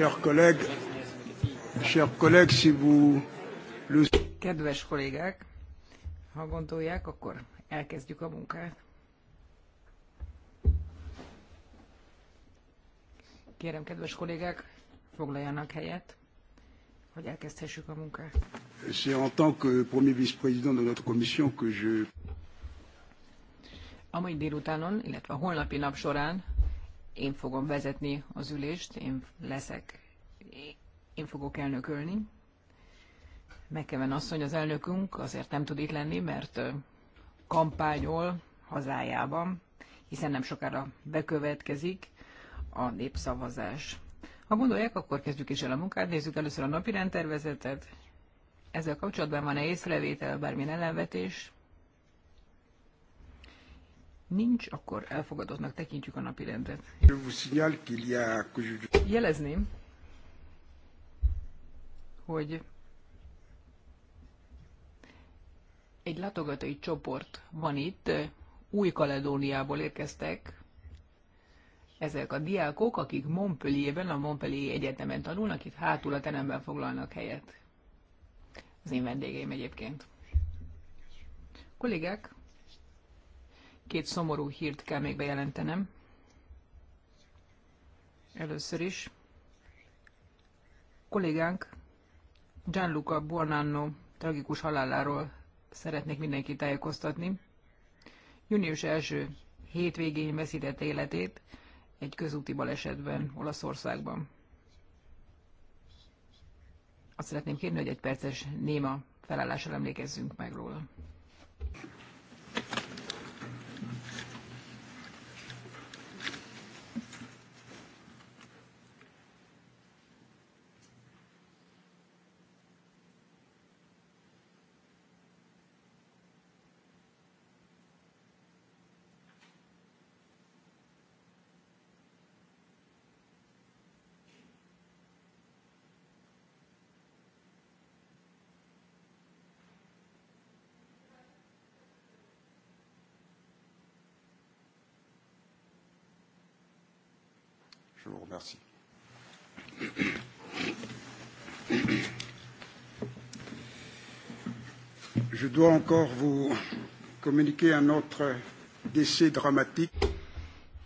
Chers collègues, chers collègues, si vous le... Kedves kollégák, ha gondolják, akkor elkezdjük a munkát. Kérem, kedves kollégák, foglaljanak helyet, hogy elkezdhessük a munkát. C'est en tant que premier vice-président de notre commission que je... A mai délutánon, illetve a holnapi nap során én fogom vezetni az ülést, én leszek, én fogok elnökölni. Megkeven asszony az elnökünk, azért nem tud itt lenni, mert kampányol hazájában, hiszen nem sokára bekövetkezik a népszavazás. Ha gondolják, akkor kezdjük is el a munkát, nézzük először a napi rendtervezetet. Ezzel kapcsolatban van-e észrevétel, bármilyen ellenvetés? nincs, akkor elfogadottnak tekintjük a napi rendet. Jelezném, hogy egy látogatói csoport van itt, Új-Kaledóniából érkeztek, ezek a diákok, akik Montpellierben, a Montpellier Egyetemen tanulnak, itt hátul a teremben foglalnak helyet. Az én vendégeim egyébként. Kollégák, Két szomorú hírt kell még bejelentenem. Először is kollégánk Gianluca Buonanno tragikus haláláról szeretnék mindenkit tájékoztatni. Június első hétvégén veszítette életét egy közúti balesetben Olaszországban. Azt szeretném kérni, hogy egy perces néma felállással emlékezzünk meg róla. Merci. Je dois encore vous communiquer un autre décès dramatique.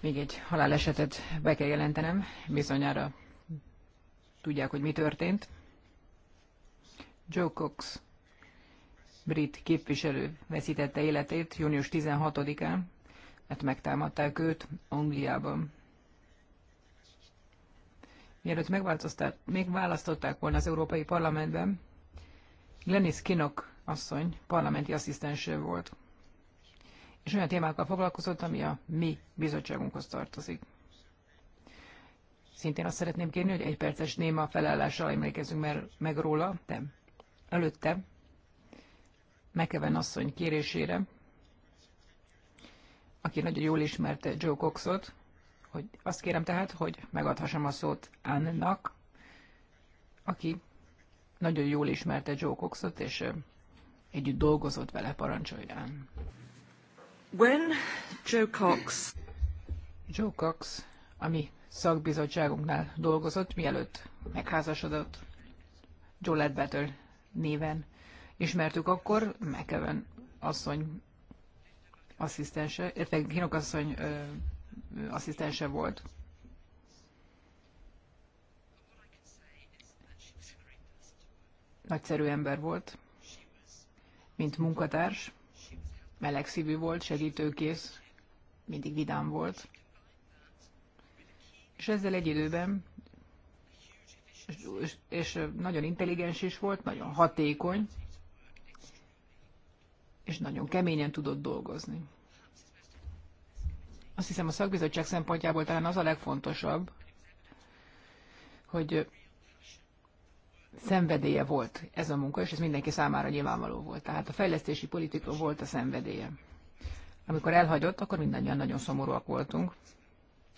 Még egy halálesetet be kell jelentenem, bizonyára tudják, hogy mi történt. Joe Cox, brit képviselő veszítette életét június 16-án, mert megtámadták őt Angliában mielőtt még választották volna az Európai Parlamentben, Glenis Kinok asszony parlamenti asszisztense volt, és olyan témákkal foglalkozott, ami a mi bizottságunkhoz tartozik. Szintén azt szeretném kérni, hogy egy perces néma felállással emlékezzünk meg róla, de előtte Mekeven asszony kérésére, aki nagyon jól ismerte Joe Coxot, hogy azt kérem tehát, hogy megadhassam a szót Annak, aki nagyon jól ismerte Joe Coxot, és együtt dolgozott vele, parancsolján. When Joe Cox... Joe Cox, ami szakbizottságunknál dolgozott, mielőtt megházasodott Joe Ledbetter néven. Ismertük akkor McEwen asszony asszisztense, illetve Kinok asszony ö, asszisztense volt. Nagyszerű ember volt, mint munkatárs, melegszívű volt, segítőkész, mindig vidám volt. És ezzel egy időben, és, és nagyon intelligens is volt, nagyon hatékony, és nagyon keményen tudott dolgozni. Azt hiszem a szakbizottság szempontjából talán az a legfontosabb, hogy szenvedélye volt ez a munka, és ez mindenki számára nyilvánvaló volt. Tehát a fejlesztési politika volt a szenvedélye. Amikor elhagyott, akkor mindannyian nagyon szomorúak voltunk.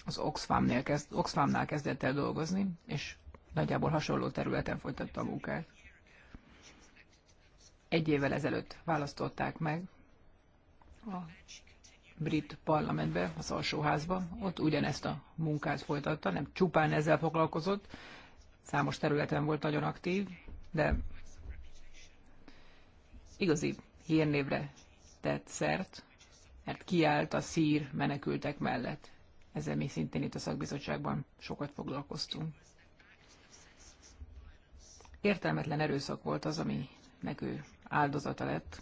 Az Oxfamnél kezd, Oxfamnál kezdett el dolgozni, és nagyjából hasonló területen folytatta a munkát. Egy évvel ezelőtt választották meg a brit parlamentbe, az alsóházba, ott ugyanezt a munkát folytatta, nem csupán ezzel foglalkozott, számos területen volt nagyon aktív, de igazi hírnévre tett szert, mert kiállt a szír menekültek mellett. Ezzel mi szintén itt a szakbizottságban sokat foglalkoztunk. Értelmetlen erőszak volt az, ami ő áldozata lett.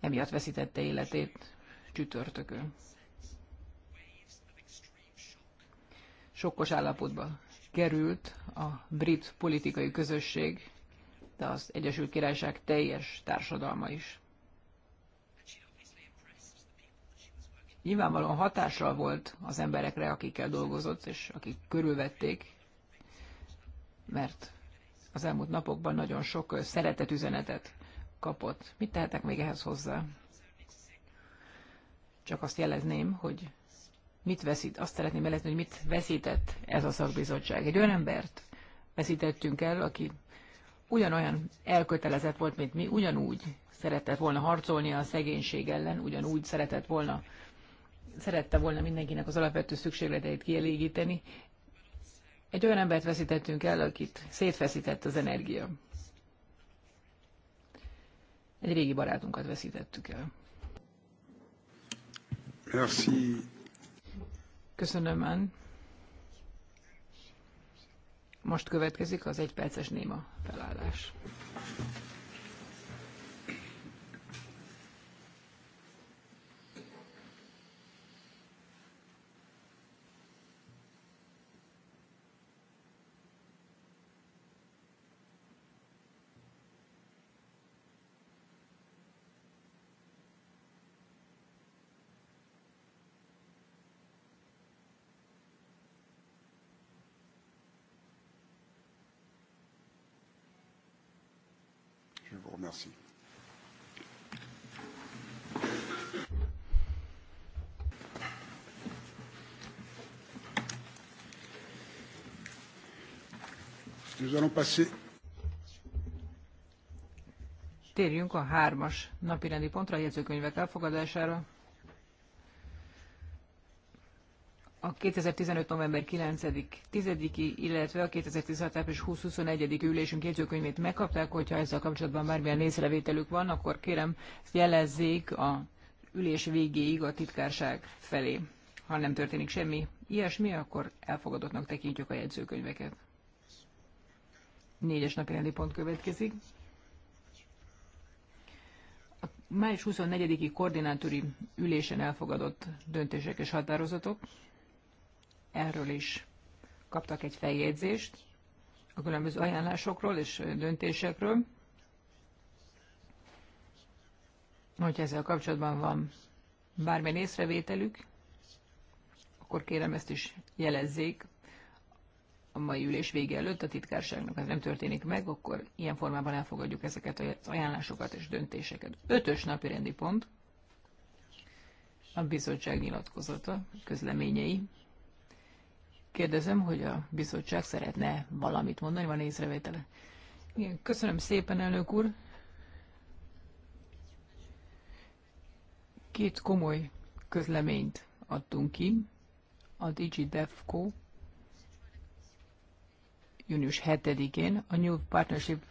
Emiatt veszítette életét csütörtökön. Sokkos állapotba került a brit politikai közösség, de az Egyesült Királyság teljes társadalma is. Nyilvánvalóan hatással volt az emberekre, akikkel dolgozott, és akik körülvették, mert az elmúlt napokban nagyon sok szeretetüzenetet kapott. Mit tehetek még ehhez hozzá? Csak azt jelezném, hogy mit veszít, azt szeretném jelezni, hogy mit veszített ez a szakbizottság. Egy olyan embert veszítettünk el, aki ugyanolyan elkötelezett volt, mint mi, ugyanúgy szeretett volna harcolni a szegénység ellen, ugyanúgy szeretett volna, szerette volna mindenkinek az alapvető szükségleteit kielégíteni. Egy olyan embert veszítettünk el, akit szétfeszített az energia. Egy régi barátunkat veszítettük el. Köszönöm, Ann. Most következik az egyperces néma felállás. Merci. Nous allons passer Térjünk a hármas napirendi pontra a jegyzőkönyvek elfogadására. a 2015. november 9-10-i, illetve a 2016. április 20-21. ülésünk jegyzőkönyvét megkapták, hogyha ezzel kapcsolatban bármilyen észrevételük van, akkor kérem, jelezzék a ülés végéig a titkárság felé. Ha nem történik semmi ilyesmi, akkor elfogadottnak tekintjük a jegyzőkönyveket. Négyes napi rendi pont következik. A május 24-i koordinátori ülésen elfogadott döntések és határozatok erről is kaptak egy feljegyzést a különböző ajánlásokról és döntésekről. Hogyha ezzel kapcsolatban van bármilyen észrevételük, akkor kérem ezt is jelezzék a mai ülés vége előtt a titkárságnak. Ez nem történik meg, akkor ilyen formában elfogadjuk ezeket az ajánlásokat és döntéseket. Ötös napi rendi pont a bizottság nyilatkozata, közleményei kérdezem, hogy a bizottság szeretne valamit mondani, van észrevétele. Igen, köszönöm szépen, elnök úr. Két komoly közleményt adtunk ki. A DigiDefco június 7-én a New Partnership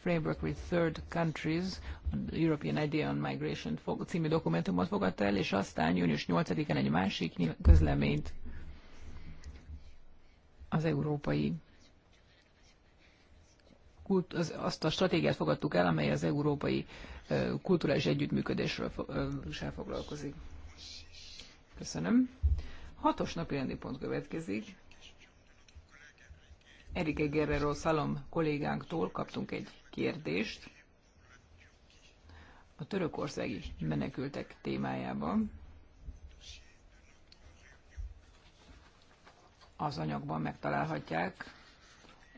Framework with Third Countries, a European Idea on Migration című dokumentumot fogadta el, és aztán június 8-án egy másik közleményt az európai azt a stratégiát fogadtuk el, amely az európai kulturális együttműködésről foglalkozik. Köszönöm. Hatos napi rendi pont következik. Erike Guerrero Szalom kollégánktól kaptunk egy kérdést a törökországi menekültek témájában. az anyagban megtalálhatják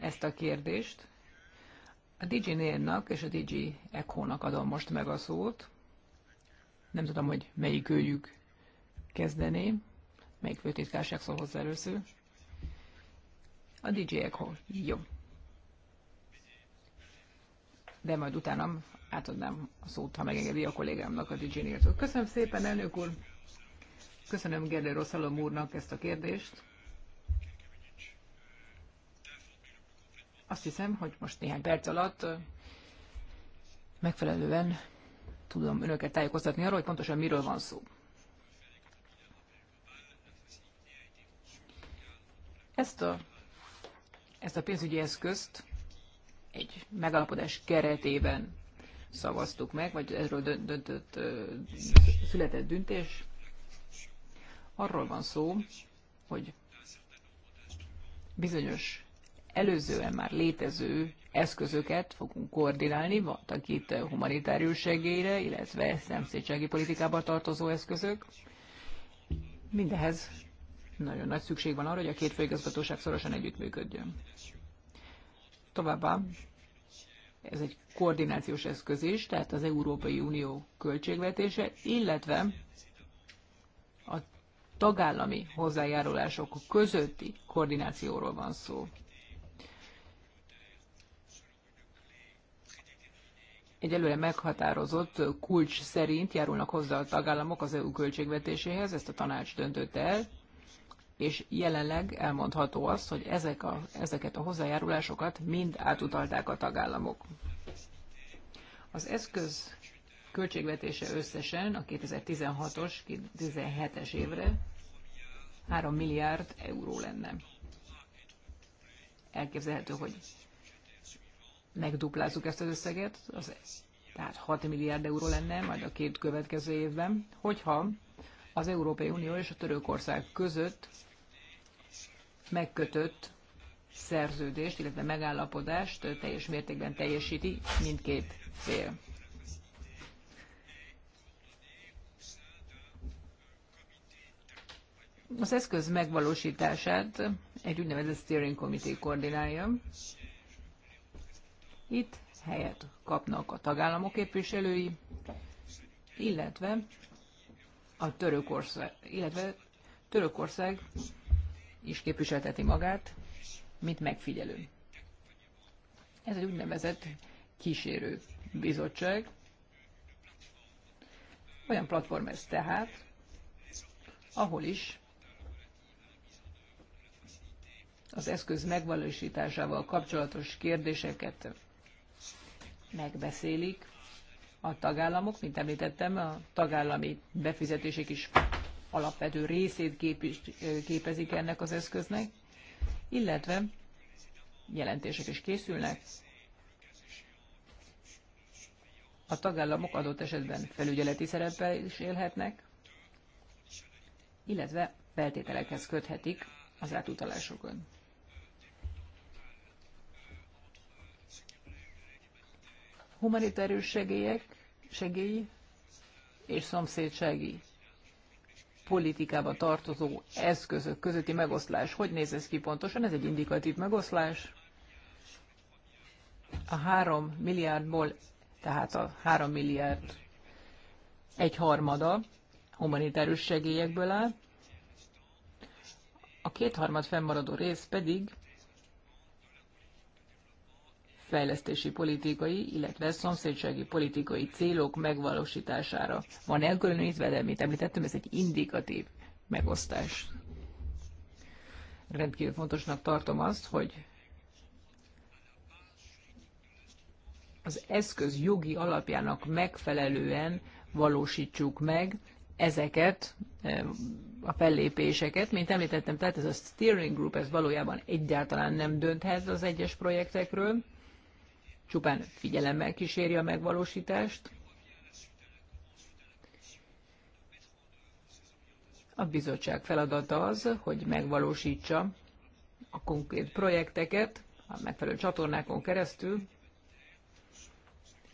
ezt a kérdést. A Digi Nérnak és a Digi Echo-nak adom most meg a szót. Nem tudom, hogy melyik őjük kezdené, melyik főtitkárság szól hozzá először. A DJ Echo. Jó. De majd utána átadnám a szót, ha megengedi a kollégámnak a DJ Nértől. Köszönöm szépen, elnök úr! Köszönöm Gerdő Rosszalom úrnak ezt a kérdést. Azt hiszem, hogy most néhány perc alatt megfelelően tudom önöket tájékoztatni arról, hogy pontosan miről van szó. Ezt a, ezt a pénzügyi eszközt egy megalapodás keretében szavaztuk meg, vagy erről döntött, született döntés. Arról van szó, hogy bizonyos előzően már létező eszközöket fogunk koordinálni, vannak itt humanitárius segélyre, illetve szomszédsági politikába tartozó eszközök. Mindehez nagyon nagy szükség van arra, hogy a két főigazgatóság szorosan együttműködjön. Továbbá ez egy koordinációs eszköz is, tehát az Európai Unió költségvetése, illetve a tagállami hozzájárulások közötti koordinációról van szó. egy előre meghatározott kulcs szerint járulnak hozzá a tagállamok az EU költségvetéséhez, ezt a tanács döntött el, és jelenleg elmondható az, hogy ezek a, ezeket a hozzájárulásokat mind átutalták a tagállamok. Az eszköz költségvetése összesen a 2016-os, 2017-es évre 3 milliárd euró lenne. Elképzelhető, hogy megduplázzuk ezt az összeget, az, tehát 6 milliárd euró lenne majd a két következő évben, hogyha az Európai Unió és a Törökország között megkötött szerződést, illetve megállapodást teljes mértékben teljesíti mindkét fél. Az eszköz megvalósítását egy úgynevezett steering committee koordinálja, itt helyet kapnak a tagállamok képviselői, illetve a Törökország, illetve Törökország is képviselteti magát, mint megfigyelő. Ez egy úgynevezett kísérő bizottság. Olyan platform ez tehát, ahol is az eszköz megvalósításával kapcsolatos kérdéseket megbeszélik a tagállamok, mint említettem, a tagállami befizetések is alapvető részét képezik ennek az eszköznek, illetve jelentések is készülnek. A tagállamok adott esetben felügyeleti szereppel is élhetnek, illetve feltételekhez köthetik az átutalásokon. humanitárius segélyek, segély és szomszédsági politikába tartozó eszközök közötti megoszlás. Hogy néz ez ki pontosan? Ez egy indikatív megoszlás. A három milliárdból, tehát a három milliárd egy harmada humanitárius segélyekből áll, a kétharmad fennmaradó rész pedig fejlesztési politikai, illetve szomszédsági politikai célok megvalósítására van elkülönítve, de mint említettem, ez egy indikatív megosztás. Rendkívül fontosnak tartom azt, hogy az eszköz jogi alapjának megfelelően valósítsuk meg ezeket a fellépéseket. Mint említettem, tehát ez a steering group, ez valójában egyáltalán nem dönthet az egyes projektekről csupán figyelemmel kíséri a megvalósítást. A bizottság feladata az, hogy megvalósítsa a konkrét projekteket a megfelelő csatornákon keresztül,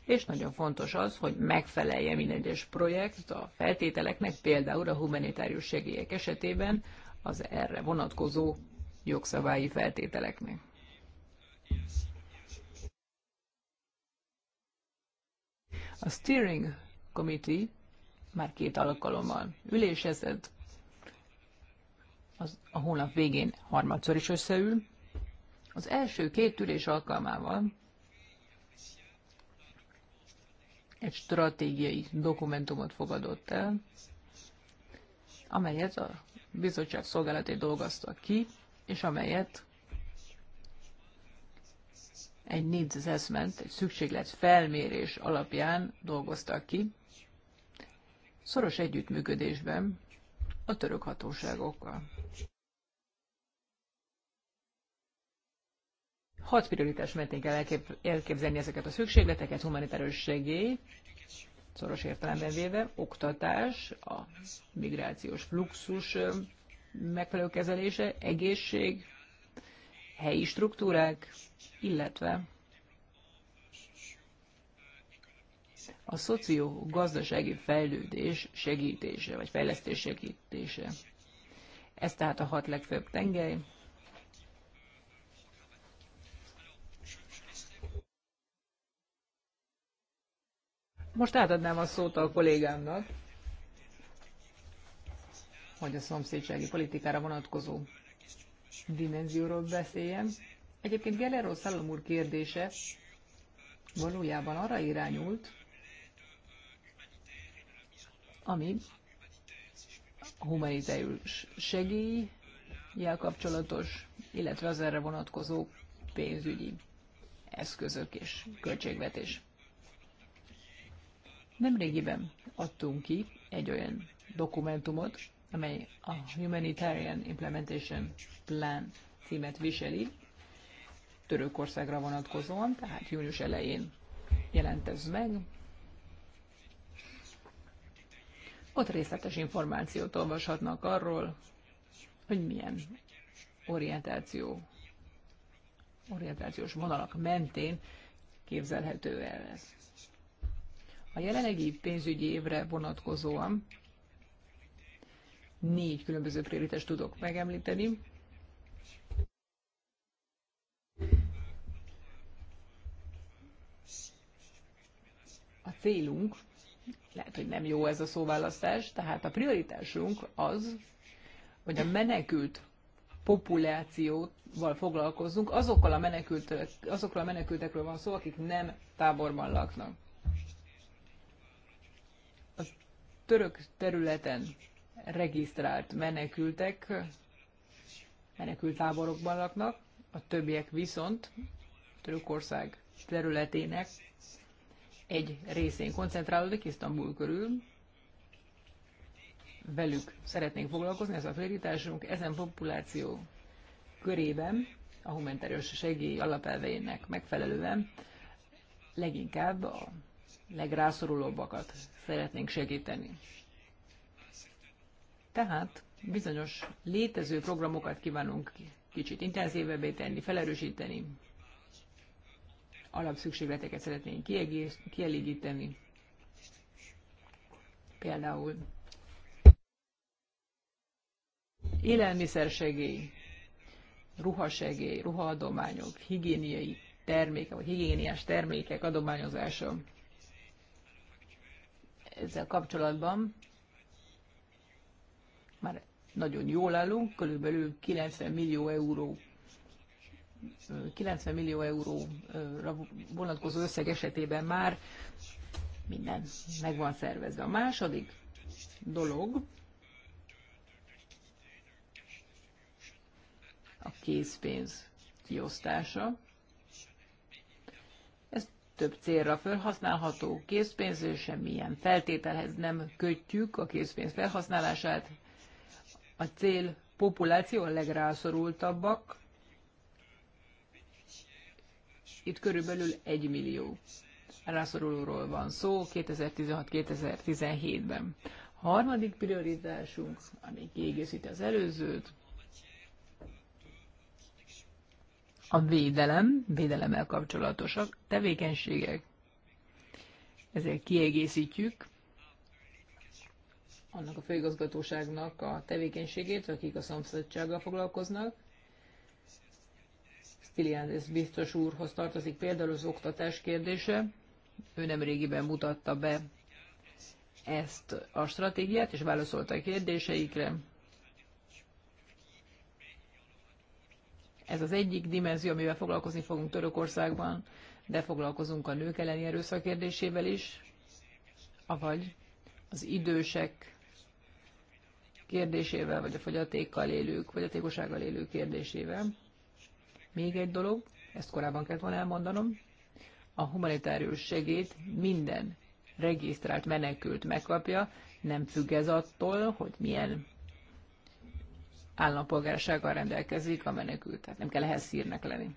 és nagyon fontos az, hogy megfelelje minden egyes projekt a feltételeknek, például a humanitárius segélyek esetében az erre vonatkozó jogszabályi feltételeknek. A Steering Committee már két alkalommal ülésezett, az a hónap végén harmadszor is összeül. Az első két ülés alkalmával egy stratégiai dokumentumot fogadott el, amelyet a bizottság szolgálatai dolgoztak ki, és amelyet egy needs assessment, egy szükséglet felmérés alapján dolgoztak ki, szoros együttműködésben a török hatóságokkal. Hat prioritás mentén kell elképzelni ezeket a szükségleteket, humanitárius segély, szoros értelemben véve, oktatás, a migrációs fluxus megfelelő kezelése, egészség, helyi struktúrák, illetve a szociogazdasági fejlődés segítése, vagy fejlesztés segítése. Ez tehát a hat legfőbb tengely. Most átadnám a szót a kollégámnak, hogy a szomszédsági politikára vonatkozó dimenzióról beszéljem. Egyébként Gelero Szalom úr kérdése valójában arra irányult, ami humanitárius segélyjel kapcsolatos, illetve az erre vonatkozó pénzügyi eszközök és költségvetés. Nemrégiben adtunk ki egy olyan dokumentumot, amely a Humanitarian Implementation Plan címet viseli, Törökországra vonatkozóan, tehát június elején jelentez meg. Ott részletes információt olvashatnak arról, hogy milyen orientáció, orientációs vonalak mentén képzelhető el ez. A jelenlegi pénzügyi évre vonatkozóan négy különböző prioritást tudok megemlíteni. A célunk, lehet, hogy nem jó ez a szóválasztás, tehát a prioritásunk az, hogy a menekült populációval foglalkozzunk, azokkal a, azokkal a menekültekről van szó, akik nem táborban laknak. A török területen regisztrált menekültek menekült táborokban laknak, a többiek viszont Törökország területének egy részén koncentrálódik, Isztambul körül. Velük szeretnénk foglalkozni, ez a prioritásunk ezen populáció körében a humanitárius segély alapelveinek megfelelően leginkább a legrászorulóbbakat szeretnénk segíteni. Tehát bizonyos létező programokat kívánunk kicsit intenzívebbé tenni, felerősíteni, alapszükségleteket szeretnénk kielégíteni. Például élelmiszersegély, ruhasegély, ruhaadományok, higiéniai termékek, vagy higiéniás termékek adományozása. Ezzel kapcsolatban nagyon jól állunk, körülbelül 90 millió euró 90 millió euróra vonatkozó összeg esetében már minden meg van szervezve. A második dolog a készpénz kiosztása. Ez több célra felhasználható készpénz, és semmilyen feltételhez nem kötjük a készpénz felhasználását, a cél populáció a legrászorultabbak, itt körülbelül 1 millió rászorulóról van szó 2016-2017-ben. A harmadik prioritásunk, ami kiegészíti az előzőt, a védelem, védelemmel kapcsolatosak tevékenységek. Ezért kiegészítjük annak a főigazgatóságnak a tevékenységét, akik a szomszédsággal foglalkoznak. ez biztos úrhoz tartozik például az oktatás kérdése. Ő nem régiben mutatta be ezt a stratégiát, és válaszolta a kérdéseikre. Ez az egyik dimenzió, amivel foglalkozni fogunk Törökországban, de foglalkozunk a nők elleni erőszak kérdésével is, avagy az idősek kérdésével, vagy a fogyatékkal élők, fogyatékossággal élők kérdésével. Még egy dolog, ezt korábban kellett volna elmondanom, a humanitárius segét minden regisztrált menekült megkapja, nem függ ez attól, hogy milyen állampolgársággal rendelkezik a menekült. Tehát nem kell ehhez szírnek lenni.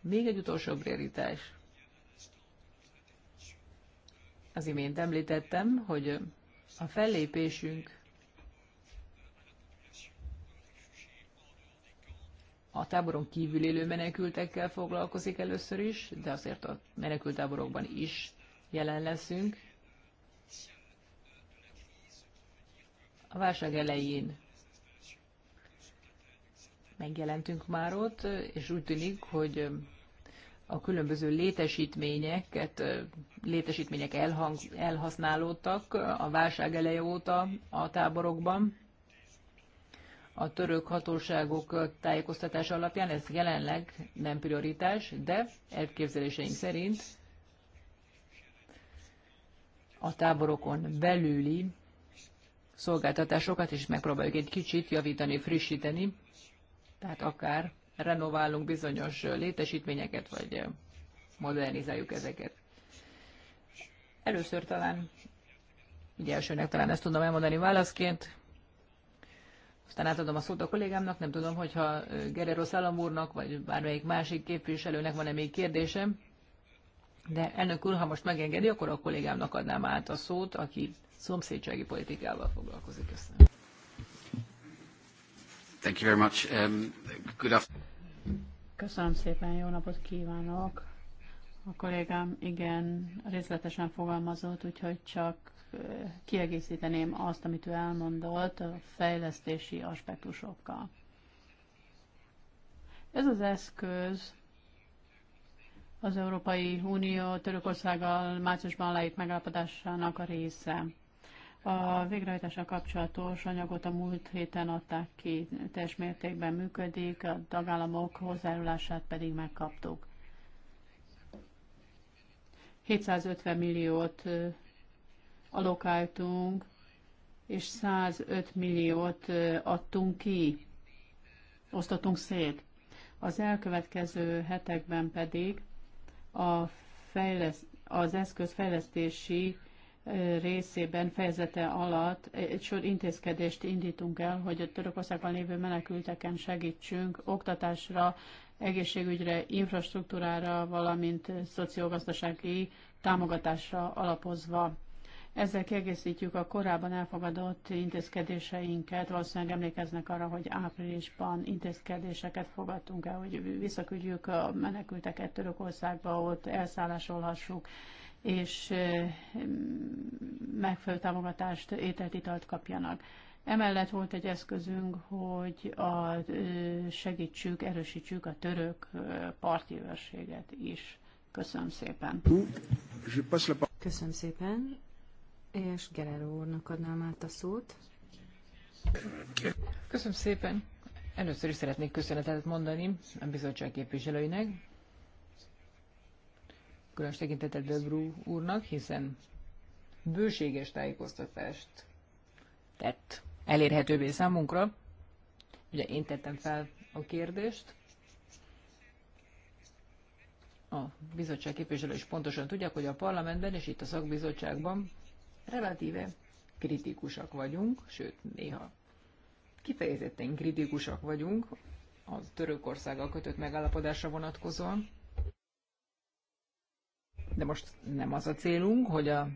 Még egy utolsó prioritás. Az imént említettem, hogy a fellépésünk a táboron kívül élő menekültekkel foglalkozik először is, de azért a menekültáborokban is jelen leszünk. A válság elején megjelentünk már ott, és úgy tűnik, hogy a különböző létesítményeket, létesítmények elhang, elhasználódtak a válság eleje óta a táborokban a török hatóságok tájékoztatása alapján. Ez jelenleg nem prioritás, de elképzeléseink szerint a táborokon belüli szolgáltatásokat is megpróbáljuk egy kicsit javítani, frissíteni, tehát akár renoválunk bizonyos létesítményeket, vagy modernizáljuk ezeket. Először talán, ugye elsőnek talán ezt tudom elmondani válaszként, aztán átadom a szót a kollégámnak, nem tudom, hogyha Gerero Szállam úrnak, vagy bármelyik másik képviselőnek van-e még kérdése, De elnök úr, ha most megengedi, akkor a kollégámnak adnám át a szót, aki szomszédsági politikával foglalkozik. Köszönöm. Thank you very much. Um, good Köszönöm szépen, jó napot kívánok! A kollégám igen részletesen fogalmazott, úgyhogy csak kiegészíteném azt, amit ő elmondott a fejlesztési aspektusokkal. Ez az eszköz az Európai Unió Törökországgal márciusban aláírt megállapodásának a része. A végrehajtása kapcsolatos anyagot a múlt héten adták ki, teljes mértékben működik, a tagállamok hozzájárulását pedig megkaptuk. 750 milliót alokáltunk, és 105 milliót adtunk ki, osztottunk szét. Az elkövetkező hetekben pedig a fejlesz, az eszköz fejlesztési részében fejezete alatt egy sor intézkedést indítunk el, hogy a Törökországban lévő menekülteken segítsünk oktatásra, egészségügyre, infrastruktúrára, valamint szociogazdasági támogatásra alapozva. Ezzel kiegészítjük a korábban elfogadott intézkedéseinket. Valószínűleg emlékeznek arra, hogy áprilisban intézkedéseket fogadtunk el, hogy visszaküldjük a menekülteket Törökországba, ott elszállásolhassuk, és eh, megfelelő támogatást, ételt, italt kapjanak. Emellett volt egy eszközünk, hogy a, eh, segítsük, erősítsük a török eh, parti őrséget is. Köszönöm szépen. Köszönöm szépen és Gerero úrnak adnám át a szót. Köszönöm szépen. Először is szeretnék köszönetet mondani a bizottság képviselőinek, különös tekintetet Debrú úrnak, hiszen bőséges tájékoztatást tett elérhetővé számunkra. Ugye én tettem fel a kérdést, a bizottság képviselő is pontosan tudják, hogy a parlamentben és itt a szakbizottságban relatíve kritikusak vagyunk, sőt, néha kifejezetten kritikusak vagyunk a Törökországgal kötött megállapodásra vonatkozóan. De most nem az a célunk, hogy a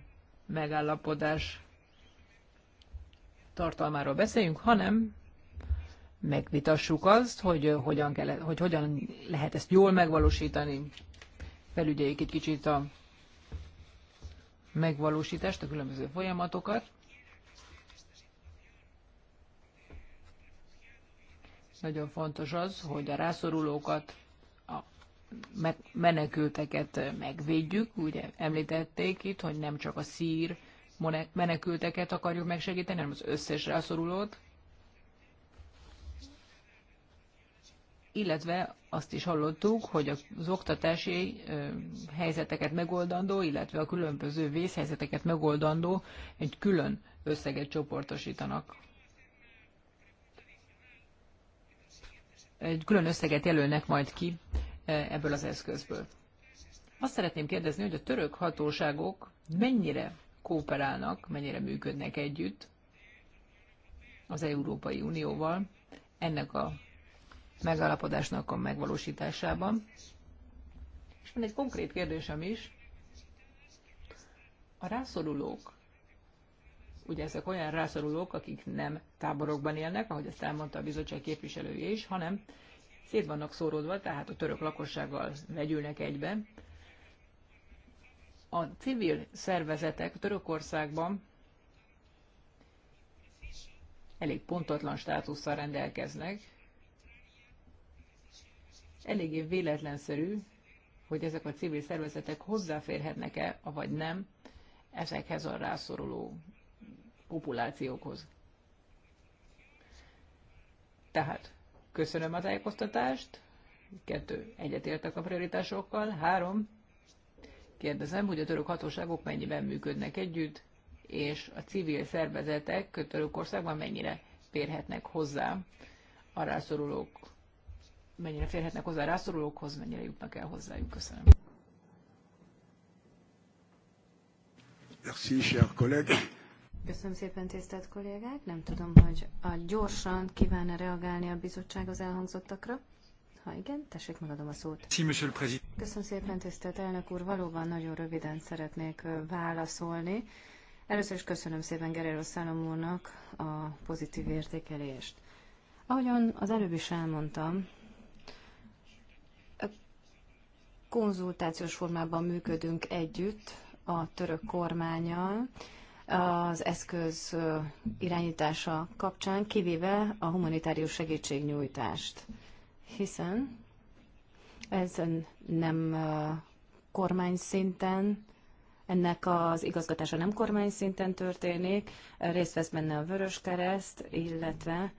megállapodás tartalmáról beszéljünk, hanem megvitassuk azt, hogy hogyan, kell, hogy hogyan lehet ezt jól megvalósítani. Felügyeljük egy kicsit a megvalósítást, a különböző folyamatokat. Nagyon fontos az, hogy a rászorulókat, a menekülteket megvédjük. Ugye említették itt, hogy nem csak a szír menekülteket akarjuk megsegíteni, hanem az összes rászorulót. illetve azt is hallottuk, hogy az oktatási helyzeteket megoldandó, illetve a különböző vészhelyzeteket megoldandó egy külön összeget csoportosítanak. Egy külön összeget jelölnek majd ki ebből az eszközből. Azt szeretném kérdezni, hogy a török hatóságok mennyire kooperálnak, mennyire működnek együtt az Európai Unióval ennek a megállapodásnak a megvalósításában. És van egy konkrét kérdésem is. A rászorulók, ugye ezek olyan rászorulók, akik nem táborokban élnek, ahogy ezt elmondta a bizottság képviselője is, hanem szét vannak szórodva, tehát a török lakossággal vegyülnek egybe. A civil szervezetek Törökországban elég pontatlan státusszal rendelkeznek, eléggé véletlenszerű, hogy ezek a civil szervezetek hozzáférhetnek-e, vagy nem, ezekhez a rászoruló populációkhoz. Tehát köszönöm a tájékoztatást, kettő, egyetértek a prioritásokkal, három, kérdezem, hogy a török hatóságok mennyiben működnek együtt, és a civil szervezetek Törökországban mennyire férhetnek hozzá a rászorulók mennyire férhetnek hozzá a rászorulókhoz, mennyire jutnak el hozzájuk. Köszönöm. Merci, cher collègue. Köszönöm szépen, tisztelt kollégák. Nem tudom, hogy a gyorsan kívánna reagálni a bizottság az elhangzottakra. Ha igen, tessék, megadom a szót. Köszönöm szépen, tisztelt elnök úr. Valóban nagyon röviden szeretnék válaszolni. Először is köszönöm szépen Gerero Szalom a pozitív értékelést. Ahogyan az előbb is elmondtam, konzultációs formában működünk együtt a török kormányal az eszköz irányítása kapcsán, kivéve a humanitárius segítségnyújtást. Hiszen ez nem kormány szinten, ennek az igazgatása nem kormány szinten történik, részt vesz benne a Vörös Kereszt, illetve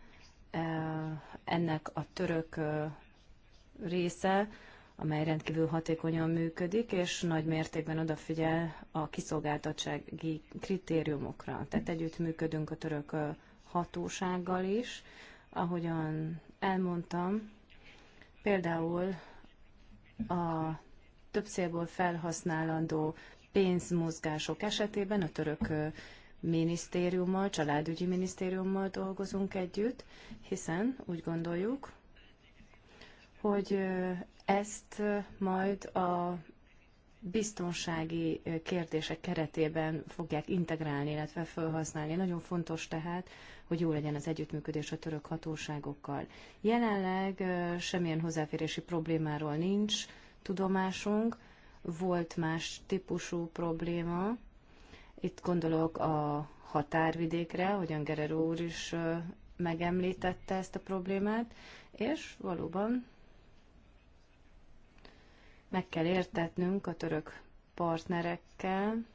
ennek a török része, amely rendkívül hatékonyan működik, és nagy mértékben odafigyel a kiszolgáltatsági kritériumokra. Tehát együtt működünk a török hatósággal is. Ahogyan elmondtam, például a több célból felhasználandó pénzmozgások esetében a török minisztériummal, családügyi minisztériummal dolgozunk együtt, hiszen úgy gondoljuk, hogy ezt majd a biztonsági kérdések keretében fogják integrálni, illetve felhasználni. Nagyon fontos tehát, hogy jó legyen az együttműködés a török hatóságokkal. Jelenleg semmilyen hozzáférési problémáról nincs tudomásunk, volt más típusú probléma. Itt gondolok a határvidékre, hogyan Gerer úr is megemlítette ezt a problémát, és valóban meg kell értetnünk a török partnerekkel,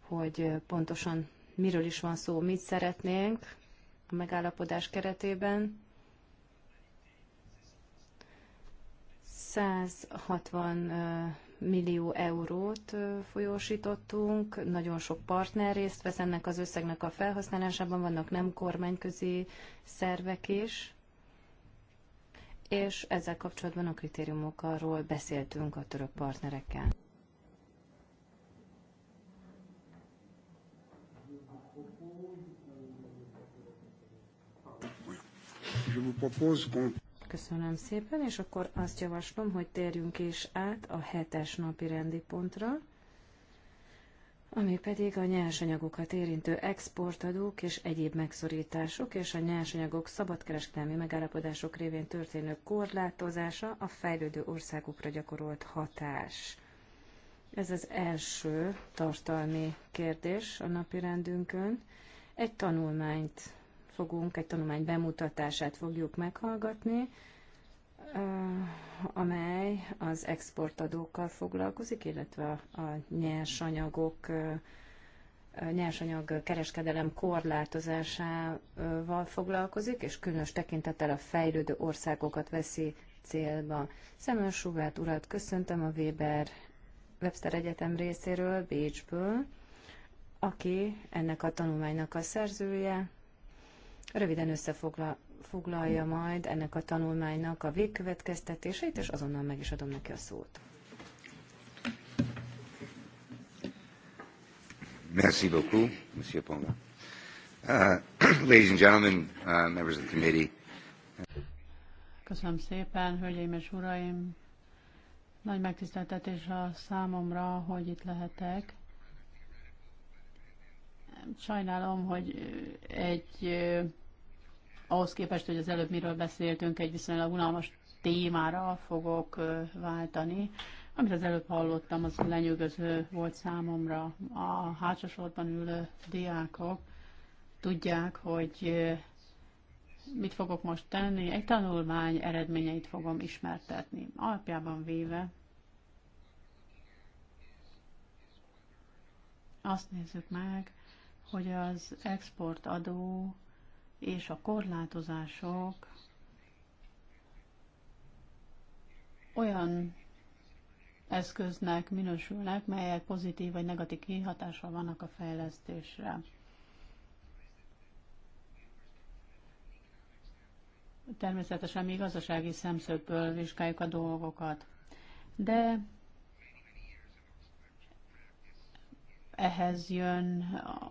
hogy pontosan miről is van szó, mit szeretnénk a megállapodás keretében. 160 millió eurót folyósítottunk, nagyon sok partner részt vesz ennek az összegnek a felhasználásában, vannak nem kormányközi szervek is és ezzel kapcsolatban a kritériumokról beszéltünk a török partnerekkel. Köszönöm szépen, és akkor azt javaslom, hogy térjünk is át a hetes napi rendi pontra ami pedig a nyersanyagokat érintő exportadók és egyéb megszorítások és a nyersanyagok szabadkereskedelmi megállapodások révén történő korlátozása a fejlődő országokra gyakorolt hatás. Ez az első tartalmi kérdés a napi rendünkön. Egy tanulmányt fogunk, egy tanulmány bemutatását fogjuk meghallgatni, amely az exportadókkal foglalkozik, illetve a nyersanyagok nyersanyag kereskedelem korlátozásával foglalkozik, és különös tekintettel a fejlődő országokat veszi célba. Szemön Sugát urat köszöntöm a Weber Webster Egyetem részéről, Bécsből, aki ennek a tanulmánynak a szerzője. Röviden összefoglal foglalja majd ennek a tanulmánynak a végkövetkeztetéseit, és azonnal meg is adom neki a szót. Merci beaucoup, Monsieur Ponga. Uh, ladies and gentlemen, uh, members of the committee. Köszönöm szépen, hölgyeim és uraim! Nagy megtiszteltetés a számomra, hogy itt lehetek. Sajnálom, hogy egy ahhoz képest, hogy az előbb miről beszéltünk, egy viszonylag unalmas témára fogok váltani. Amit az előbb hallottam, az lenyűgöző volt számomra. A hátsósorban ülő diákok tudják, hogy mit fogok most tenni. Egy tanulmány eredményeit fogom ismertetni. Alapjában véve azt nézzük meg, hogy az exportadó és a korlátozások olyan eszköznek minősülnek, melyek pozitív vagy negatív kihatással vannak a fejlesztésre. Természetesen mi gazdasági szemszögből vizsgáljuk a dolgokat, de ehhez jön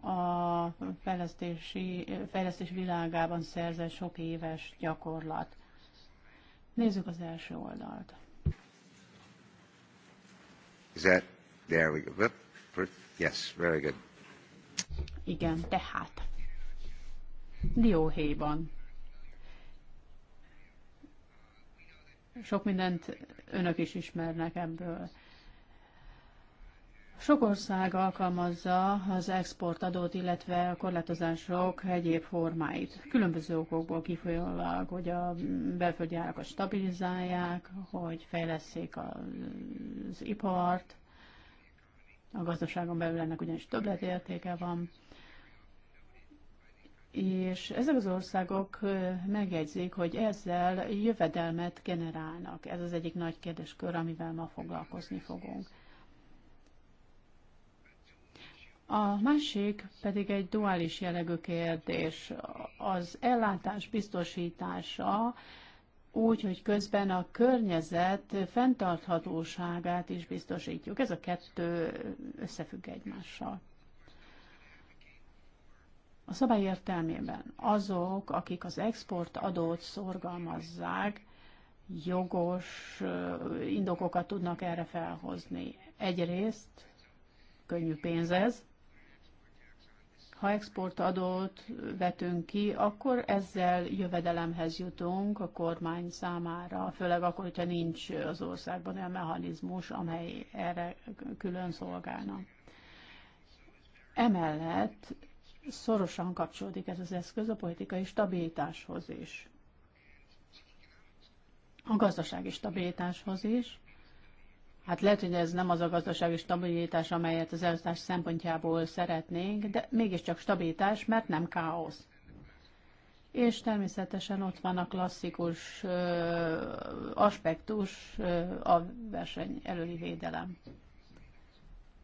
a fejlesztési, fejlesztés világában szerzett sok éves gyakorlat. Nézzük az első oldalt. Is that, there we go. Yes, very good. Igen, tehát. Dióhéjban. Sok mindent önök is ismernek ebből sok ország alkalmazza az exportadót, illetve a korlátozások egyéb formáit. Különböző okokból kifolyólag, hogy a belföldi árakat stabilizálják, hogy fejleszik az ipart, a gazdaságon belül ennek ugyanis többletértéke van. És ezek az országok megjegyzik, hogy ezzel jövedelmet generálnak. Ez az egyik nagy kérdéskör, amivel ma foglalkozni fogunk. A másik pedig egy duális jellegű kérdés. Az ellátás biztosítása úgy, hogy közben a környezet fenntarthatóságát is biztosítjuk. Ez a kettő összefügg egymással. A szabály értelmében azok, akik az export adót szorgalmazzák, jogos indokokat tudnak erre felhozni. Egyrészt könnyű pénz ez, ha exportadót vetünk ki, akkor ezzel jövedelemhez jutunk a kormány számára, főleg akkor, hogyha nincs az országban olyan mechanizmus, amely erre külön szolgálna. Emellett szorosan kapcsolódik ez az eszköz a politikai stabilitáshoz is. A gazdasági stabilitáshoz is, Hát lehet, hogy ez nem az a gazdasági stabilitás, amelyet az elosztás szempontjából szeretnénk, de mégiscsak stabilitás, mert nem káosz. És természetesen ott van a klasszikus ö, aspektus ö, a verseny előli védelem.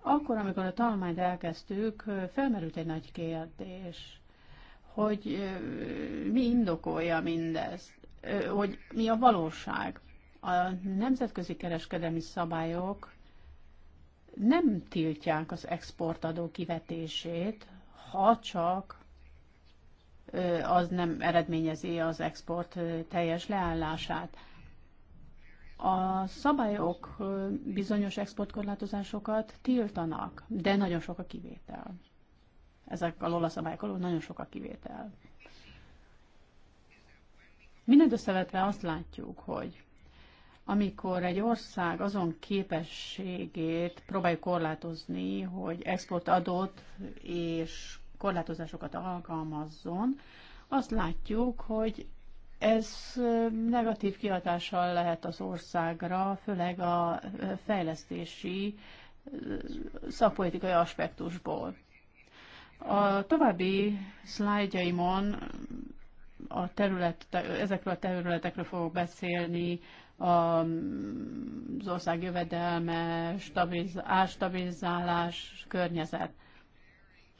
Akkor, amikor a tanulmányt elkezdtük, felmerült egy nagy kérdés, hogy ö, mi indokolja mindezt, ö, hogy mi a valóság. A nemzetközi kereskedelmi szabályok nem tiltják az exportadó kivetését, ha csak az nem eredményezi az export teljes leállását. A szabályok bizonyos exportkorlátozásokat tiltanak, de nagyon sok a kivétel. Ezek a a szabályok alól nagyon sok a kivétel. Mindent összevetve azt látjuk, hogy amikor egy ország azon képességét próbáljuk korlátozni, hogy export adott és korlátozásokat alkalmazzon, azt látjuk, hogy ez negatív kihatással lehet az országra, főleg a fejlesztési szakpolitikai aspektusból. A további szlájdjaimon a terület, ezekről a területekről fogok beszélni, az ország jövedelme, stabiliz, környezet.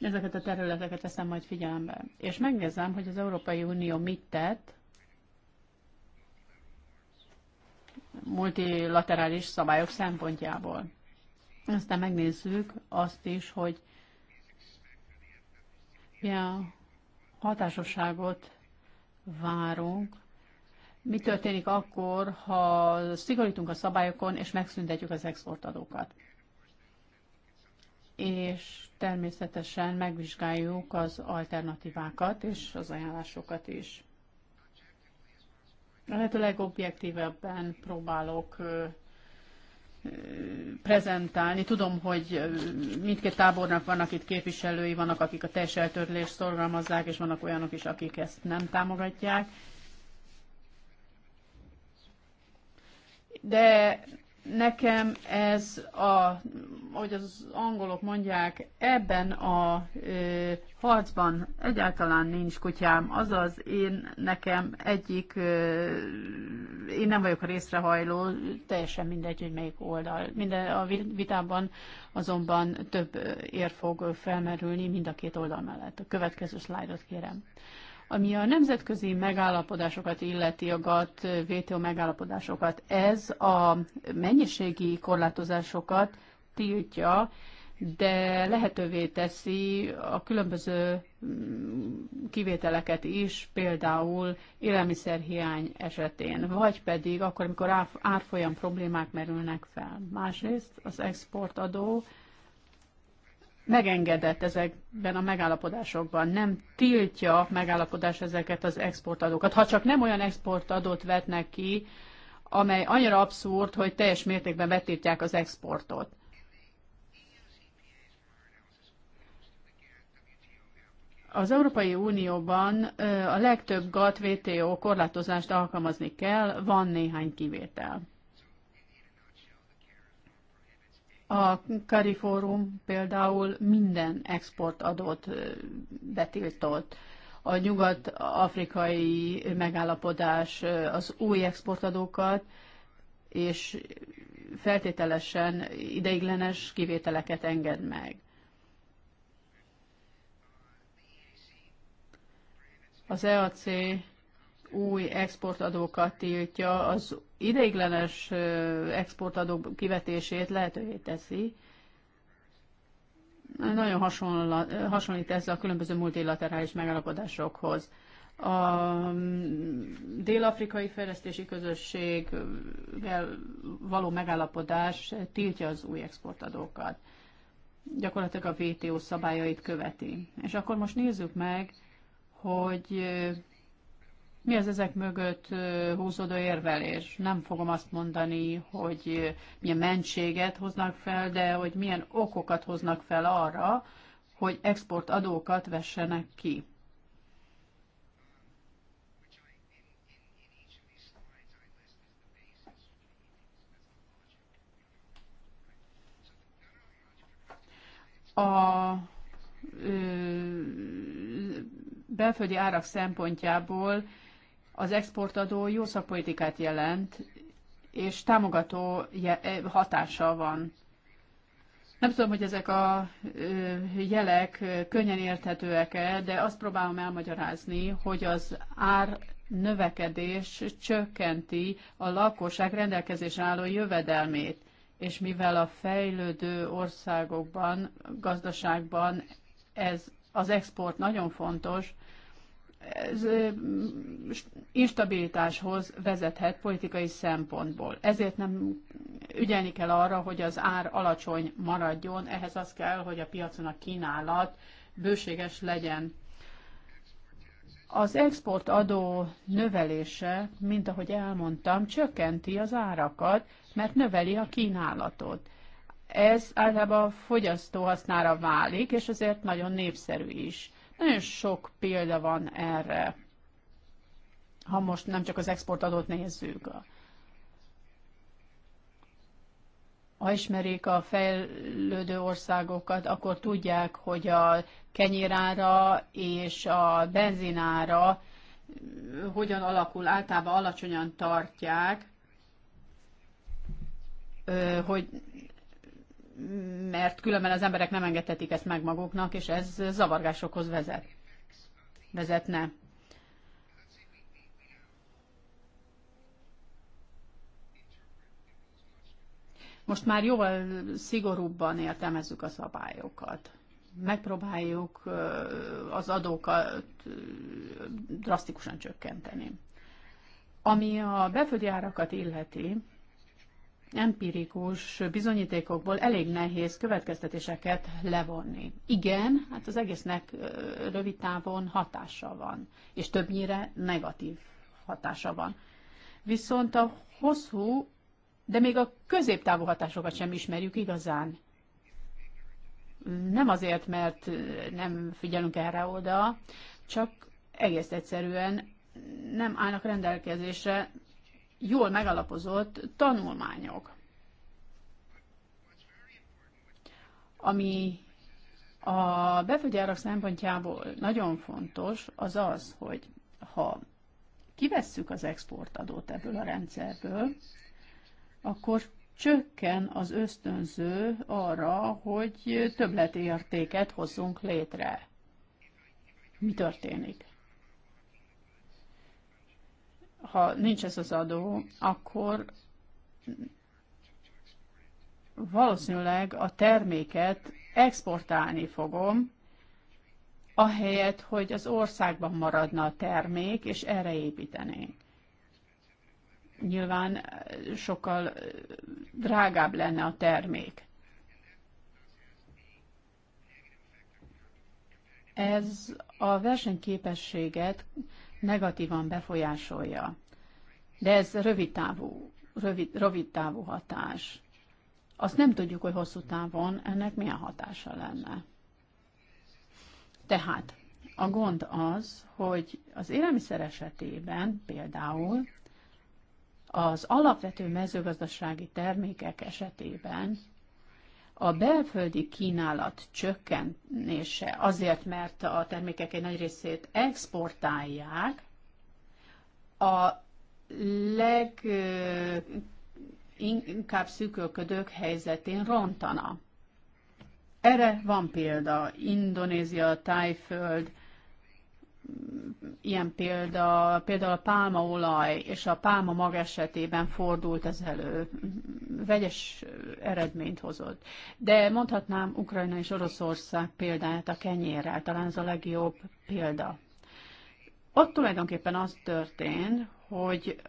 Ezeket a területeket veszem majd figyelembe. És megnézem, hogy az Európai Unió mit tett multilaterális szabályok szempontjából. Aztán megnézzük azt is, hogy milyen hatásosságot várunk mi történik akkor, ha szigorítunk a szabályokon, és megszüntetjük az exportadókat. És természetesen megvizsgáljuk az alternatívákat és az ajánlásokat is. A lehető legobjektívebben próbálok prezentálni. Tudom, hogy mindkét tábornak vannak itt képviselői, vannak, akik a teljes eltörlést szorgalmazzák, és vannak olyanok is, akik ezt nem támogatják de nekem ez a, hogy az angolok mondják, ebben a ö, harcban egyáltalán nincs kutyám, azaz én nekem egyik, ö, én nem vagyok a részrehajló, teljesen mindegy, hogy melyik oldal. Minden a vitában azonban több ér fog felmerülni mind a két oldal mellett. A következő szlájdot kérem. Ami a nemzetközi megállapodásokat illeti, a GATT, VTO megállapodásokat, ez a mennyiségi korlátozásokat tiltja, de lehetővé teszi a különböző mm, kivételeket is, például élelmiszerhiány esetén, vagy pedig akkor, amikor árfolyam problémák merülnek fel. Másrészt az exportadó megengedett ezekben a megállapodásokban, nem tiltja a megállapodás ezeket az exportadókat. Ha csak nem olyan exportadót vetnek ki, amely annyira abszurd, hogy teljes mértékben vetítják az exportot. Az Európai Unióban a legtöbb GATT-VTO korlátozást alkalmazni kell, van néhány kivétel. A Kariforum például minden exportadót betiltott. A nyugat-afrikai megállapodás az új exportadókat és feltételesen ideiglenes kivételeket enged meg. Az EAC új exportadókat tiltja, az ideiglenes exportadó kivetését lehetővé teszi. Nagyon hasonlít ez a különböző multilaterális megállapodásokhoz. A mm, dél-afrikai fejlesztési közösségvel való megállapodás tiltja az új exportadókat. Gyakorlatilag a WTO szabályait követi. És akkor most nézzük meg, hogy mi az ezek mögött húzódó érvelés? Nem fogom azt mondani, hogy milyen mentséget hoznak fel, de hogy milyen okokat hoznak fel arra, hogy exportadókat vessenek ki. A ö, belföldi árak szempontjából az exportadó jó szakpolitikát jelent, és támogató eh, hatása van. Nem tudom, hogy ezek a jelek könnyen érthetőek-e, de azt próbálom elmagyarázni, hogy az ár növekedés csökkenti a lakosság rendelkezésre álló jövedelmét, és mivel a fejlődő országokban, gazdaságban ez az export nagyon fontos, ez instabilitáshoz vezethet politikai szempontból. Ezért nem ügyelni kell arra, hogy az ár alacsony maradjon, ehhez az kell, hogy a piacon a kínálat bőséges legyen. Az exportadó növelése, mint ahogy elmondtam, csökkenti az árakat, mert növeli a kínálatot. Ez általában a fogyasztó hasznára válik, és ezért nagyon népszerű is. Nagyon sok példa van erre, ha most nem csak az exportadót nézzük. Ha ismerik a fejlődő országokat, akkor tudják, hogy a kenyérára és a benzinára hogyan alakul, általában alacsonyan tartják, hogy mert különben az emberek nem engedhetik ezt meg maguknak, és ez zavargásokhoz vezet. vezetne. Most már jóval szigorúbban értelmezzük a szabályokat. Megpróbáljuk az adókat drasztikusan csökkenteni. Ami a befőgyárakat árakat illeti, empirikus bizonyítékokból elég nehéz következtetéseket levonni. Igen, hát az egésznek rövid távon hatása van, és többnyire negatív hatása van. Viszont a hosszú, de még a középtávú hatásokat sem ismerjük igazán. Nem azért, mert nem figyelünk erre oda, csak egész egyszerűen nem állnak rendelkezésre jól megalapozott tanulmányok. Ami a befogyárak szempontjából nagyon fontos, az az, hogy ha kivesszük az exportadót ebből a rendszerből, akkor csökken az ösztönző arra, hogy többletértéket hozzunk létre. Mi történik? ha nincs ez az adó, akkor valószínűleg a terméket exportálni fogom, ahelyett, hogy az országban maradna a termék, és erre építenénk. Nyilván eh, sokkal eh, drágább lenne a termék. Ez a versenyképességet negatívan befolyásolja. De ez rövid távú, rövid, rövid távú hatás. Azt nem tudjuk, hogy hosszú távon ennek milyen hatása lenne. Tehát a gond az, hogy az élelmiszer esetében például az alapvető mezőgazdasági termékek esetében a belföldi kínálat csökkenése azért, mert a termékek egy nagy részét exportálják, a leginkább szűkölködők helyzetén rontana. Erre van példa Indonézia, Tájföld, ilyen példa, például a pálmaolaj és a pálma mag esetében fordult ez elő, vegyes eredményt hozott. De mondhatnám Ukrajna és Oroszország példáját a kenyérrel, talán ez a legjobb példa. Ott tulajdonképpen az történt, hogy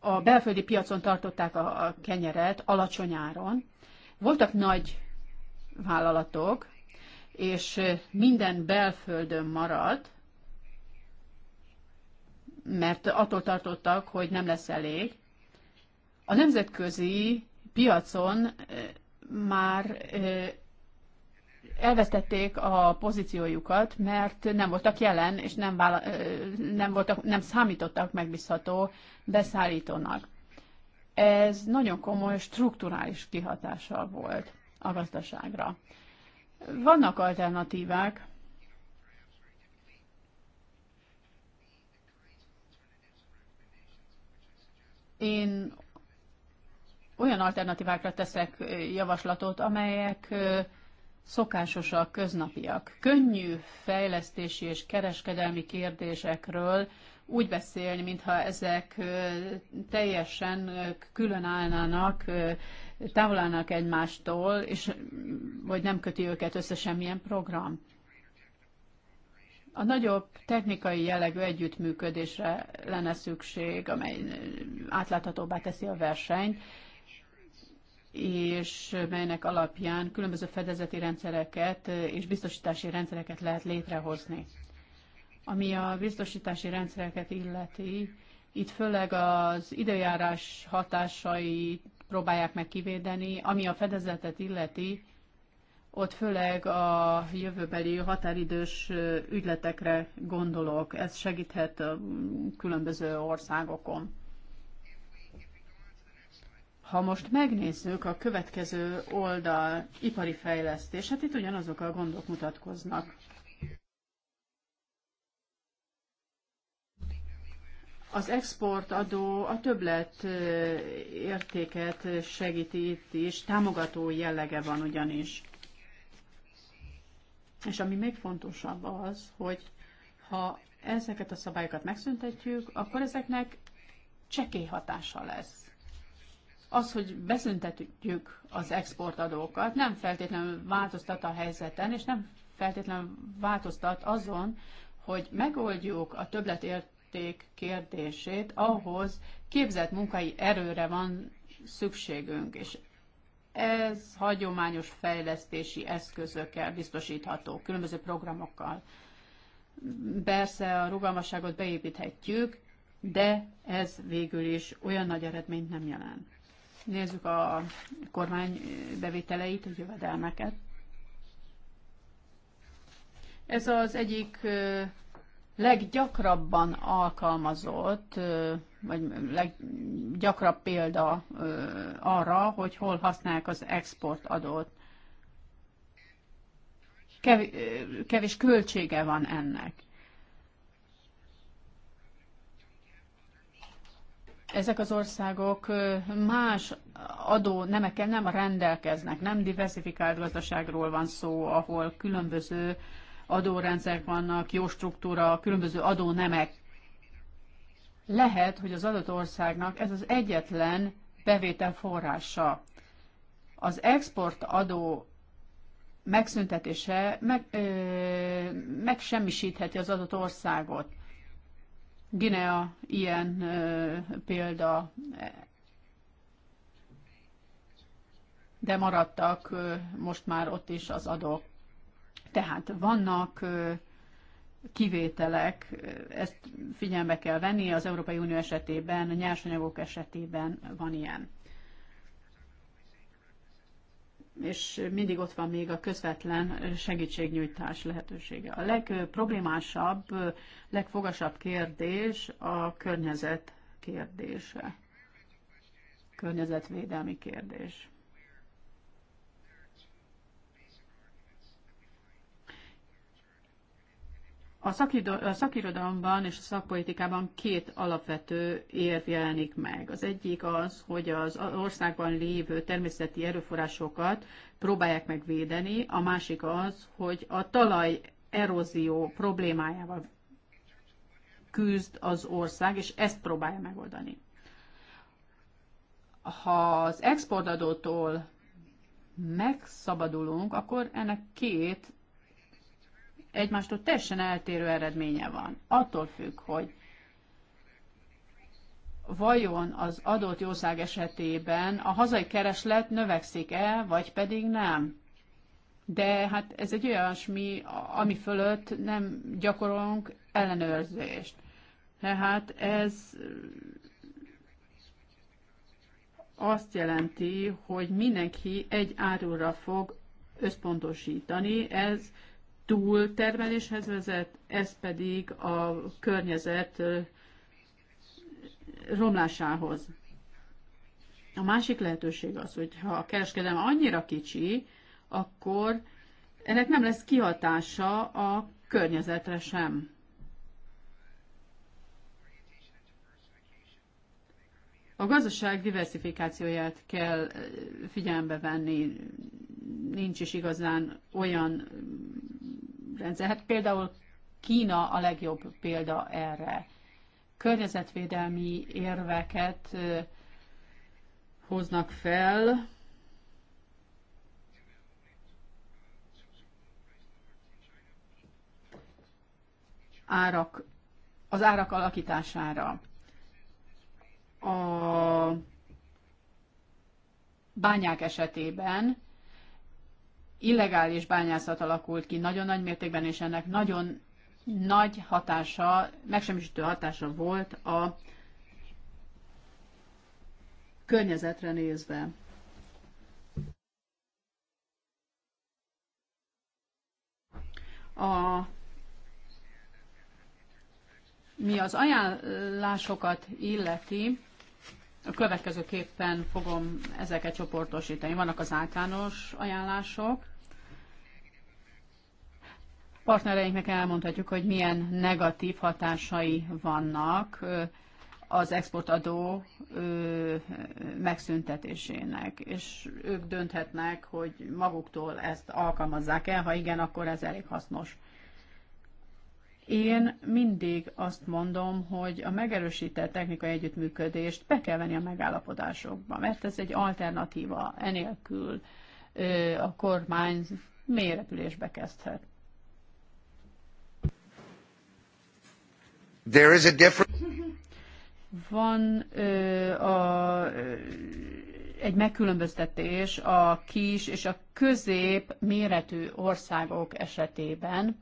a belföldi piacon tartották a kenyeret alacsonyáron. Voltak nagy vállalatok, és minden belföldön maradt, mert attól tartottak, hogy nem lesz elég. A nemzetközi piacon már elvesztették a pozíciójukat, mert nem voltak jelen, és nem, vála- nem, voltak, nem számítottak megbízható beszállítónak. Ez nagyon komoly strukturális kihatással volt a gazdaságra. Vannak alternatívák. Én olyan alternatívákra teszek javaslatot, amelyek szokásosak, köznapiak. Könnyű fejlesztési és kereskedelmi kérdésekről úgy beszélni, mintha ezek teljesen külön állnának távol állnak egymástól, és, vagy nem köti őket össze semmilyen program. A nagyobb technikai jellegű együttműködésre lenne szükség, amely átláthatóbbá teszi a versenyt, és melynek alapján különböző fedezeti rendszereket és biztosítási rendszereket lehet létrehozni. Ami a biztosítási rendszereket illeti, itt főleg az időjárás hatásait próbálják meg kivédeni. Ami a fedezetet illeti, ott főleg a jövőbeli határidős ügyletekre gondolok. Ez segíthet különböző országokon. Ha most megnézzük a következő oldal ipari fejlesztés, hát itt ugyanazok a gondok mutatkoznak. Az exportadó a többlet értéket segíti itt is, támogató jellege van ugyanis. És ami még fontosabb az, hogy ha ezeket a szabályokat megszüntetjük, akkor ezeknek csekély hatása lesz. Az, hogy beszüntetjük az exportadókat, nem feltétlenül változtat a helyzeten, és nem feltétlenül változtat azon, hogy megoldjuk a többletért érték kérdését, ahhoz képzett munkai erőre van szükségünk, és ez hagyományos fejlesztési eszközökkel biztosítható, különböző programokkal. Persze a rugalmasságot beépíthetjük, de ez végül is olyan nagy eredményt nem jelent. Nézzük a kormány bevételeit, a jövedelmeket. Ez az egyik leggyakrabban alkalmazott, vagy leggyakrabb példa arra, hogy hol használják az exportadót. Kevés költsége van ennek. Ezek az országok más adó nemekkel nem rendelkeznek, nem diversifikált gazdaságról van szó, ahol különböző adórendszerek vannak, jó struktúra, különböző adónemek. Lehet, hogy az adott országnak ez az egyetlen bevétel forrása. Az adó megszüntetése meg, ö, megsemmisítheti az adott országot. Guinea ilyen ö, példa, de maradtak ö, most már ott is az adók. Tehát vannak kivételek, ezt figyelme kell venni, az Európai Unió esetében, a nyersanyagok esetében van ilyen. És mindig ott van még a közvetlen segítségnyújtás lehetősége. A legproblémásabb, legfogasabb kérdés a környezet kérdése. Környezetvédelmi kérdés. A, szakido- a szakirodalomban és a szakpolitikában két alapvető érv jelenik meg. Az egyik az, hogy az országban lévő természeti erőforrásokat próbálják megvédeni, a másik az, hogy a talaj erózió problémájával küzd az ország, és ezt próbálja megoldani. Ha az exportadótól megszabadulunk, akkor ennek két egymástól teljesen eltérő eredménye van. Attól függ, hogy vajon az adott jószág esetében a hazai kereslet növekszik-e, vagy pedig nem. De hát ez egy olyasmi, ami fölött nem gyakorolunk ellenőrzést. Tehát ez azt jelenti, hogy mindenki egy árulra fog összpontosítani, ez túltermeléshez vezet, ez pedig a környezet romlásához. A másik lehetőség az, hogy ha a kereskedelem annyira kicsi, akkor ennek nem lesz kihatása a környezetre sem. A gazdaság diversifikációját kell figyelembe venni, nincs is igazán olyan rendszer. Hát például Kína a legjobb példa erre. Környezetvédelmi érveket hoznak fel, árak, az árak alakítására, a bányák esetében illegális bányászat alakult ki nagyon nagy mértékben, és ennek nagyon nagy hatása, megsemmisítő hatása volt a környezetre nézve. A, mi az ajánlásokat illeti, a következőképpen fogom ezeket csoportosítani. Vannak az általános ajánlások. Partnereinknek elmondhatjuk, hogy milyen negatív hatásai vannak az exportadó megszüntetésének, és ők dönthetnek, hogy maguktól ezt alkalmazzák el, ha igen, akkor ez elég hasznos. Én mindig azt mondom, hogy a megerősített technikai együttműködést be kell venni a megállapodásokba, mert ez egy alternatíva, enélkül a kormány mélyrepülésbe kezdhet. There is a different... Van ö, a, ö, egy megkülönböztetés a kis és a közép méretű országok esetében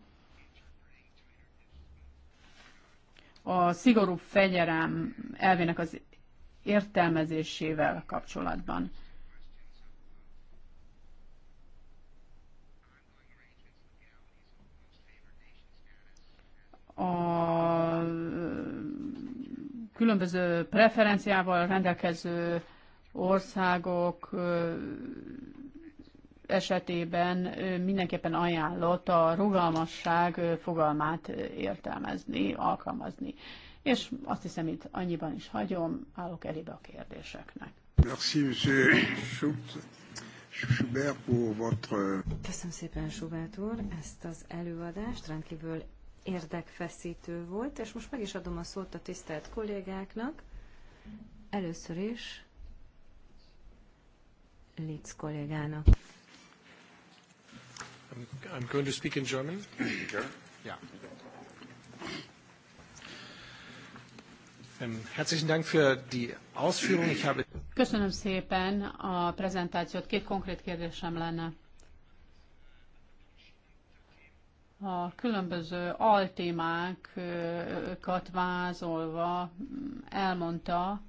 a szigorú fegyelem elvének az értelmezésével kapcsolatban. a különböző preferenciával rendelkező országok esetében mindenképpen ajánlott a rugalmasság fogalmát értelmezni, alkalmazni. És azt hiszem, itt annyiban is hagyom, állok elébe a kérdéseknek. Köszönöm szépen, Schubert úr, ezt az előadást rendkívül érdekfeszítő volt, és most meg is adom a szót a tisztelt kollégáknak. Először is Litz kollégának. I'm going to speak in German. Ja. Ähm, herzlichen Dank für die Ausführung. Ich habe Köszönöm szépen a prezentációt. Két konkrét kérdésem lenne. A különböző altémákat vázolva mm, elmondta,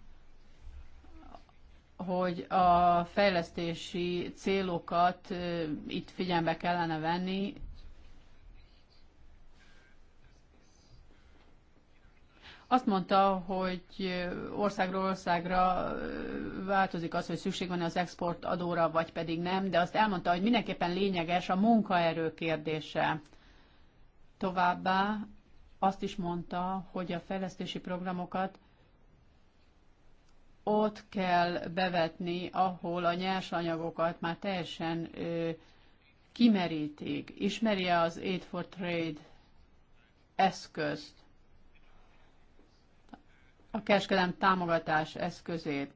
hogy a fejlesztési célokat itt figyelme kellene venni. Azt mondta, hogy országról országra változik az, hogy szükség van az export adóra, vagy pedig nem, de azt elmondta, hogy mindenképpen lényeges a munkaerő kérdése. Továbbá azt is mondta, hogy a fejlesztési programokat ott kell bevetni, ahol a nyersanyagokat már teljesen ö, kimerítik. Ismeri az Aid for Trade eszközt, a kereskedelem támogatás eszközét.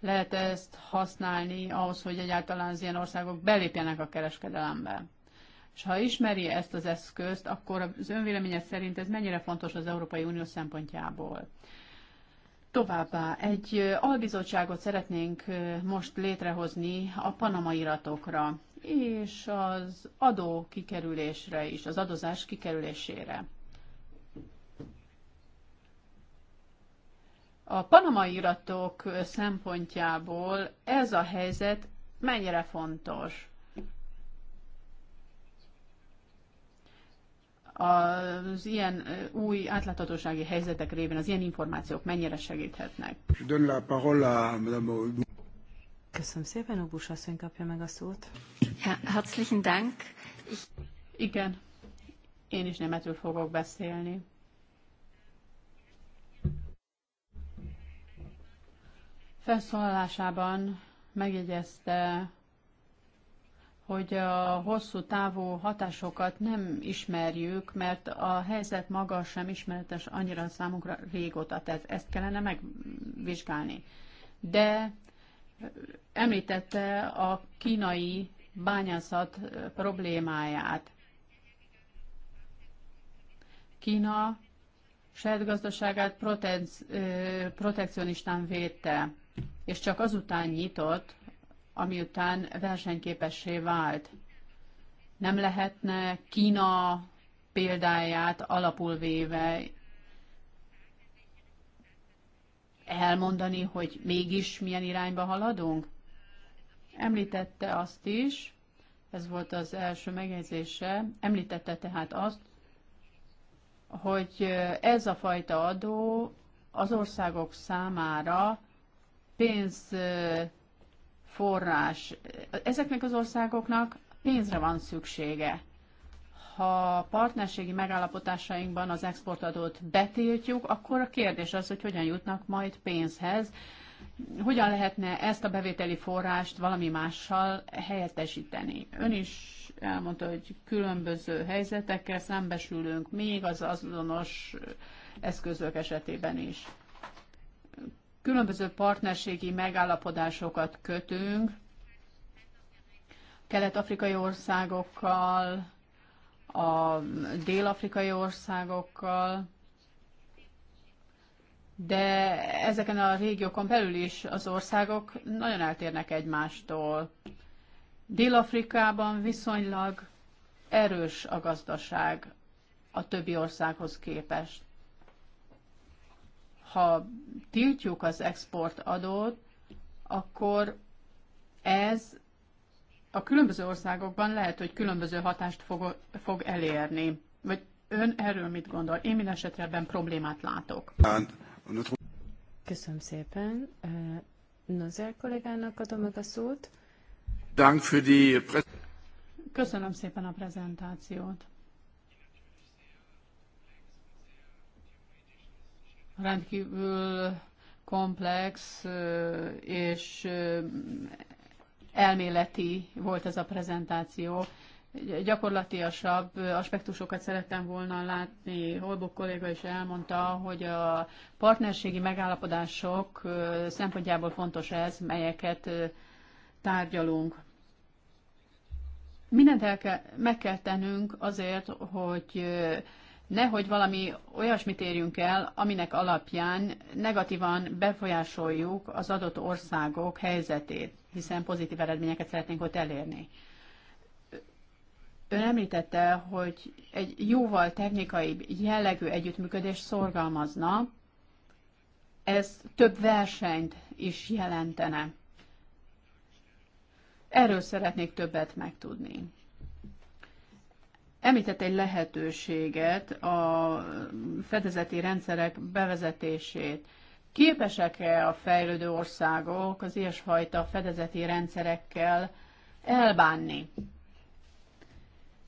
Lehet ezt használni ahhoz, hogy egyáltalán az ilyen országok belépjenek a kereskedelembe. És ha ismeri ezt az eszközt, akkor az önvéleménye szerint ez mennyire fontos az Európai Unió szempontjából. Továbbá egy albizottságot szeretnénk most létrehozni a panama iratokra és az adó kikerülésre is, az adozás kikerülésére. A panamai iratok szempontjából ez a helyzet mennyire fontos? az ilyen új átláthatósági helyzetek révén az ilyen információk mennyire segíthetnek. Köszönöm szépen, Obus asszony kapja meg a szót. Herzlichen Dank. Igen, én is németül fogok beszélni. Felszólalásában megjegyezte hogy a hosszú távú hatásokat nem ismerjük, mert a helyzet maga sem ismeretes annyira számunkra régóta, tehát ezt kellene megvizsgálni. De említette a kínai bányászat problémáját. Kína saját gazdaságát protekcionistán védte, és csak azután nyitott, ami után versenyképessé vált. Nem lehetne Kína példáját alapul véve elmondani, hogy mégis milyen irányba haladunk? Említette azt is, ez volt az első megjegyzése, említette tehát azt, hogy ez a fajta adó az országok számára pénz forrás. Ezeknek az országoknak pénzre van szüksége. Ha partnerségi megállapotásainkban az exportadót betiltjuk, akkor a kérdés az, hogy hogyan jutnak majd pénzhez, hogyan lehetne ezt a bevételi forrást valami mással helyettesíteni. Ön is elmondta, hogy különböző helyzetekkel szembesülünk, még az azonos eszközök esetében is. Különböző partnerségi megállapodásokat kötünk kelet-afrikai országokkal, a dél-afrikai országokkal, de ezeken a régiókon belül is az országok nagyon eltérnek egymástól. Dél-Afrikában viszonylag erős a gazdaság a többi országhoz képest ha tiltjuk az exportadót, akkor ez a különböző országokban lehet, hogy különböző hatást fog, fog elérni. Vagy ön erről mit gondol? Én minden esetre ebben problémát látok. Köszönöm szépen. Nozer kollégának adom meg a szót. Köszönöm szépen a prezentációt. rendkívül komplex és elméleti volt ez a prezentáció. Gyakorlatiasabb aspektusokat szerettem volna látni. Holbok kolléga is elmondta, hogy a partnerségi megállapodások szempontjából fontos ez, melyeket tárgyalunk. Mindent el kell, meg kell tennünk azért, hogy nehogy valami olyasmit érjünk el, aminek alapján negatívan befolyásoljuk az adott országok helyzetét, hiszen pozitív eredményeket szeretnénk ott elérni. Ön említette, hogy egy jóval technikai jellegű együttműködés szorgalmazna, ez több versenyt is jelentene. Erről szeretnék többet megtudni említett egy lehetőséget, a fedezeti rendszerek bevezetését. Képesek-e a fejlődő országok az ilyesfajta fedezeti rendszerekkel elbánni?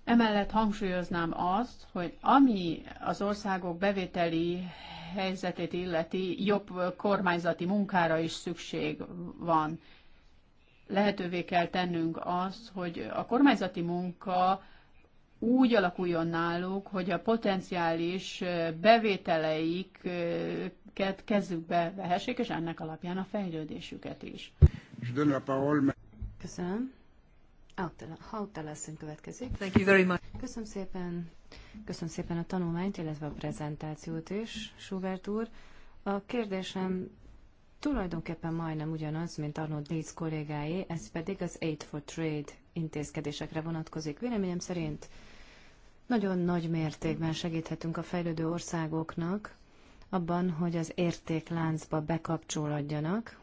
Emellett hangsúlyoznám azt, hogy ami az országok bevételi helyzetét illeti, jobb kormányzati munkára is szükség van. Lehetővé kell tennünk azt, hogy a kormányzati munka úgy alakuljon náluk, hogy a potenciális bevételeiket kezükbe vehessék, és ennek alapján a fejlődésüket is. Köszönöm. Hautala asszony következik. Thank you very much. Köszönöm szépen. Köszönöm szépen a tanulmányt, illetve a prezentációt is, Schubert úr. A kérdésem tulajdonképpen majdnem ugyanaz, mint Arnold Leeds kollégái, ez pedig az Aid for Trade intézkedésekre vonatkozik. Véleményem szerint nagyon nagy mértékben segíthetünk a fejlődő országoknak abban, hogy az értékláncba bekapcsolódjanak,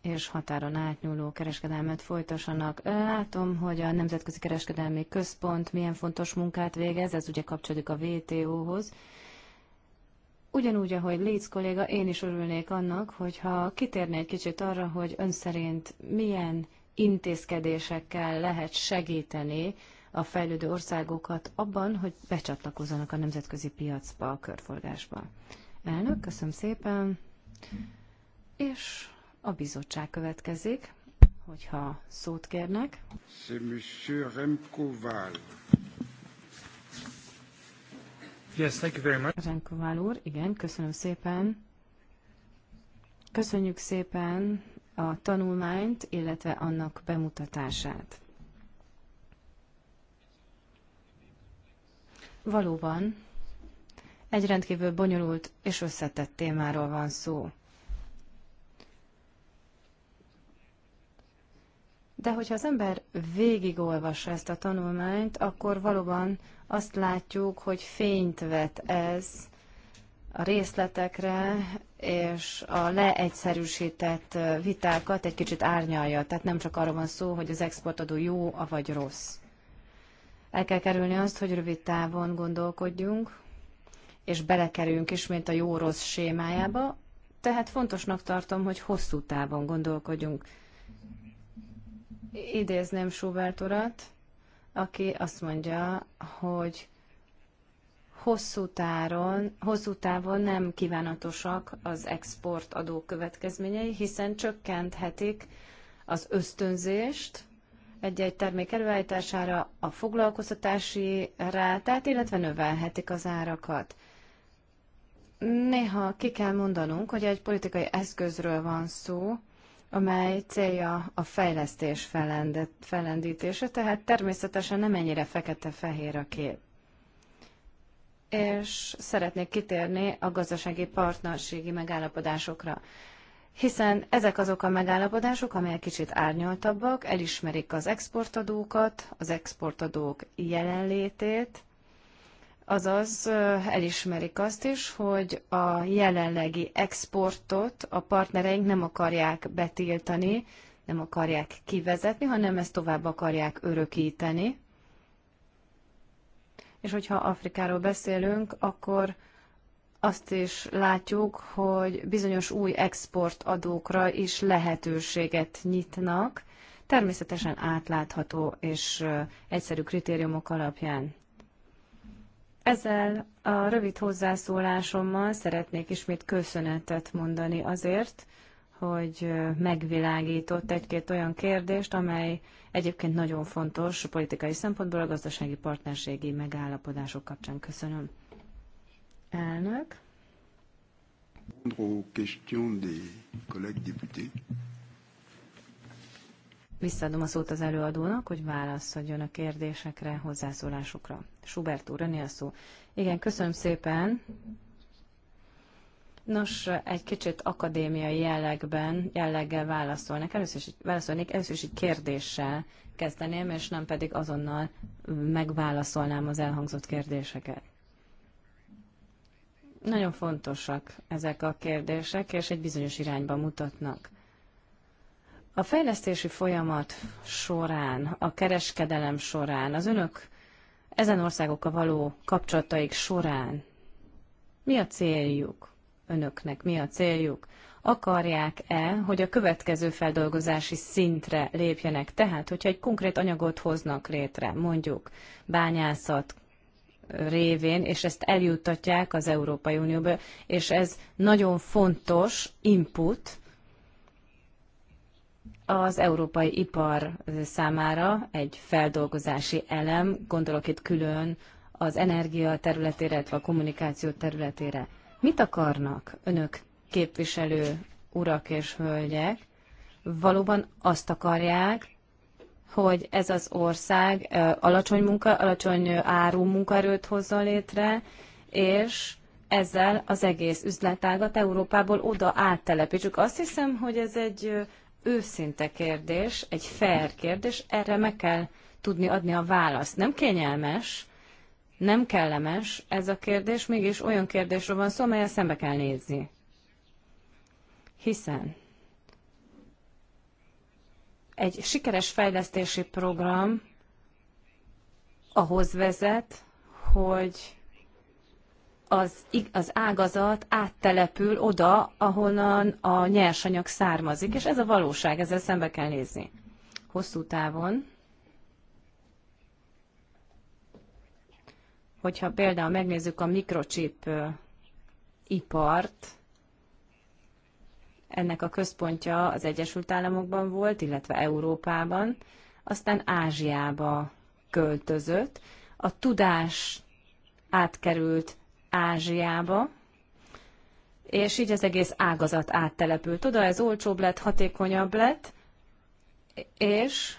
és határon átnyúló kereskedelmet folytassanak. Látom, hogy a Nemzetközi Kereskedelmi Központ milyen fontos munkát végez, ez ugye kapcsolódik a WTO-hoz, Ugyanúgy, ahogy Létsz kolléga, én is örülnék annak, hogyha kitérné egy kicsit arra, hogy ön szerint milyen intézkedésekkel lehet segíteni a fejlődő országokat abban, hogy becsatlakozzanak a nemzetközi piacba, a körforgásba. Elnök, köszönöm szépen. És a bizottság következik, hogyha szót kérnek. C'est Monsieur Yes, thank you very much. Renkovál úr, igen, köszönöm szépen. Köszönjük szépen a tanulmányt, illetve annak bemutatását. Valóban, egy rendkívül bonyolult és összetett témáról van szó. De hogyha az ember végigolvassa ezt a tanulmányt, akkor valóban azt látjuk, hogy fényt vet ez a részletekre, és a leegyszerűsített vitákat egy kicsit árnyalja. Tehát nem csak arra van szó, hogy az exportadó jó vagy rossz. El kell kerülni azt, hogy rövid távon gondolkodjunk, és belekerülünk ismét a jó-rossz sémájába, tehát fontosnak tartom, hogy hosszú távon gondolkodjunk idézném Schubert urat, aki azt mondja, hogy hosszú, táron, hosszú távon nem kívánatosak az exportadó következményei, hiszen csökkenthetik az ösztönzést egy-egy termék előállítására, a foglalkoztatási rátát, illetve növelhetik az árakat. Néha ki kell mondanunk, hogy egy politikai eszközről van szó, amely célja a fejlesztés felendítése, tehát természetesen nem ennyire fekete-fehér a kép. És szeretnék kitérni a gazdasági partnerségi megállapodásokra hiszen ezek azok a megállapodások, amelyek kicsit árnyaltabbak, elismerik az exportadókat, az exportadók jelenlétét, Azaz elismerik azt is, hogy a jelenlegi exportot a partnereink nem akarják betiltani, nem akarják kivezetni, hanem ezt tovább akarják örökíteni. És hogyha Afrikáról beszélünk, akkor azt is látjuk, hogy bizonyos új exportadókra is lehetőséget nyitnak, természetesen átlátható és egyszerű kritériumok alapján. Ezzel a rövid hozzászólásommal szeretnék ismét köszönetet mondani azért, hogy megvilágított egy-két olyan kérdést, amely egyébként nagyon fontos politikai szempontból a gazdasági partnerségi megállapodások kapcsán. Köszönöm. Elnök. Visszaadom a szót az előadónak, hogy válaszoljon a kérdésekre, hozzászólásokra. Schubert úr, a szó. Igen, köszönöm szépen. Nos, egy kicsit akadémiai jellegben, jelleggel válaszolnék. Először is, válaszolnék, először is egy kérdéssel kezdeném, és nem pedig azonnal megválaszolnám az elhangzott kérdéseket. Nagyon fontosak ezek a kérdések, és egy bizonyos irányba mutatnak. A fejlesztési folyamat során, a kereskedelem során, az önök ezen országokkal való kapcsolataik során mi a céljuk önöknek? Mi a céljuk? Akarják-e, hogy a következő feldolgozási szintre lépjenek? Tehát, hogyha egy konkrét anyagot hoznak létre, mondjuk bányászat révén, és ezt eljuttatják az Európai Unióba, és ez nagyon fontos input az európai ipar számára egy feldolgozási elem, gondolok itt külön az energia területére, illetve a kommunikáció területére. Mit akarnak önök képviselő urak és hölgyek? Valóban azt akarják, hogy ez az ország alacsony munka, alacsony áru munkaerőt hozza létre, és ezzel az egész üzletágat Európából oda áttelepítsük. Azt hiszem, hogy ez egy őszinte kérdés, egy fair kérdés, erre meg kell tudni adni a választ. Nem kényelmes, nem kellemes ez a kérdés, mégis olyan kérdésről van szó, amelyet szembe kell nézni. Hiszen egy sikeres fejlesztési program ahhoz vezet, hogy az, az ágazat áttelepül oda, ahonnan a nyersanyag származik, és ez a valóság, ezzel szembe kell nézni. Hosszú távon, hogyha például megnézzük a mikrochip ipart, ennek a központja az Egyesült Államokban volt, illetve Európában, aztán Ázsiába költözött. A tudás átkerült Ázsiába, és így az egész ágazat áttelepült oda, ez olcsóbb lett, hatékonyabb lett, és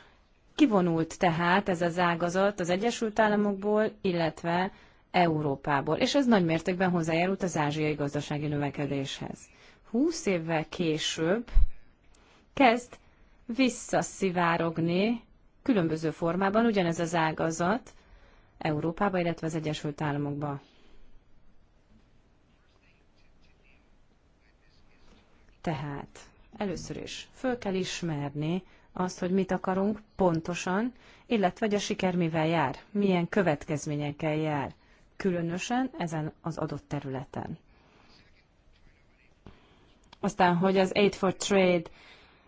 kivonult tehát ez az ágazat az Egyesült Államokból, illetve Európából, és ez nagy mértékben hozzájárult az ázsiai gazdasági növekedéshez. Húsz évvel később kezd visszaszivárogni különböző formában ugyanez az ágazat Európába, illetve az Egyesült Államokba. Tehát először is föl kell ismerni azt, hogy mit akarunk pontosan, illetve hogy a siker mivel jár, milyen következményekkel jár, különösen ezen az adott területen. Aztán, hogy az Aid for Trade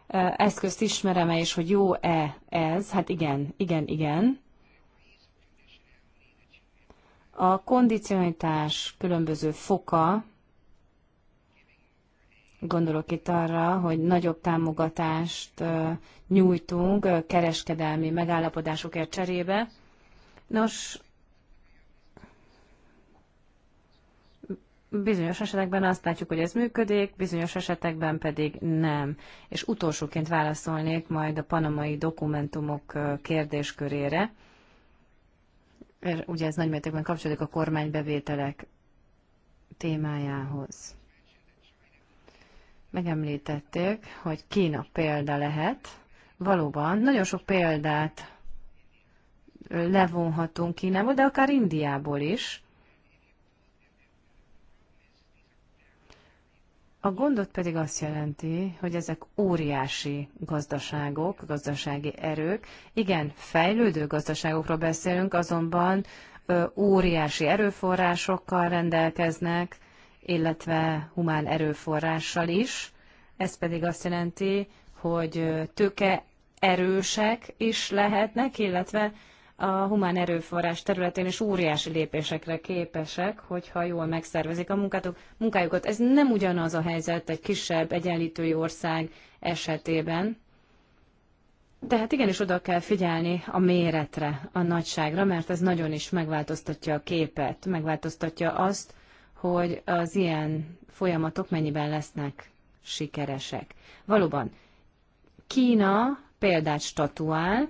eh, eszközt ismerem-e, és hogy jó-e ez, hát igen, igen, igen. A kondicionitás különböző foka Gondolok itt arra, hogy nagyobb támogatást nyújtunk kereskedelmi megállapodásokért cserébe. Nos, bizonyos esetekben azt látjuk, hogy ez működik, bizonyos esetekben pedig nem. És utolsóként válaszolnék majd a panamai dokumentumok kérdéskörére. Er, ugye ez nagymértékben kapcsolódik a kormánybevételek témájához. Megemlítették, hogy Kína példa lehet. Valóban, nagyon sok példát levonhatunk Kínából, de akár Indiából is. A gondot pedig azt jelenti, hogy ezek óriási gazdaságok, gazdasági erők. Igen, fejlődő gazdaságokról beszélünk, azonban óriási erőforrásokkal rendelkeznek, illetve humán erőforrással is. Ez pedig azt jelenti, hogy tőke erősek is lehetnek, illetve a humán erőforrás területén is óriási lépésekre képesek, hogyha jól megszervezik a munkátok, munkájukat. Ez nem ugyanaz a helyzet egy kisebb, egyenlítői ország esetében. De hát igenis oda kell figyelni a méretre, a nagyságra, mert ez nagyon is megváltoztatja a képet, megváltoztatja azt, hogy az ilyen folyamatok mennyiben lesznek sikeresek. Valóban, Kína példát statuál,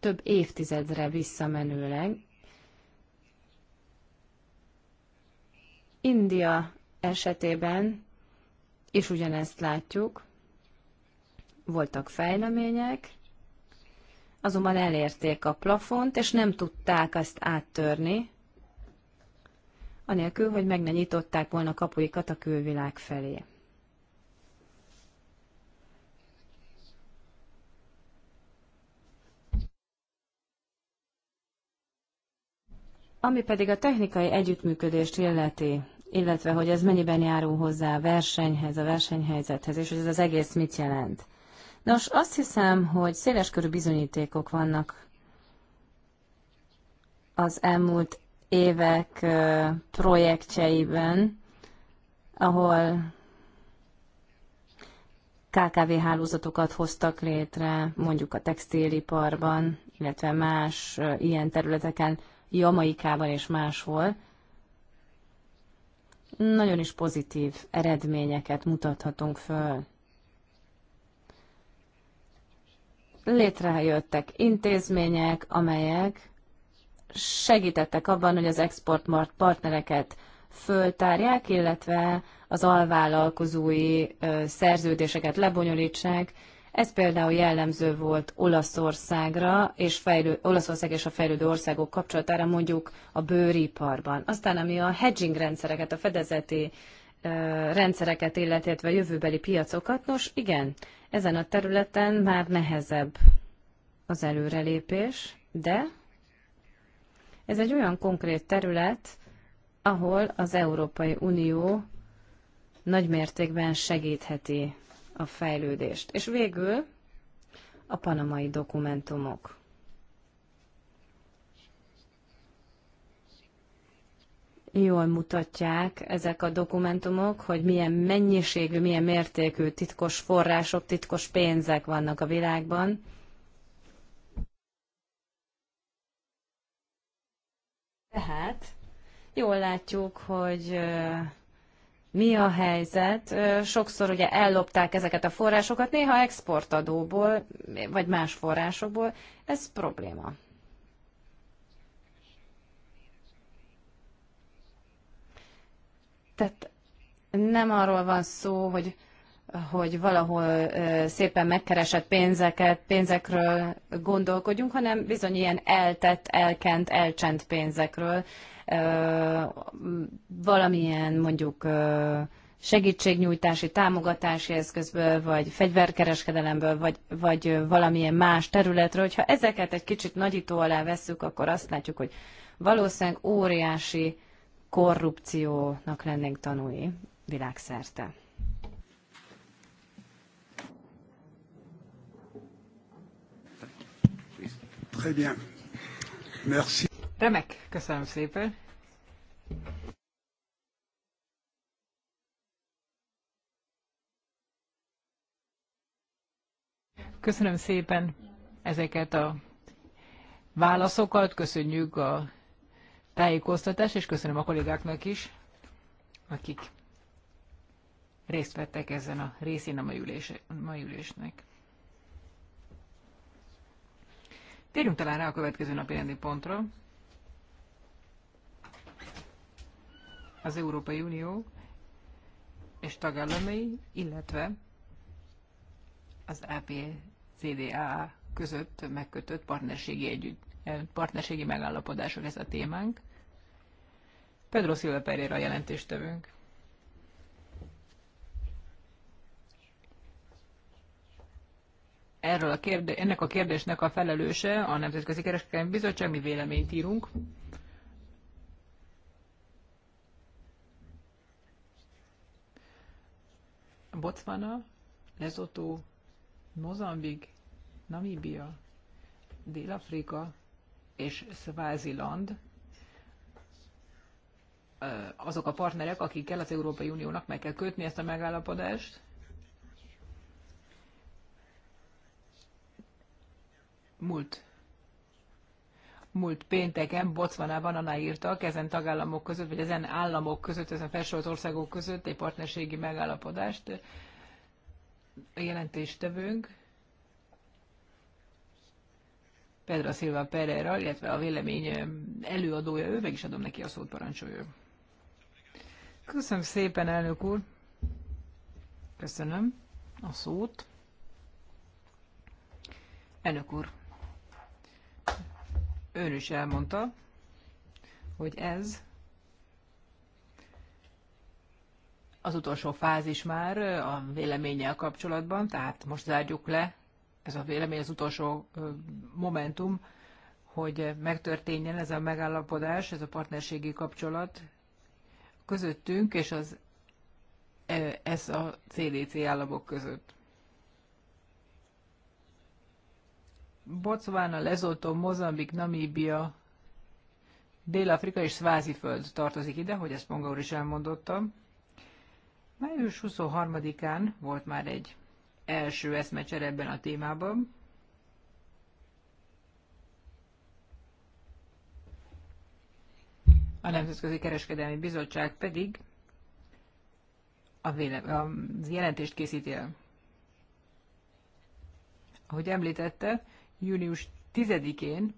több évtizedre visszamenőleg. India esetében és ugyanezt látjuk, voltak fejlemények, azonban elérték a plafont, és nem tudták ezt áttörni, anélkül, hogy meg ne nyitották volna kapuikat a külvilág felé. Ami pedig a technikai együttműködést illeti, illetve hogy ez mennyiben járul hozzá a versenyhez, a versenyhelyzethez, és hogy ez az egész mit jelent. Nos, azt hiszem, hogy széleskörű bizonyítékok vannak az elmúlt évek projektjeiben, ahol KKV hálózatokat hoztak létre, mondjuk a textiliparban, illetve más ilyen területeken, Jamaikában és máshol. Nagyon is pozitív eredményeket mutathatunk föl. létrejöttek intézmények, amelyek segítettek abban, hogy az exportmart partnereket föltárják, illetve az alvállalkozói szerződéseket lebonyolítsák. Ez például jellemző volt Olaszországra, és fejlő, Olaszország és a fejlődő országok kapcsolatára mondjuk a bőriparban. Aztán, ami a hedging rendszereket, a fedezeti rendszereket, illetve jövőbeli piacokat. Nos, igen, ezen a területen már nehezebb az előrelépés, de ez egy olyan konkrét terület, ahol az Európai Unió nagymértékben segítheti a fejlődést. És végül a panamai dokumentumok. jól mutatják ezek a dokumentumok, hogy milyen mennyiségű, milyen mértékű titkos források, titkos pénzek vannak a világban. Tehát jól látjuk, hogy mi a helyzet. Sokszor ugye ellopták ezeket a forrásokat, néha exportadóból, vagy más forrásokból. Ez probléma. Tehát nem arról van szó, hogy, hogy valahol szépen megkeresett pénzeket, pénzekről gondolkodjunk, hanem bizony ilyen eltett, elkent, elcsent pénzekről, valamilyen mondjuk segítségnyújtási, támogatási eszközből, vagy fegyverkereskedelemből, vagy, vagy valamilyen más területről, hogyha ezeket egy kicsit nagyító alá vesszük, akkor azt látjuk, hogy valószínűleg óriási korrupciónak lennénk tanúi világszerte. Très bien. Merci. Remek, köszönöm szépen. Köszönöm szépen ezeket a válaszokat, köszönjük a tájékoztatás és köszönöm a kollégáknak is, akik részt vettek ezen a részén a mai, a mai ülésnek. Térjünk talán rá a következő napi rendi pontra. Az Európai Unió és tagállamai, illetve az APCDA között megkötött partnerségi együtt partnerségi megállapodások ez a témánk. Pedro Silva Pereira jelentéstevőnk. Erről a kérde- ennek a kérdésnek a felelőse a Nemzetközi Kereskedelmi Bizottság, mi véleményt írunk. Botswana, Lesotho, Mozambik, Namíbia, Dél-Afrika, és Swaziland azok a partnerek, akikkel az Európai Uniónak meg kell kötni ezt a megállapodást. Múlt múlt pénteken Botswanában aláírtak ezen tagállamok között, vagy ezen államok között, ezen felsorolt országok között egy partnerségi megállapodást. A jelentéstevőnk Pedro Silva Pereira, illetve a vélemény előadója, ő meg is adom neki a szót, parancsolja. Köszönöm szépen, elnök úr. Köszönöm a szót. Elnök úr, ön is elmondta, hogy ez az utolsó fázis már a véleménnyel kapcsolatban, tehát most zárjuk le ez a vélemény az utolsó momentum, hogy megtörténjen ez a megállapodás, ez a partnerségi kapcsolat közöttünk és az e, ez a CDC államok között. Botswana, Lesotho, Mozambik, Namíbia, Dél-Afrika és Sváziföld tartozik ide, hogy ezt Ponga úr is elmondotta. Május 23-án volt már egy első eszmecser ebben a témában. A Nemzetközi Kereskedelmi Bizottság pedig a, véle, a jelentést készíti el. Ahogy említette, június 10-én,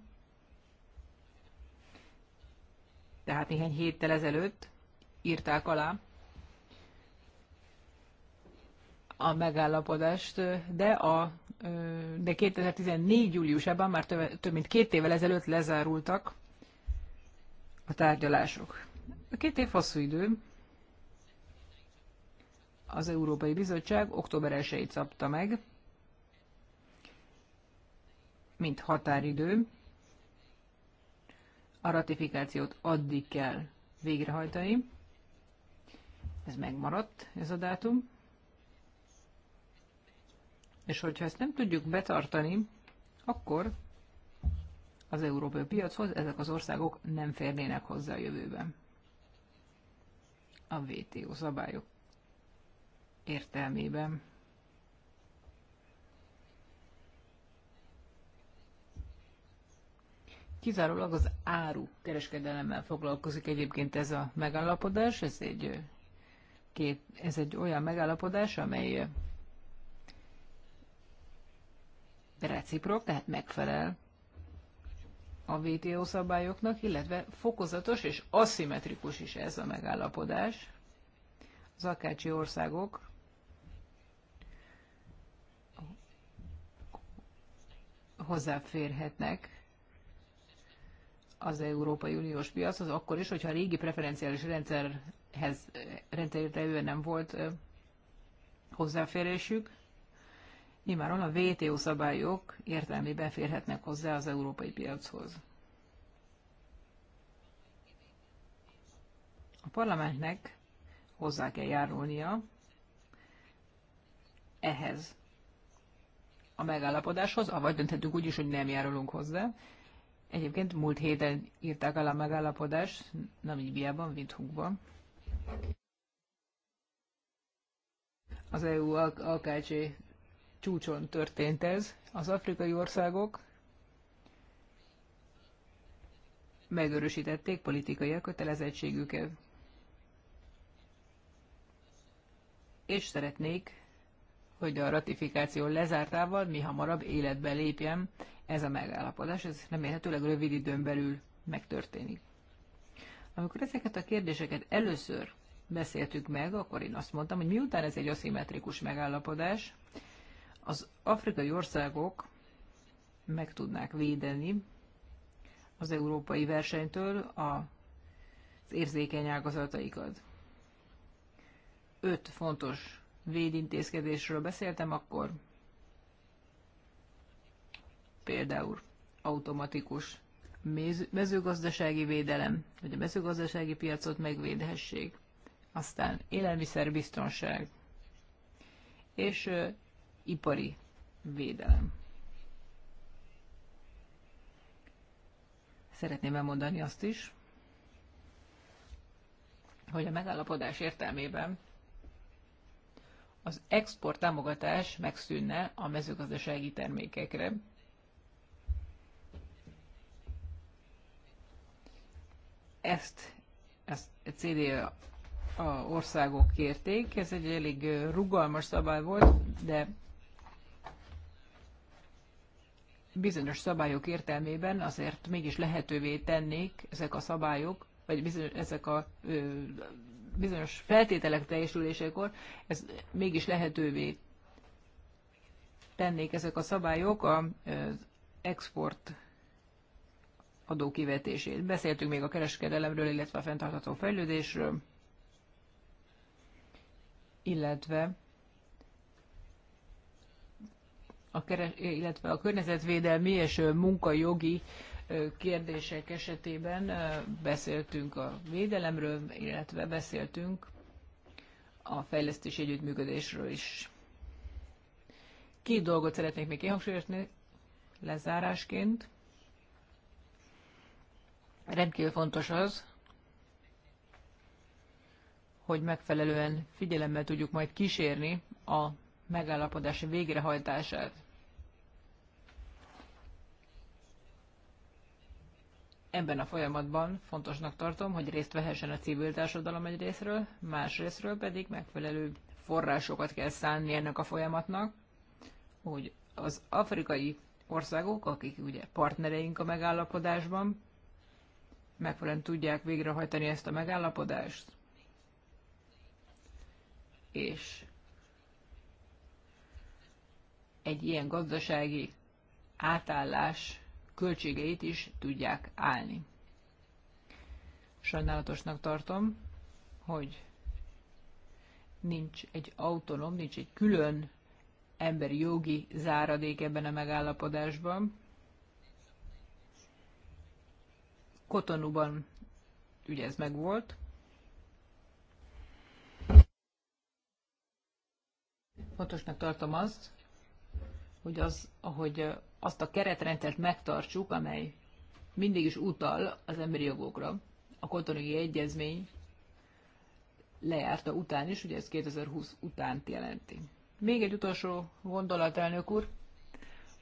tehát néhány héttel ezelőtt írták alá a megállapodást, de, a, de 2014. júliusában már több, több mint két évvel ezelőtt lezárultak a tárgyalások. A két év hosszú idő. Az Európai Bizottság október 1 szabta meg, mint határidő. A ratifikációt addig kell végrehajtani. Ez megmaradt, ez a dátum. És hogyha ezt nem tudjuk betartani, akkor az európai piachoz ezek az országok nem férnének hozzá a jövőben. A WTO szabályok értelmében. Kizárólag az áru kereskedelemmel foglalkozik egyébként ez a megállapodás. Ez egy, két, ez egy olyan megállapodás, amely reciprok, tehát megfelel a WTO szabályoknak, illetve fokozatos és aszimmetrikus is ez a megállapodás. Az akácsi országok hozzáférhetnek az Európai Uniós piachoz, akkor is, hogyha a régi preferenciális rendszerhez rendszerűen nem volt hozzáférésük nyilvánvalóan a WTO szabályok értelmében férhetnek hozzá az európai piachoz. A parlamentnek hozzá kell járulnia ehhez a megállapodáshoz, avagy dönthetünk úgy is, hogy nem járulunk hozzá. Egyébként múlt héten írták alá a megállapodást mint Windhoekban. Az EU AKC csúcson történt ez. Az afrikai országok megörösítették politikai elkötelezettségüket. És szeretnék, hogy a ratifikáció lezártával mi hamarabb életbe lépjem ez a megállapodás, ez remélhetőleg rövid időn belül megtörténik. Amikor ezeket a kérdéseket először beszéltük meg, akkor én azt mondtam, hogy miután ez egy aszimmetrikus megállapodás, az afrikai országok meg tudnák védeni az európai versenytől a az érzékeny ágazataikat. Öt fontos védintézkedésről beszéltem akkor, például automatikus mezőgazdasági védelem, hogy a mezőgazdasági piacot megvédhessék, aztán élelmiszerbiztonság, és ipari védelem. Szeretném elmondani azt is, hogy a megállapodás értelmében az export támogatás megszűnne a mezőgazdasági termékekre. Ezt, ezt a CD országok kérték, ez egy elég rugalmas szabály volt, de bizonyos szabályok értelmében azért mégis lehetővé tennék ezek a szabályok, vagy bizonyos, ezek a ö, bizonyos feltételek teljesülésekor, ez mégis lehetővé tennék ezek a szabályok az export adókivetését. Beszéltünk még a kereskedelemről, illetve a fenntartható fejlődésről, illetve a keres, illetve a környezetvédelmi és munkajogi kérdések esetében beszéltünk a védelemről, illetve beszéltünk a fejlesztési együttműködésről is. Két dolgot szeretnék még kihangsúlyozni lezárásként. Rendkívül fontos az, hogy megfelelően figyelemmel tudjuk majd kísérni a megállapodás végrehajtását. ebben a folyamatban fontosnak tartom, hogy részt vehessen a civil társadalom egy részről, más részről pedig megfelelő forrásokat kell szánni ennek a folyamatnak, hogy az afrikai országok, akik ugye partnereink a megállapodásban, megfelelően tudják végrehajtani ezt a megállapodást, és egy ilyen gazdasági átállás költségeit is tudják állni. Sajnálatosnak tartom, hogy nincs egy autonóm, nincs egy külön emberi jogi záradék ebben a megállapodásban. Kotonúban ugye ez megvolt. Fontosnak tartom azt, hogy az, ahogy azt a keretrendszert megtartsuk, amely mindig is utal az emberi jogokra. A kotonui egyezmény lejárta után is, ugye ez 2020 után jelenti. Még egy utolsó gondolat, elnök úr.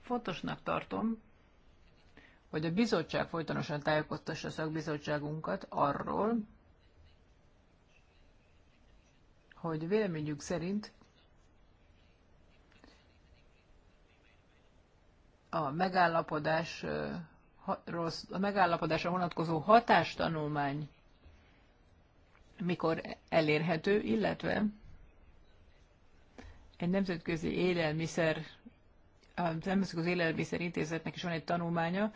Fontosnak tartom, hogy a bizottság folytonosan tájékoztassa a szakbizottságunkat arról, hogy véleményük szerint a megállapodás a megállapodásra vonatkozó hatástanulmány mikor elérhető, illetve egy nemzetközi élelmiszer, a Nemzetközi Élelmiszer Intézetnek is van egy tanulmánya,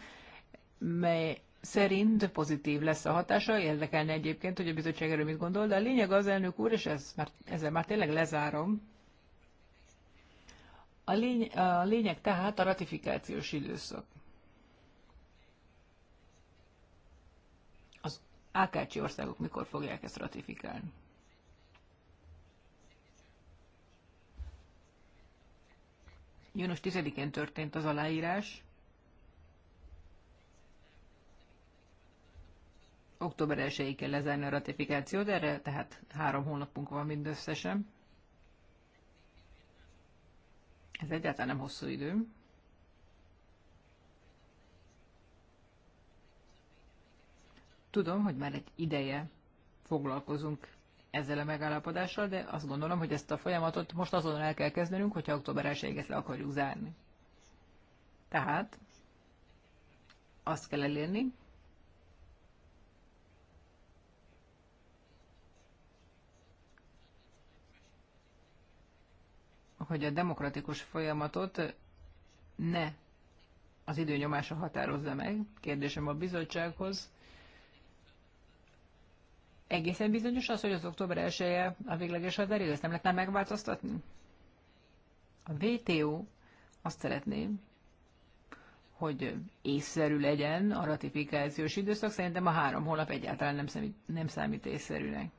mely szerint pozitív lesz a hatása, érdekelne egyébként, hogy a bizottság erről mit gondol, de a lényeg az, elnök úr, és ez már, ezzel már tényleg lezárom, a, lény, a lényeg tehát a ratifikációs időszak. Az Ákácsi országok mikor fogják ezt ratifikálni? Június 10-én történt az aláírás. Október 1-én lezárni a ratifikációt, erre tehát három hónapunk van mindösszesen. Ez egyáltalán nem hosszú idő. Tudom, hogy már egy ideje foglalkozunk ezzel a megállapodással, de azt gondolom, hogy ezt a folyamatot most azonnal el kell kezdenünk, hogyha október 1 le akarjuk zárni. Tehát azt kell elérni, hogy a demokratikus folyamatot ne az időnyomása határozza meg. Kérdésem a bizottsághoz. Egészen bizonyos az, hogy az október 1 -e a végleges határidő, ezt nem lehetne megváltoztatni? A WTO azt szeretné, hogy észszerű legyen a ratifikációs időszak, szerintem a három hónap egyáltalán nem számít, nem számít észszerűnek.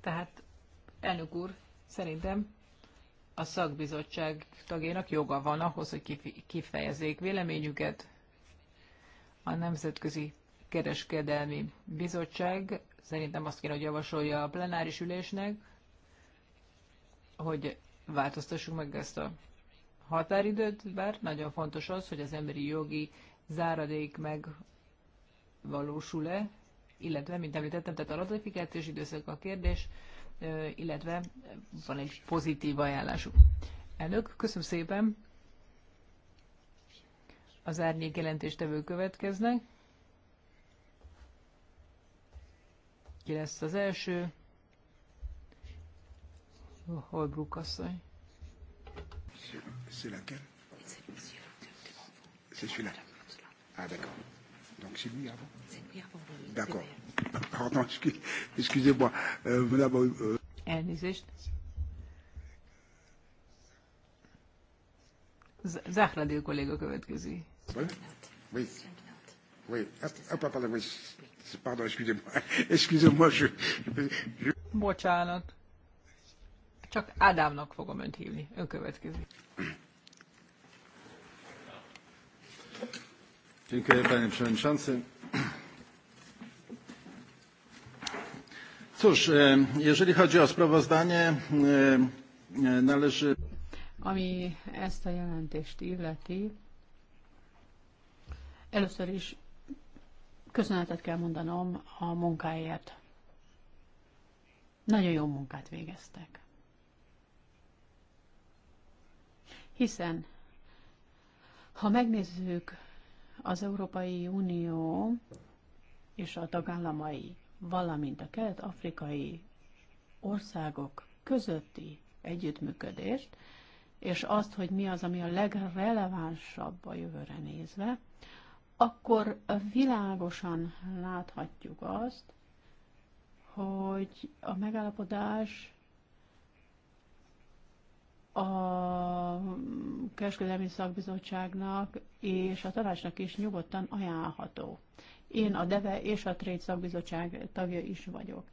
Tehát, elnök úr, szerintem a szakbizottság tagjának joga van ahhoz, hogy kifejezzék véleményüket. A Nemzetközi Kereskedelmi Bizottság szerintem azt kéne, hogy javasolja a plenáris ülésnek, hogy változtassuk meg ezt a határidőt, bár nagyon fontos az, hogy az emberi jogi záradék megvalósul-e, illetve, mint említettem, tehát a ratifikációs időszak a kérdés, illetve van egy pozitív ajánlásuk. Elnök, köszönöm szépen. Az árnyék jelentéstevő következnek. Ki lesz az első? Holbrook asszony. C'est laquelle C'est celui-là. Ah d'accord. Donc c'est lui avant D'accord. Pardon, excusez-moi. Euh, madame, euh... euh Elnézést. Zahradil kolléga következő. Oui. Oui. Hop, pardon, Pardon, excusez-moi. Excusez-moi, je, je... Bocsánat. Csak Ádámnak fogom önt hívni. Ön következik. Dziękuję, panie przewodniczący. Cóż, e, jeżeli chodzi o sprawozdanie, e, e, należy... Ami ezt a jelentést illeti, először is köszönetet kell mondanom a munkáért. Nagyon jó munkát végeztek. Hiszen, ha megnézzük az Európai Unió és a tagállamai valamint a kelet-afrikai országok közötti együttműködést, és azt, hogy mi az, ami a legrelevánsabb a jövőre nézve, akkor világosan láthatjuk azt, hogy a megállapodás a Kereskedelmi Szakbizottságnak és a tanácsnak is nyugodtan ajánlható. Én a DEVE és a TRÉD szakbizottság tagja is vagyok,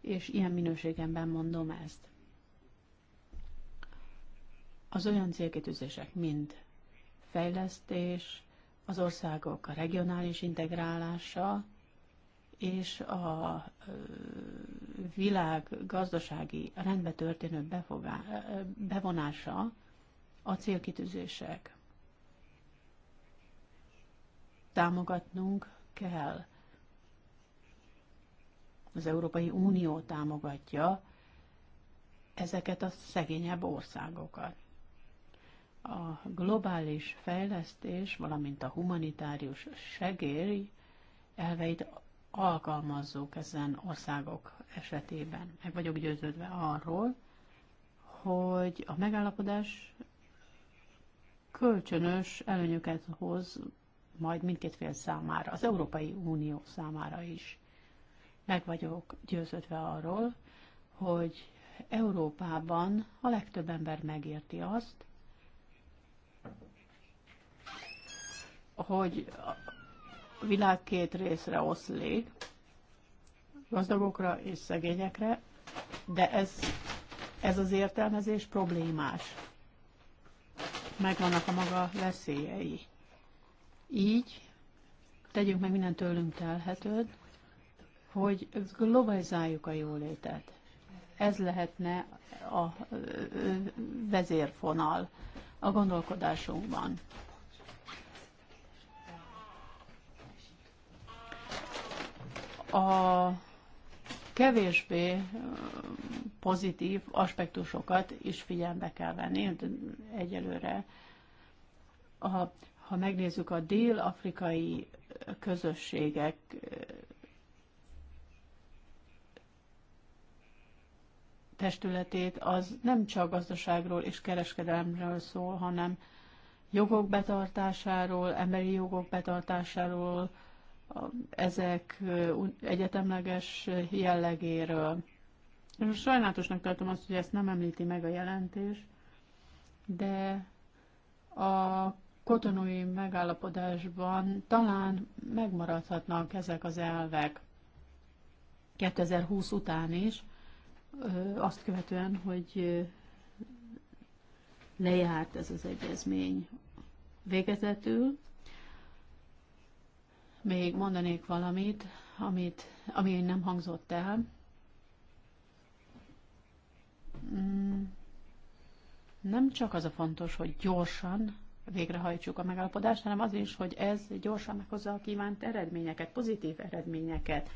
és ilyen minőségemben mondom ezt. Az olyan célkitűzések mind fejlesztés, az országok a regionális integrálása, és a világ gazdasági rendbe történő befogá, bevonása a célkitűzések. Támogatnunk kell. Az Európai Unió támogatja ezeket a szegényebb országokat. A globális fejlesztés, valamint a humanitárius segély elveit alkalmazzuk ezen országok esetében. Meg vagyok győződve arról, hogy a megállapodás kölcsönös előnyöket hoz majd mindkét fél számára, az Európai Unió számára is. Meg vagyok győződve arról, hogy Európában a legtöbb ember megérti azt, hogy a világ két részre oszlik, gazdagokra és szegényekre, de ez, ez az értelmezés problémás. Megvannak a maga veszélyei. Így tegyünk meg minden tőlünk telhetőt, hogy globalizáljuk a jólétet. Ez lehetne a vezérfonal a gondolkodásunkban. A kevésbé pozitív aspektusokat is figyelme kell venni, egyelőre a ha megnézzük a dél-afrikai közösségek testületét, az nem csak gazdaságról és kereskedelemről szól, hanem jogok betartásáról, emberi jogok betartásáról, ezek egyetemleges jellegéről. És sajnálatosnak tartom azt, hogy ezt nem említi meg a jelentés, de a kotonói megállapodásban talán megmaradhatnak ezek az elvek 2020 után is, azt követően, hogy lejárt ez az egyezmény végezetül. Még mondanék valamit, amit, ami nem hangzott el. Mm, nem csak az a fontos, hogy gyorsan végrehajtsuk a megállapodást, hanem az is, hogy ez gyorsan meghozza a kívánt eredményeket, pozitív eredményeket.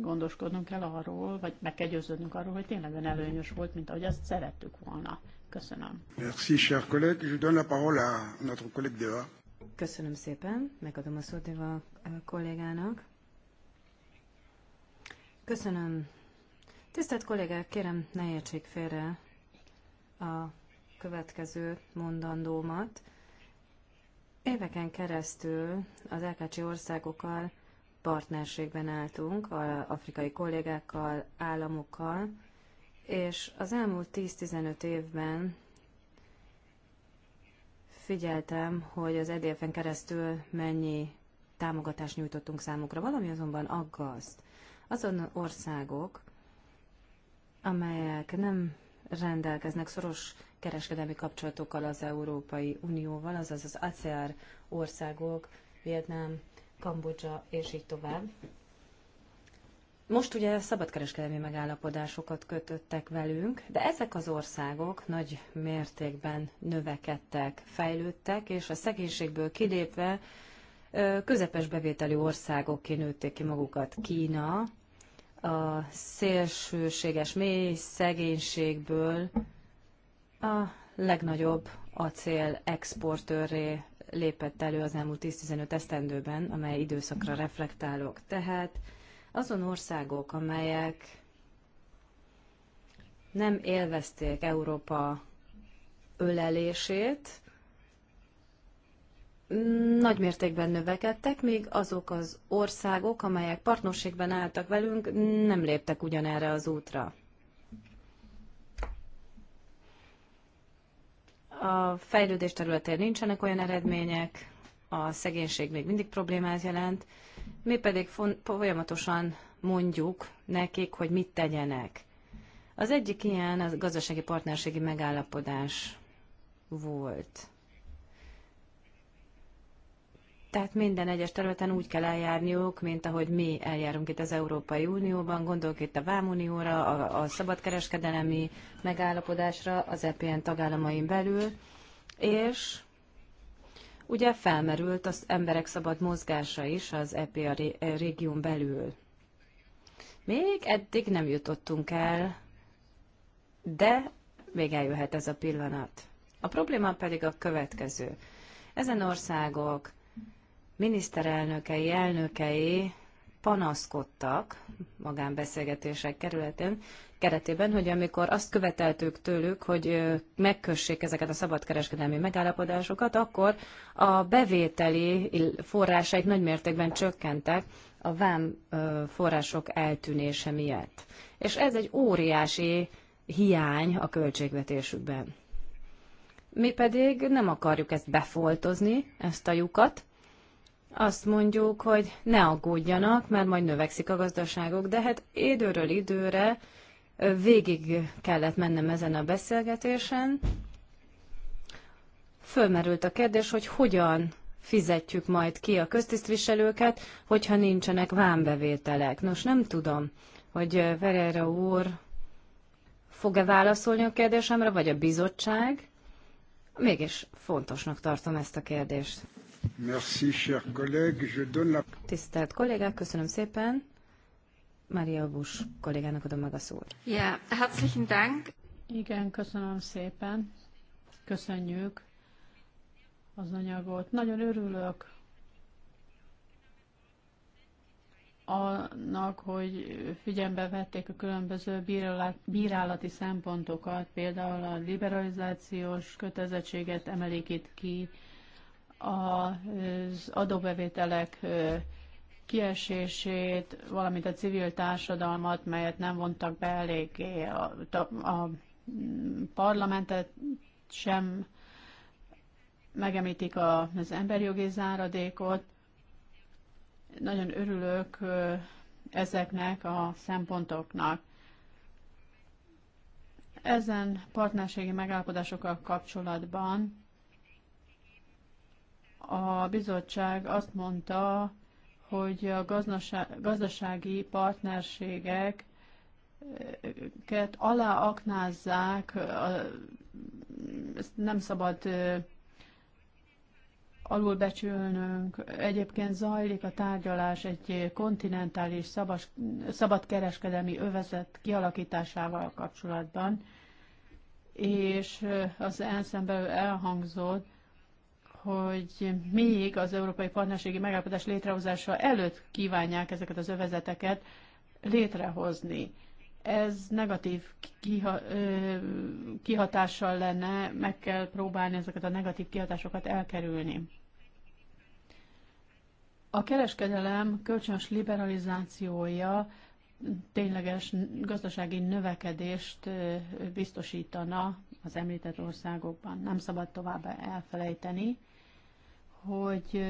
Gondoskodnunk kell arról, vagy meg kell győződnünk arról, hogy tényleg előnyös volt, mint ahogy azt szerettük volna. Köszönöm. Merci, cher collègue. Je donne la parole à notre collègue Deva. Köszönöm szépen, megadom a szót Deva eh, kollégának. Köszönöm. Tisztelt kollégák, kérem, ne értsék félre a következő mondandómat. Éveken keresztül az LKC országokkal partnerségben álltunk, a afrikai kollégákkal, államokkal, és az elmúlt 10-15 évben figyeltem, hogy az EDF-en keresztül mennyi támogatást nyújtottunk számukra. Valami azonban aggaszt. Azon országok, amelyek nem rendelkeznek szoros kereskedelmi kapcsolatokkal az Európai Unióval, azaz az ACR országok, Vietnám, Kambodzsa és így tovább. Most ugye szabadkereskedelmi megállapodásokat kötöttek velünk, de ezek az országok nagy mértékben növekedtek, fejlődtek, és a szegénységből kilépve közepes bevételi országok kinőtték ki magukat. Kína a szélsőséges mély szegénységből a legnagyobb acél exportőrré lépett elő az elmúlt 10-15 esztendőben, amely időszakra reflektálok. Tehát azon országok, amelyek nem élvezték Európa ölelését, nagy mértékben növekedtek, még azok az országok, amelyek partnerségben álltak velünk, nem léptek ugyanerre az útra. A fejlődés területén nincsenek olyan eredmények, a szegénység még mindig problémát jelent, mi pedig folyamatosan mondjuk nekik, hogy mit tegyenek. Az egyik ilyen a gazdasági partnerségi megállapodás volt. Tehát minden egyes területen úgy kell eljárniuk, mint ahogy mi eljárunk itt az Európai Unióban, gondolok itt a Vámunióra, a, a szabadkereskedelemi megállapodásra az EPN tagállamain belül, és ugye felmerült az emberek szabad mozgása is az EPA régión belül. Még eddig nem jutottunk el, de még eljöhet ez a pillanat. A probléma pedig a következő. Ezen országok miniszterelnökei, elnökei panaszkodtak magánbeszélgetések kerületén, keretében, hogy amikor azt követeltük tőlük, hogy megkössék ezeket a szabadkereskedelmi megállapodásokat, akkor a bevételi forrásaik nagymértékben csökkentek a vám források eltűnése miatt. És ez egy óriási hiány a költségvetésükben. Mi pedig nem akarjuk ezt befoltozni, ezt a lyukat, azt mondjuk, hogy ne aggódjanak, mert majd növekszik a gazdaságok, de hát időről időre végig kellett mennem ezen a beszélgetésen. Fölmerült a kérdés, hogy hogyan fizetjük majd ki a köztisztviselőket, hogyha nincsenek vámbevételek. Nos, nem tudom, hogy Verera úr fog-e válaszolni a kérdésemre, vagy a bizottság. Mégis fontosnak tartom ezt a kérdést. Merci, cher collègue. Je donne la... Tisztelt kollégák, köszönöm szépen. Maria Busch kollégának adom meg a szót. Yeah, herzlichen Dank. Igen, köszönöm szépen. Köszönjük az anyagot. Nagyon örülök annak, hogy figyelembe vették a különböző bírálati szempontokat, például a liberalizációs kötelezettséget emelik itt ki, az adóbevételek kiesését, valamint a civil társadalmat, melyet nem vontak be eléggé, a, a parlamentet sem a az emberjogi záradékot. Nagyon örülök ezeknek a szempontoknak. Ezen partnerségi megállapodásokkal kapcsolatban a bizottság azt mondta, hogy a gazdasági partnerségeket aláaknázzák, ezt nem szabad alulbecsülnünk. Egyébként zajlik a tárgyalás egy kontinentális szabas, szabadkereskedelmi övezet kialakításával kapcsolatban, és az ensz belül elhangzott, hogy még az Európai Partnerségi Megállapodás létrehozása előtt kívánják ezeket az övezeteket létrehozni. Ez negatív kiha, kihatással lenne, meg kell próbálni ezeket a negatív kihatásokat elkerülni. A kereskedelem kölcsönös liberalizációja tényleges gazdasági növekedést biztosítana az említett országokban. Nem szabad tovább elfelejteni, hogy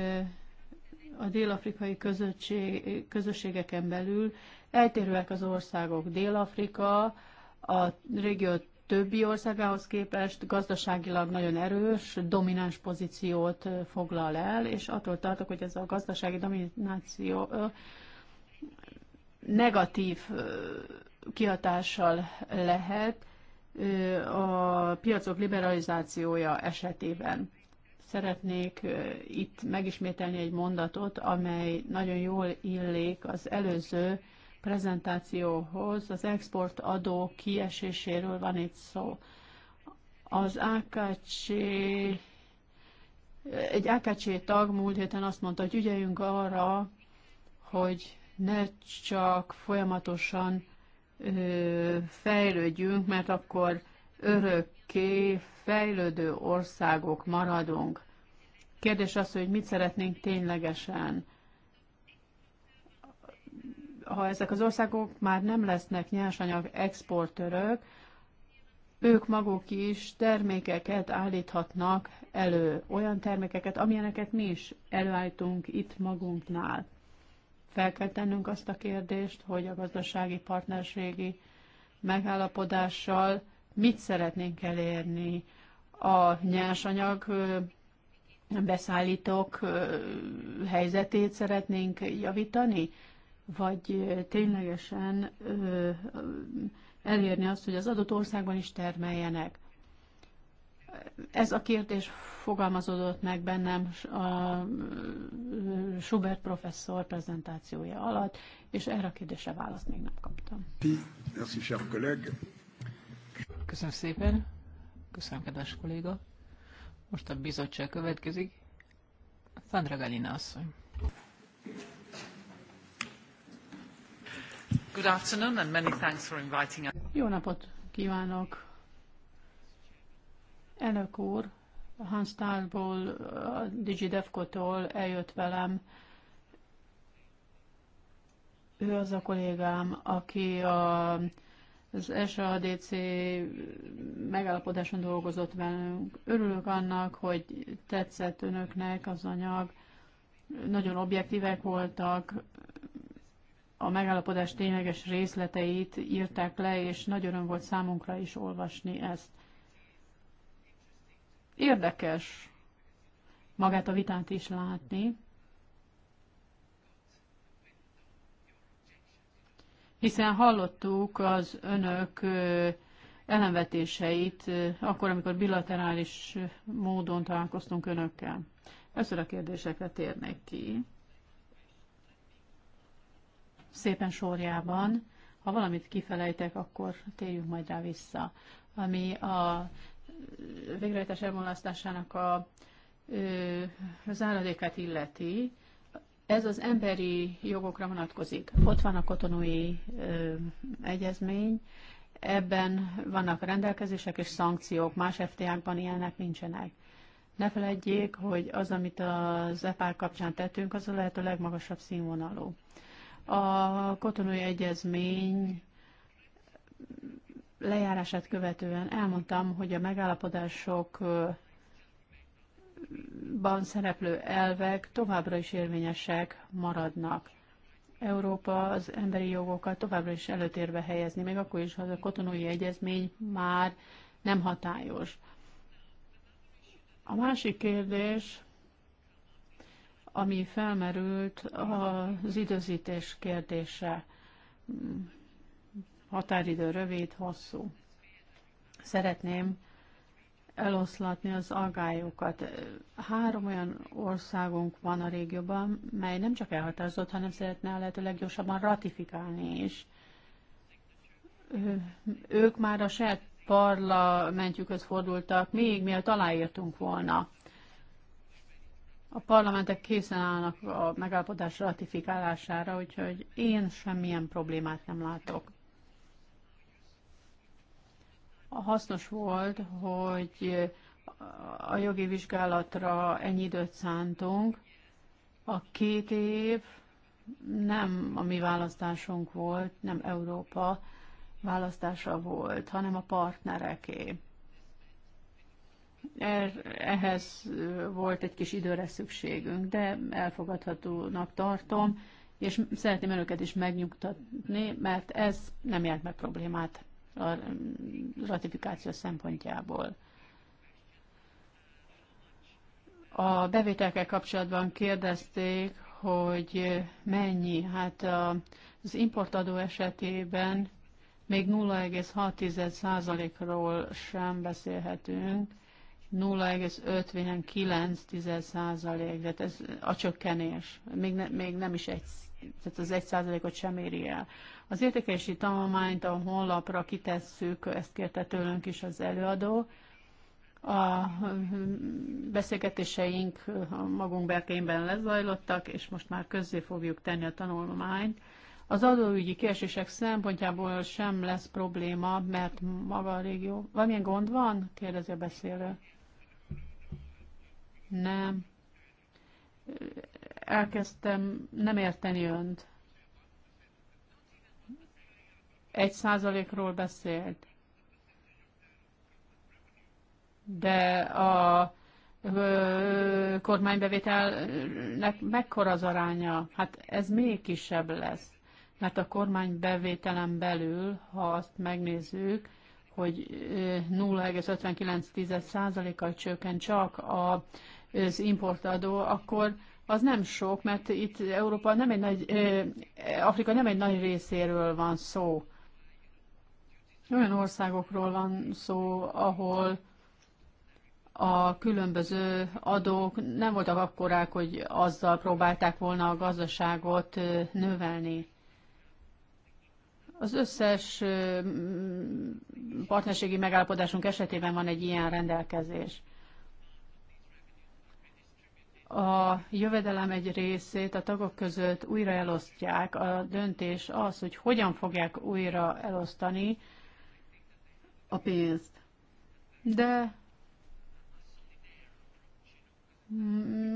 a dél-afrikai közösség, közösségeken belül eltérőek az országok. Dél-Afrika a régió többi országához képest gazdaságilag nagyon erős, domináns pozíciót foglal el, és attól tartok, hogy ez a gazdasági domináció negatív kihatással lehet a piacok liberalizációja esetében. Szeretnék itt megismételni egy mondatot, amely nagyon jól illik az előző prezentációhoz. Az export adó kieséséről van itt szó. Az AKC egy AKC tag múlt héten azt mondta, hogy ügyeljünk arra, hogy ne csak folyamatosan ö, fejlődjünk, mert akkor örökké fejlődő országok maradunk. Kérdés az, hogy mit szeretnénk ténylegesen. Ha ezek az országok már nem lesznek nyersanyag exportőrök, ők maguk is termékeket állíthatnak elő, olyan termékeket, amilyeneket mi is előállítunk itt magunknál. Fel kell tennünk azt a kérdést, hogy a gazdasági partnerségi megállapodással mit szeretnénk elérni. A nyersanyag beszállítók helyzetét szeretnénk javítani, vagy ténylegesen elérni azt, hogy az adott országban is termeljenek. Ez a kérdés fogalmazódott meg bennem a Schubert professzor prezentációja alatt, és erre a kérdésre választ még nem kaptam. Köszönöm szépen. Köszönöm, kedves kolléga. Most a bizottság következik. Fandra Galina asszony. Good afternoon and many thanks for inviting us. Jó napot kívánok! Elnök úr, Hans Tálból, a DigiDevco-tól eljött velem. Ő az a kollégám, aki a az SADC megállapodáson dolgozott velünk. Örülök annak, hogy tetszett önöknek az anyag. Nagyon objektívek voltak, a megállapodás tényleges részleteit írták le, és nagy öröm volt számunkra is olvasni ezt. Érdekes magát a vitát is látni. hiszen hallottuk az önök ellenvetéseit akkor, amikor bilaterális módon találkoztunk önökkel. Először a kérdésekre térnék ki. Szépen sorjában. Ha valamit kifelejtek, akkor térjünk majd rá vissza. Ami a végrehajtás elmulasztásának a záradékát illeti, ez az emberi jogokra vonatkozik. Ott van a kotonói ö, egyezmény, ebben vannak rendelkezések és szankciók, más FTA-kban ilyenek nincsenek. Ne feledjék, hogy az, amit az EPÁ kapcsán tettünk, az a lehető legmagasabb színvonalú. A kotonói egyezmény lejárását követően elmondtam, hogy a megállapodások ban szereplő elvek továbbra is érvényesek maradnak. Európa az emberi jogokat továbbra is előtérbe helyezni, még akkor is, ha a kotonói egyezmény már nem hatályos. A másik kérdés, ami felmerült, az időzítés kérdése. Határidő rövid, hosszú. Szeretném, eloszlatni az agályokat. Három olyan országunk van a régióban, mely nem csak elhatározott, hanem szeretne a lehető leggyorsabban ratifikálni is. Ők már a saját parlamentjükhöz fordultak, még mielőtt aláírtunk volna. A parlamentek készen állnak a megállapodás ratifikálására, úgyhogy én semmilyen problémát nem látok hasznos volt, hogy a jogi vizsgálatra ennyi időt szántunk. A két év nem a mi választásunk volt, nem Európa választása volt, hanem a partnereké. Er, ehhez volt egy kis időre szükségünk, de elfogadhatónak tartom, és szeretném önöket is megnyugtatni, mert ez nem jelent meg problémát a ratifikáció szempontjából. A bevételkel kapcsolatban kérdezték, hogy mennyi. Hát az importadó esetében még 0,6%-ról sem beszélhetünk, 0,59%, tehát ez a csökkenés, még, ne, még nem is egy, tehát az 1%-ot sem éri el. Az értékelési tanulmányt a honlapra kitesszük, ezt kérte tőlünk is az előadó. A beszélgetéseink magunk berkeimben lezajlottak, és most már közzé fogjuk tenni a tanulmányt. Az adóügyi kiesések szempontjából sem lesz probléma, mert maga a régió... Valamilyen gond van? kérdezi a beszélő. Nem. Elkezdtem nem érteni önt. egy százalékról beszélt. De a ö, kormánybevételnek mekkora az aránya? Hát ez még kisebb lesz. Mert a kormánybevételen belül, ha azt megnézzük, hogy 0,59%-kal csökken csak az importadó, akkor az nem sok, mert itt Európa nem egy nagy, Afrika nem egy nagy részéről van szó. Olyan országokról van szó, ahol a különböző adók nem voltak akkorák, hogy azzal próbálták volna a gazdaságot növelni. Az összes partnerségi megállapodásunk esetében van egy ilyen rendelkezés. A jövedelem egy részét a tagok között újra elosztják. A döntés az, hogy hogyan fogják újra elosztani, a pénzt. De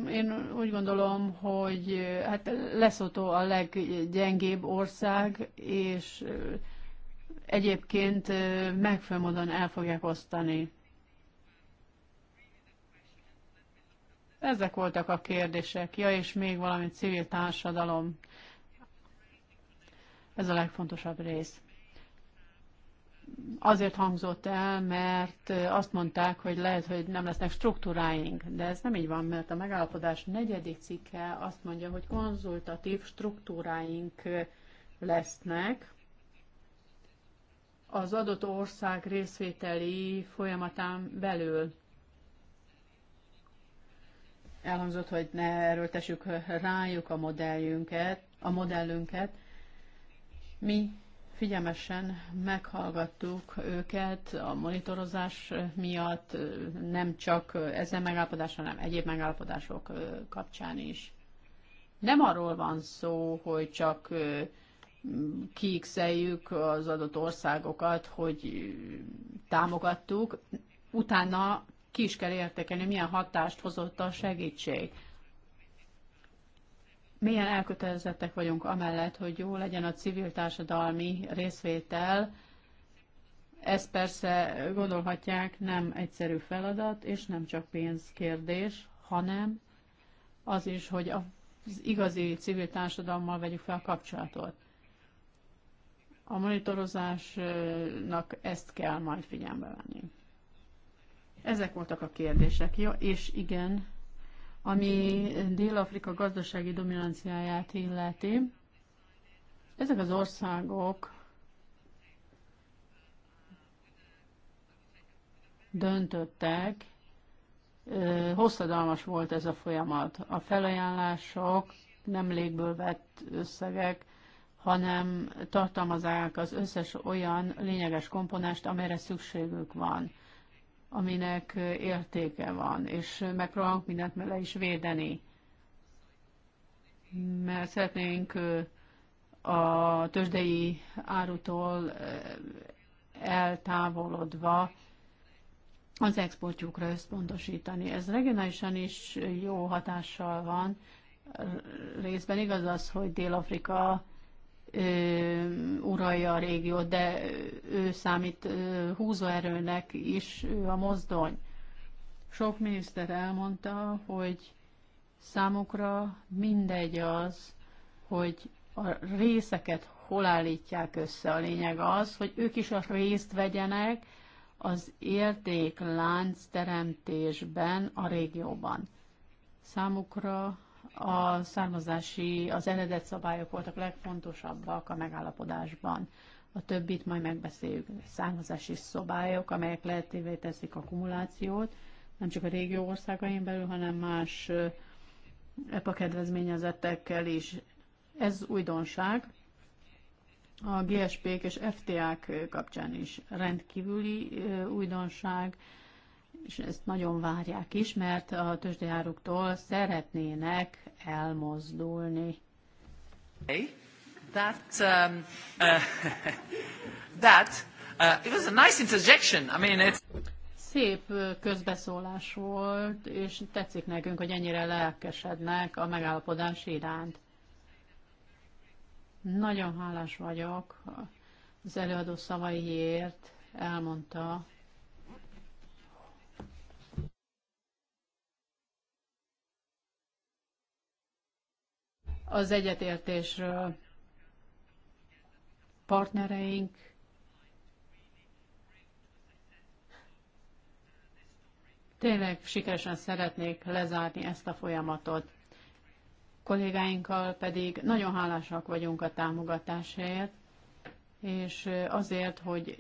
én úgy gondolom, hogy hát Leszoto a leggyengébb ország, és egyébként megfelelően el fogják osztani. Ezek voltak a kérdések. Ja, és még valami civil társadalom. Ez a legfontosabb rész azért hangzott el, mert azt mondták, hogy lehet, hogy nem lesznek struktúráink, de ez nem így van, mert a megállapodás negyedik cikke azt mondja, hogy konzultatív struktúráink lesznek az adott ország részvételi folyamatán belül. Elhangzott, hogy ne erőltessük rájuk a modelljünket, a modellünket. Mi figyelmesen meghallgattuk őket a monitorozás miatt, nem csak ezen megállapodás, hanem egyéb megállapodások kapcsán is. Nem arról van szó, hogy csak kiixeljük az adott országokat, hogy támogattuk, utána ki is kell értékelni, milyen hatást hozott a segítség milyen elkötelezettek vagyunk amellett, hogy jó legyen a civil társadalmi részvétel. Ez persze gondolhatják nem egyszerű feladat, és nem csak pénzkérdés, hanem az is, hogy az igazi civil társadalommal vegyük fel a kapcsolatot. A monitorozásnak ezt kell majd figyelembe venni. Ezek voltak a kérdések, jó? És igen, ami Dél-Afrika gazdasági dominanciáját illeti. Ezek az országok döntöttek, hosszadalmas volt ez a folyamat. A felajánlások nem légből vett összegek, hanem tartalmazzák az összes olyan lényeges komponást, amelyre szükségük van aminek értéke van, és megpróbálunk mindent mele is védeni. Mert szeretnénk a tőzsdei árutól eltávolodva az exportjukra összpontosítani. Ez regionálisan is jó hatással van. Részben igaz az, hogy Dél-Afrika uralja a régiót, de ő számít húzóerőnek is ő a mozdony. Sok miniszter elmondta, hogy számukra mindegy az, hogy a részeket hol állítják össze. A lényeg az, hogy ők is a részt vegyenek az értéklánc teremtésben a régióban. Számukra a származási, az eredet szabályok voltak legfontosabbak a megállapodásban. A többit majd megbeszéljük. Származási szabályok, amelyek lehetővé teszik a kumulációt, nem csak a régió országain belül, hanem más EPA kedvezményezettekkel is. Ez újdonság. A GSP-k és FTA-k kapcsán is rendkívüli újdonság és ezt nagyon várják is, mert a tőzsdejáróktól szeretnének elmozdulni. Hey, that, um, uh, that, uh, it was a nice interjection. I mean, it's... Szép uh, közbeszólás volt, és tetszik nekünk, hogy ennyire lelkesednek a megállapodás iránt. Nagyon hálás vagyok az előadó szavaiért, elmondta, az egyetértésről. Partnereink tényleg sikeresen szeretnék lezárni ezt a folyamatot. Kollégáinkkal pedig nagyon hálásak vagyunk a támogatásért, és azért, hogy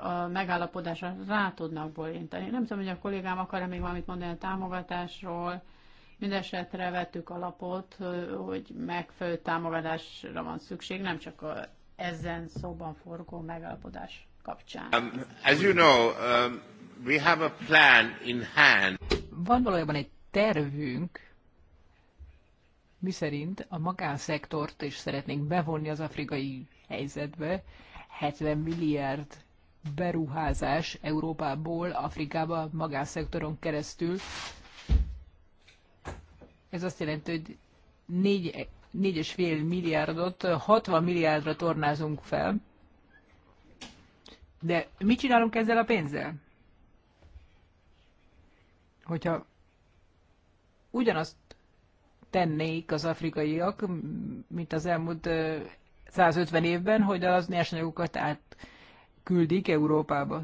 a megállapodásra rá tudnak bolintani. Nem tudom, hogy a kollégám akar-e még valamit mondani a támogatásról, Mindenesetre vettük alapot, hogy megfelelő támogatásra van szükség, nem csak a ezen szóban forgó megállapodás kapcsán. Um, as you know, um, we have a plan in hand. Van valójában egy tervünk, szerint a magánszektort is szeretnénk bevonni az afrikai helyzetbe. 70 milliárd beruházás Európából, Afrikába, magánszektoron keresztül ez azt jelenti, hogy 4,5 milliárdot 60 milliárdra tornázunk fel. De mit csinálunk ezzel a pénzzel? Hogyha ugyanazt tennék az afrikaiak, mint az elmúlt 150 évben, hogy az nyersanyagokat átküldik Európába.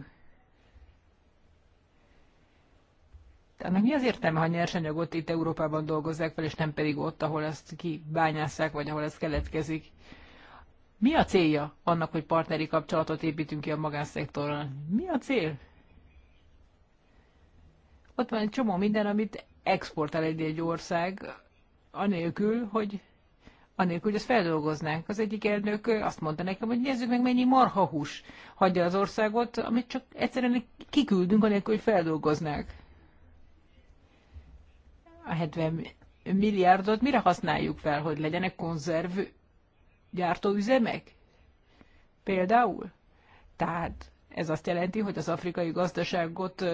annak mi az értelme, ha nyersanyagot itt Európában dolgozzák fel, és nem pedig ott, ahol ezt kibányásszák, vagy ahol ez keletkezik? Mi a célja annak, hogy partneri kapcsolatot építünk ki a magánszektorral? Mi a cél? Ott van egy csomó minden, amit exportál egy, egy ország, anélkül, hogy anélkül, hogy ezt feldolgoznánk. Az egyik elnök azt mondta nekem, hogy nézzük meg, mennyi marhahús hagyja az országot, amit csak egyszerűen kiküldünk, anélkül, hogy feldolgoznák a 70 milliárdot mire használjuk fel, hogy legyenek konzerv gyártóüzemek? Például? Tehát ez azt jelenti, hogy az afrikai gazdaságot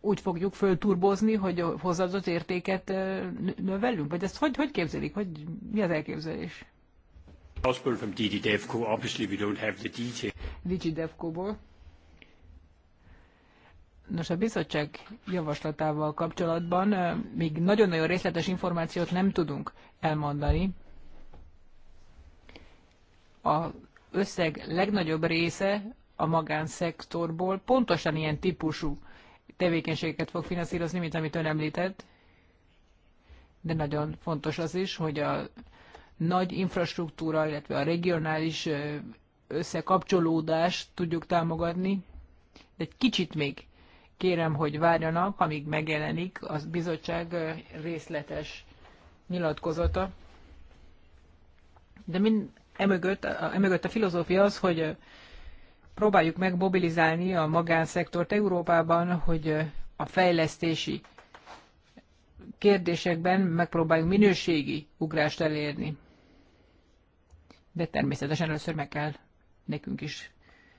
úgy fogjuk fölturbozni, hogy hozzáadott értéket növelünk? Vagy ezt hogy, hogy képzelik? Hogy, mi az elképzelés? Possible from DG DevCo, obviously we don't have the DG DevCo-ból. Nos, a bizottság javaslatával kapcsolatban még nagyon-nagyon részletes információt nem tudunk elmondani. A összeg legnagyobb része a magánszektorból pontosan ilyen típusú tevékenységeket fog finanszírozni, mint amit ön említett. De nagyon fontos az is, hogy a nagy infrastruktúra, illetve a regionális összekapcsolódást tudjuk támogatni, de egy kicsit még kérem, hogy várjanak, amíg megjelenik a bizottság részletes nyilatkozata. De mind, emögött, emögött a filozófia az, hogy próbáljuk meg mobilizálni a magánszektort Európában, hogy a fejlesztési kérdésekben megpróbáljuk minőségi ugrást elérni. De természetesen először meg kell nekünk is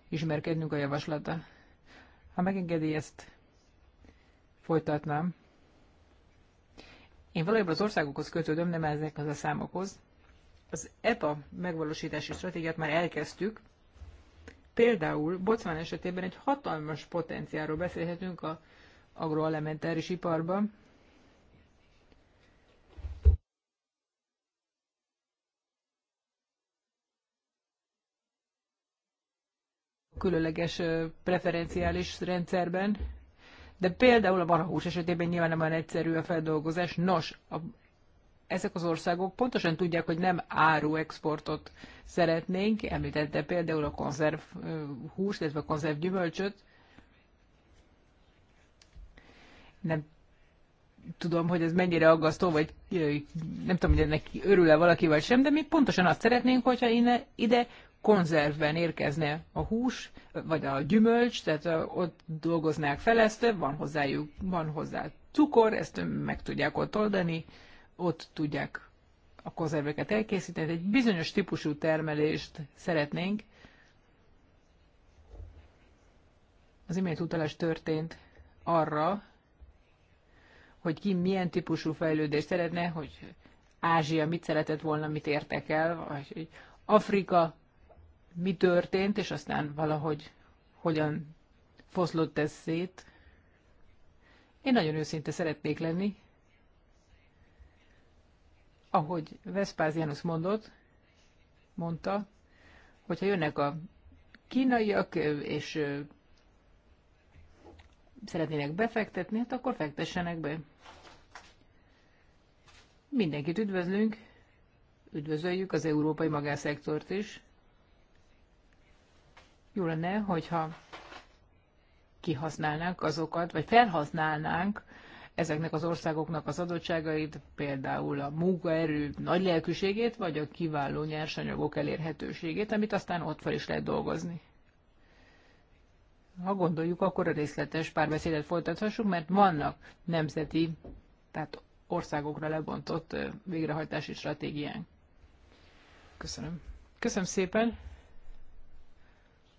ismerkednünk a javaslata. Ha megengedi ezt, folytatnám. Én valójában az országokhoz kötődöm, nem ezekhez a számokhoz. Az EPA megvalósítási stratégiát már elkezdtük. Például Bocván esetében egy hatalmas potenciáról beszélhetünk a agroalimentáris iparban. különleges preferenciális rendszerben de például a marhahús esetében nyilván nem olyan egyszerű a feldolgozás. Nos, a, ezek az országok pontosan tudják, hogy nem áru exportot szeretnénk, említette például a konzerv húst, illetve a konzerv gyümölcsöt. Nem tudom, hogy ez mennyire aggasztó, vagy nem tudom, hogy ennek örül-e valaki, vagy sem, de mi pontosan azt szeretnénk, hogyha ide konzervben érkezne a hús, vagy a gyümölcs, tehát ott dolgoznák fel ezt, van hozzájuk, van hozzá cukor, ezt meg tudják ott oldani, ott tudják a konzerveket elkészíteni. Egy bizonyos típusú termelést szeretnénk. Az imént utalás történt arra, hogy ki milyen típusú fejlődést szeretne, hogy Ázsia mit szeretett volna, mit értek el, vagy Afrika mi történt, és aztán valahogy hogyan foszlott ez szét. Én nagyon őszinte szeretnék lenni. Ahogy Vespázianus mondott, mondta, hogyha jönnek a kínaiak, és szeretnének befektetni, hát akkor fektessenek be. Mindenkit üdvözlünk, üdvözöljük az európai magánszektort is. Jó lenne, hogyha kihasználnánk azokat, vagy felhasználnánk ezeknek az országoknak az adottságait, például a munkaerő nagy lelkűségét, vagy a kiváló nyersanyagok elérhetőségét, amit aztán ott fel is lehet dolgozni. Ha gondoljuk, akkor a részletes párbeszédet folytathassuk, mert vannak nemzeti, tehát országokra lebontott végrehajtási stratégiánk. Köszönöm. Köszönöm szépen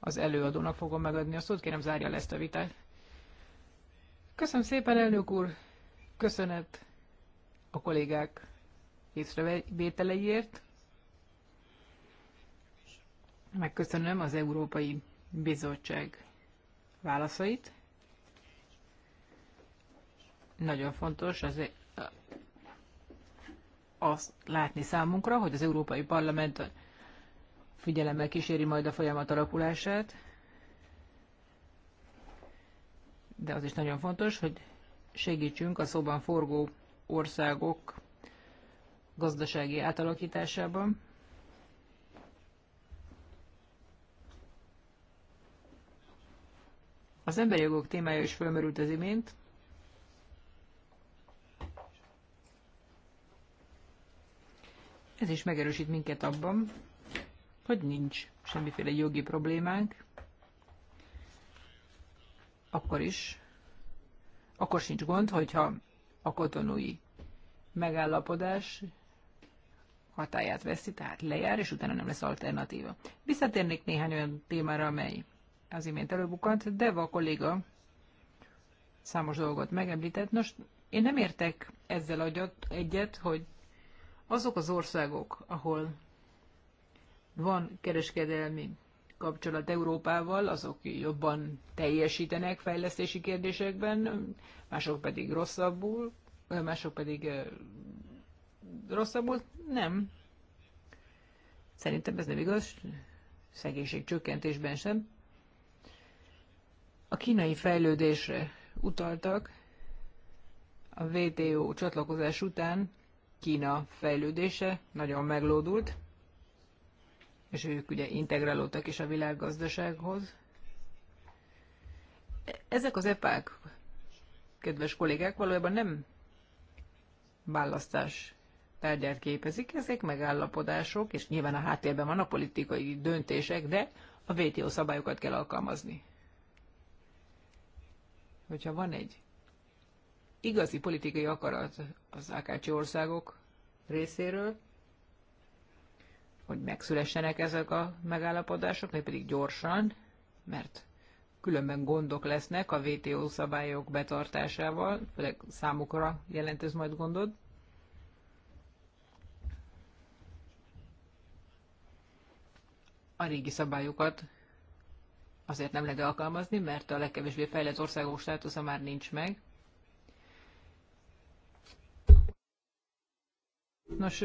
az előadónak fogom megadni a szót, kérem zárja le ezt a vitát. Köszönöm szépen, elnök úr, köszönet a kollégák észrevételeiért. Megköszönöm az Európai Bizottság válaszait. Nagyon fontos az, e- azt látni számunkra, hogy az Európai Parlament figyelemmel kíséri majd a folyamat alakulását. De az is nagyon fontos, hogy segítsünk a szóban forgó országok gazdasági átalakításában. Az emberi jogok témája is fölmerült az imént. Ez is megerősít minket abban, hogy nincs semmiféle jogi problémánk, akkor is, akkor sincs gond, hogyha a kotonói megállapodás hatáját veszi, tehát lejár, és utána nem lesz alternatíva. Visszatérnék néhány olyan témára, amely az imént előbukant, de a kolléga számos dolgot megemlített. Nos, én nem értek ezzel egyet, hogy azok az országok, ahol van kereskedelmi kapcsolat Európával, azok jobban teljesítenek fejlesztési kérdésekben, mások pedig rosszabbul, mások pedig rosszabbul. Nem. Szerintem ez nem igaz. Szegénység csökkentésben sem. A kínai fejlődésre utaltak. A WTO csatlakozás után Kína fejlődése nagyon meglódult és ők ugye integrálódtak is a világgazdasághoz. Ezek az epák, kedves kollégák, valójában nem választás tárgyát képezik, ezek megállapodások, és nyilván a háttérben vannak politikai döntések, de a WTO szabályokat kell alkalmazni. Hogyha van egy igazi politikai akarat az AKC országok részéről, hogy megszülessenek ezek a megállapodások, vagy pedig gyorsan, mert különben gondok lesznek a WTO szabályok betartásával, főleg számukra jelent ez majd gondod. A régi szabályokat azért nem lehet alkalmazni, mert a legkevésbé fejlett országok státusza már nincs meg. Nos,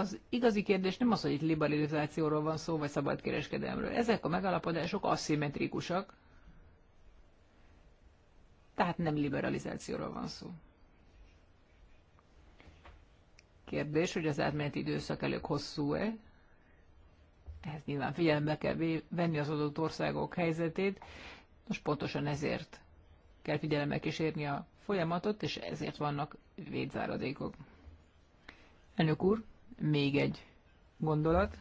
az igazi kérdés nem az, hogy itt liberalizációról van szó, vagy szabadkereskedelmről. Ezek a megállapodások aszimmetrikusak, tehát nem liberalizációról van szó. Kérdés, hogy az átmeneti időszak elég hosszú-e? Ehhez nyilván figyelembe kell venni az adott országok helyzetét. Most pontosan ezért kell figyelembe kísérni a folyamatot, és ezért vannak védzáradékok. Elnök úr, még egy gondolat.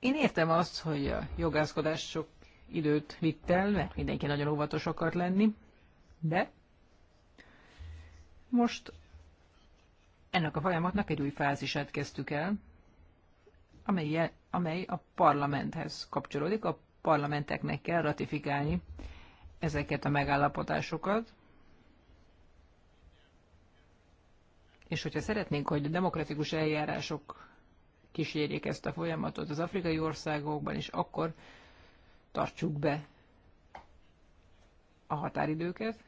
Én értem azt, hogy a jogászkodás sok időt vitt el, mert mindenki nagyon óvatos akart lenni, de most ennek a folyamatnak egy új fázisát kezdtük el, amely, amely a parlamenthez kapcsolódik. A parlamenteknek kell ratifikálni ezeket a megállapotásokat. És hogyha szeretnénk, hogy demokratikus eljárások kísérjék ezt a folyamatot az afrikai országokban, is, akkor tartsuk be a határidőket.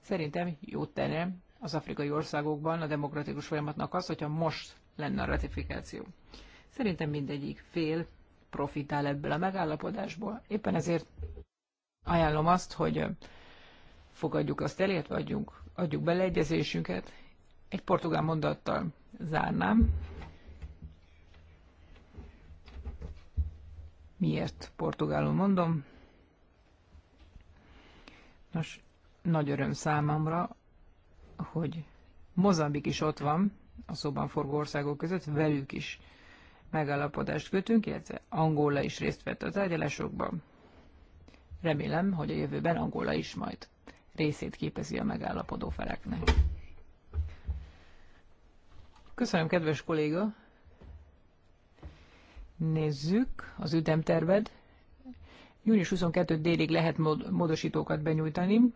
Szerintem jót tenne az afrikai országokban a demokratikus folyamatnak az, hogyha most lenne a ratifikáció. Szerintem mindegyik fél profitál ebből a megállapodásból. Éppen ezért ajánlom azt, hogy fogadjuk azt elért vagyunk, adjuk bele egyezésünket. Egy portugál mondattal zárnám. Miért portugálul mondom? Nos, nagy öröm számomra, hogy Mozambik is ott van, a szóban forgó országok között, velük is megállapodást kötünk, illetve Angola is részt vett a tárgyalásokban. Remélem, hogy a jövőben Angola is majd részét képezi a megállapodó feleknek. Köszönöm, kedves kolléga! Nézzük az ütemterved. Június 22 délig lehet módosítókat benyújtani.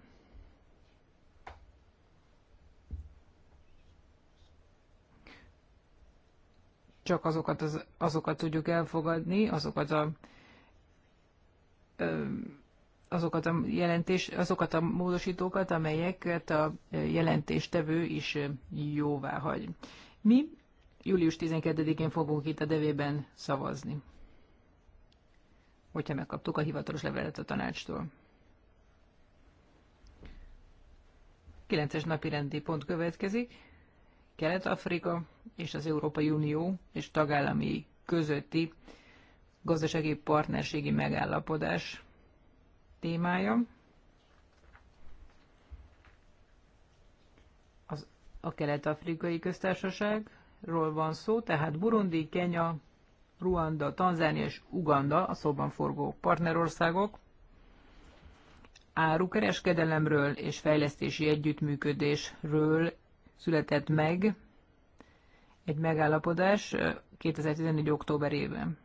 Csak azokat, az, azokat tudjuk elfogadni, azokat a ö, azokat a, jelentés, azokat a módosítókat, amelyeket a jelentéstevő is jóvá hagy. Mi július 12-én fogunk itt a devében szavazni, hogyha megkaptuk a hivatalos levelet a tanácstól. 9-es napi rendi pont következik. Kelet-Afrika és az Európai Unió és tagállami közötti gazdasági partnerségi megállapodás témája. Az, a kelet-afrikai köztársaságról van szó, tehát Burundi, Kenya, Ruanda, Tanzánia és Uganda a szóban forgó partnerországok árukereskedelemről és fejlesztési együttműködésről született meg egy megállapodás 2014. októberében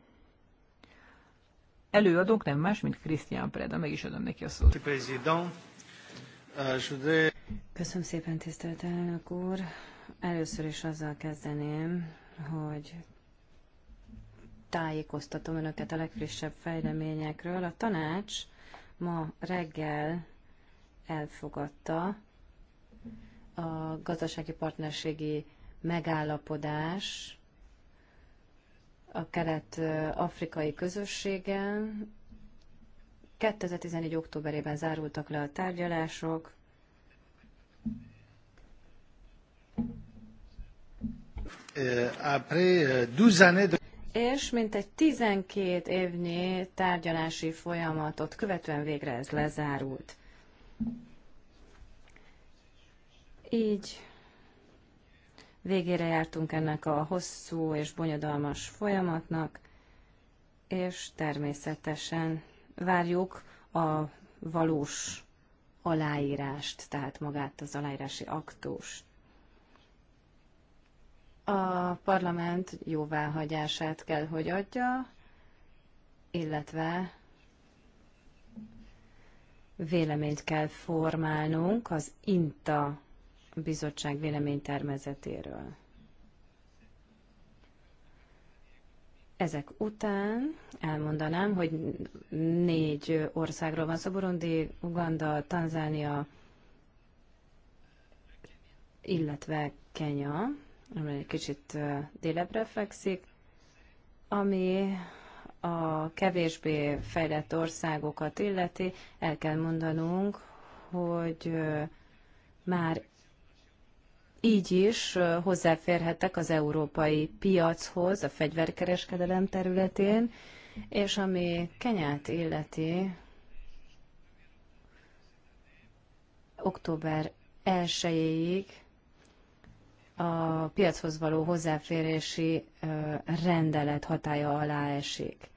előadónk nem más, mint Krisztián Preda. Meg is adom neki a szót. Köszönöm szépen, tisztelt elnök úr. Először is azzal kezdeném, hogy tájékoztatom önöket a legfrissebb fejleményekről. A tanács ma reggel elfogadta a gazdasági partnerségi megállapodás a kelet-afrikai közösségen. 2014. októberében zárultak le a tárgyalások. Euh, euh, És egy 12 évnyi tárgyalási folyamatot követően végre ez lezárult. Így Végére jártunk ennek a hosszú és bonyodalmas folyamatnak, és természetesen várjuk a valós aláírást, tehát magát az aláírási aktust. A parlament jóváhagyását kell, hogy adja, illetve véleményt kell formálnunk az INTA bizottság véleménytermezetéről. Ezek után elmondanám, hogy négy országról van szó, Burundi, Uganda, Tanzánia, illetve Kenya, ami egy kicsit délebbre fekszik, ami a kevésbé fejlett országokat illeti, el kell mondanunk, hogy már így is hozzáférhetek az európai piachoz a fegyverkereskedelem területén, és ami Kenyát illeti, október 1-ig a piachoz való hozzáférési rendelet hatája alá esik.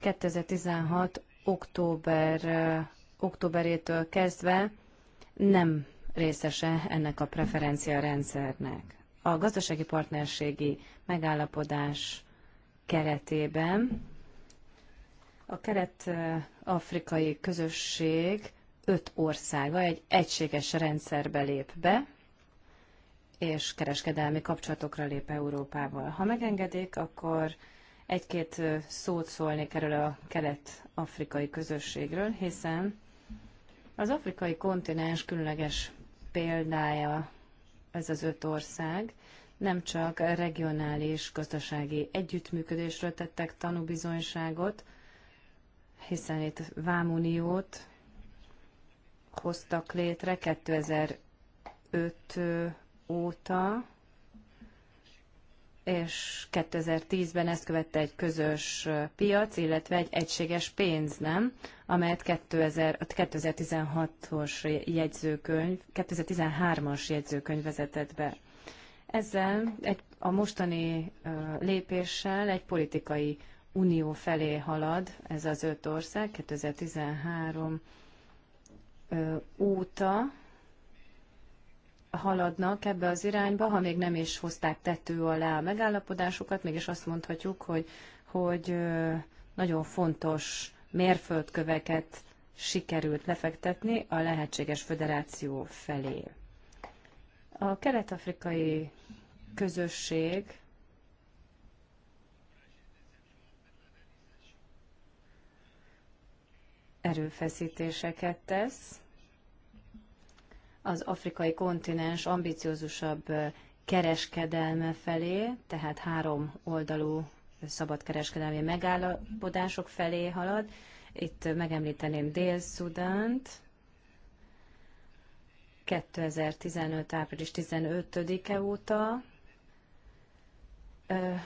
2016. október, októberétől kezdve nem részese ennek a preferencia rendszernek. A gazdasági partnerségi megállapodás keretében a keret-afrikai közösség öt országa egy egységes rendszerbe lép be, és kereskedelmi kapcsolatokra lép Európával. Ha megengedik, akkor egy-két szót szólnék erről a kelet-afrikai közösségről, hiszen az afrikai kontinens különleges példája ez az öt ország. Nem csak regionális gazdasági együttműködésről tettek tanúbizonyságot, hiszen itt Vámuniót hoztak létre 2005 óta, és 2010-ben ezt követte egy közös piac, illetve egy egységes pénz, nem? Amelyet 2016-os jegyzőkönyv, 2013-as jegyzőkönyv vezetett be. Ezzel egy, a mostani lépéssel egy politikai unió felé halad ez az öt ország 2013 óta, haladnak ebbe az irányba, ha még nem is hozták tető alá a megállapodásukat, mégis azt mondhatjuk, hogy, hogy nagyon fontos mérföldköveket sikerült lefektetni a lehetséges föderáció felé. A kelet-afrikai közösség erőfeszítéseket tesz, az afrikai kontinens ambiciózusabb kereskedelme felé, tehát három oldalú szabadkereskedelmi megállapodások felé halad. Itt megemlíteném Dél-Szudánt, 2015. április 15-e óta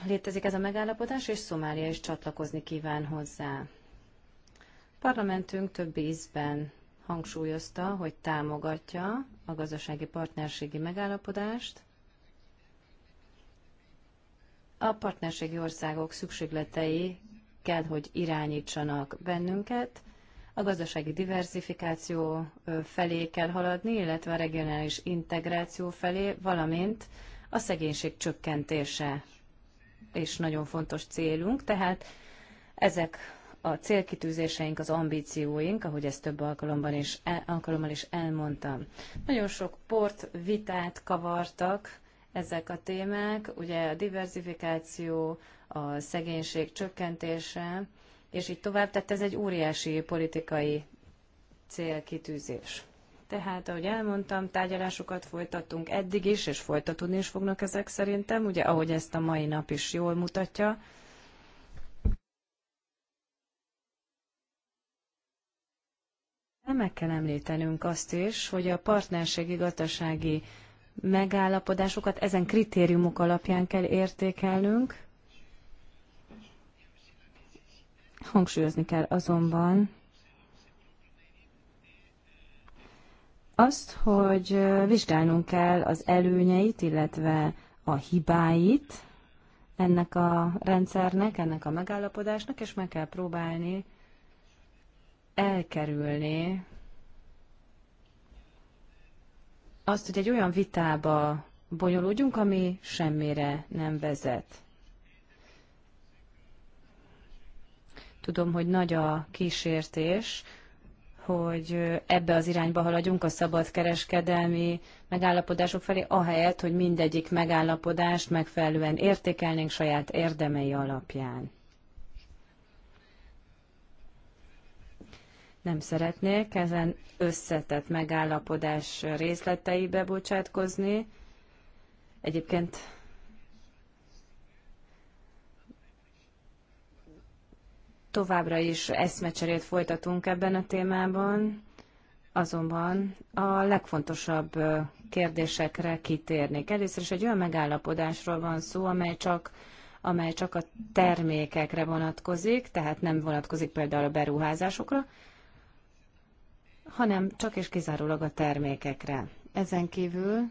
létezik ez a megállapodás, és Szomália is csatlakozni kíván hozzá. Parlamentünk több ízben hangsúlyozta, hogy támogatja a gazdasági partnerségi megállapodást, a partnerségi országok szükségletei kell, hogy irányítsanak bennünket, a gazdasági diversifikáció felé kell haladni, illetve a regionális integráció felé, valamint a szegénység csökkentése és nagyon fontos célunk, tehát ezek a célkitűzéseink, az ambícióink, ahogy ezt több alkalomban is, e, alkalommal is elmondtam. Nagyon sok port vitát kavartak ezek a témák, ugye a diversifikáció, a szegénység csökkentése, és így tovább, tehát ez egy óriási politikai célkitűzés. Tehát, ahogy elmondtam, tárgyalásokat folytattunk eddig is, és folytatódni is fognak ezek szerintem, ugye, ahogy ezt a mai nap is jól mutatja. Meg kell említenünk azt is, hogy a partnerségi gazdasági megállapodásokat ezen kritériumok alapján kell értékelnünk. Hangsúlyozni kell azonban azt, hogy vizsgálnunk kell az előnyeit, illetve a hibáit ennek a rendszernek, ennek a megállapodásnak, és meg kell próbálni elkerülni azt, hogy egy olyan vitába bonyolódjunk, ami semmire nem vezet. Tudom, hogy nagy a kísértés, hogy ebbe az irányba haladjunk a szabadkereskedelmi megállapodások felé, ahelyett, hogy mindegyik megállapodást megfelelően értékelnénk saját érdemei alapján. nem szeretnék ezen összetett megállapodás részleteibe bocsátkozni. Egyébként továbbra is eszmecserét folytatunk ebben a témában, azonban a legfontosabb kérdésekre kitérnék. Először is egy olyan megállapodásról van szó, amely csak amely csak a termékekre vonatkozik, tehát nem vonatkozik például a beruházásokra, hanem csak és kizárólag a termékekre. Ezen kívül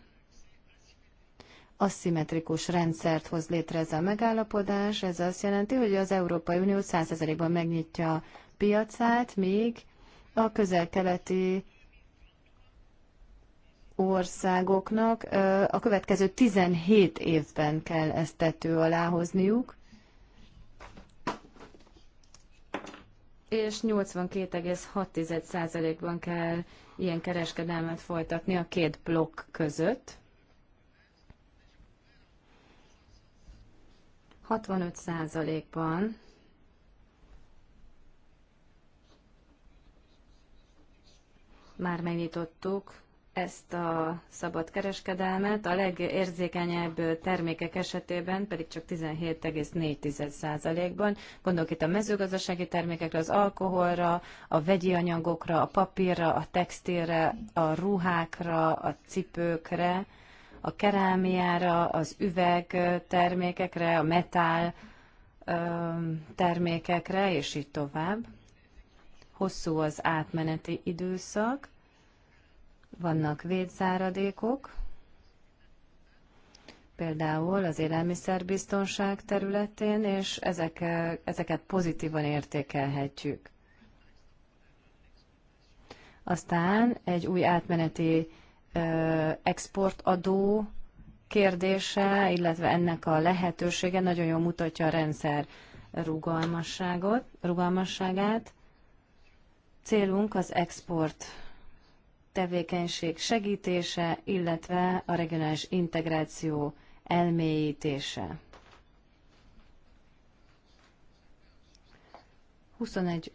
aszimmetrikus rendszert hoz létre ez a megállapodás. Ez azt jelenti, hogy az Európai Unió 100%-ban megnyitja piacát, míg a közel-keleti országoknak a következő 17 évben kell ezt tető aláhozniuk. és 82,6%-ban kell ilyen kereskedelmet folytatni a két blokk között. 65%-ban már megnyitottuk ezt a szabad kereskedelmet, a legérzékenyebb termékek esetében pedig csak 17,4%-ban. Gondolok itt a mezőgazdasági termékekre, az alkoholra, a vegyi anyagokra, a papírra, a textilre, a ruhákra, a cipőkre, a kerámiára, az üveg termékekre, a metál termékekre, és így tovább. Hosszú az átmeneti időszak vannak védzáradékok, például az élelmiszerbiztonság területén, és ezek, ezeket pozitívan értékelhetjük. Aztán egy új átmeneti exportadó kérdése, illetve ennek a lehetősége nagyon jól mutatja a rendszer rugalmasságot, rugalmasságát. Célunk az export tevékenység segítése, illetve a regionális integráció elmélyítése. 21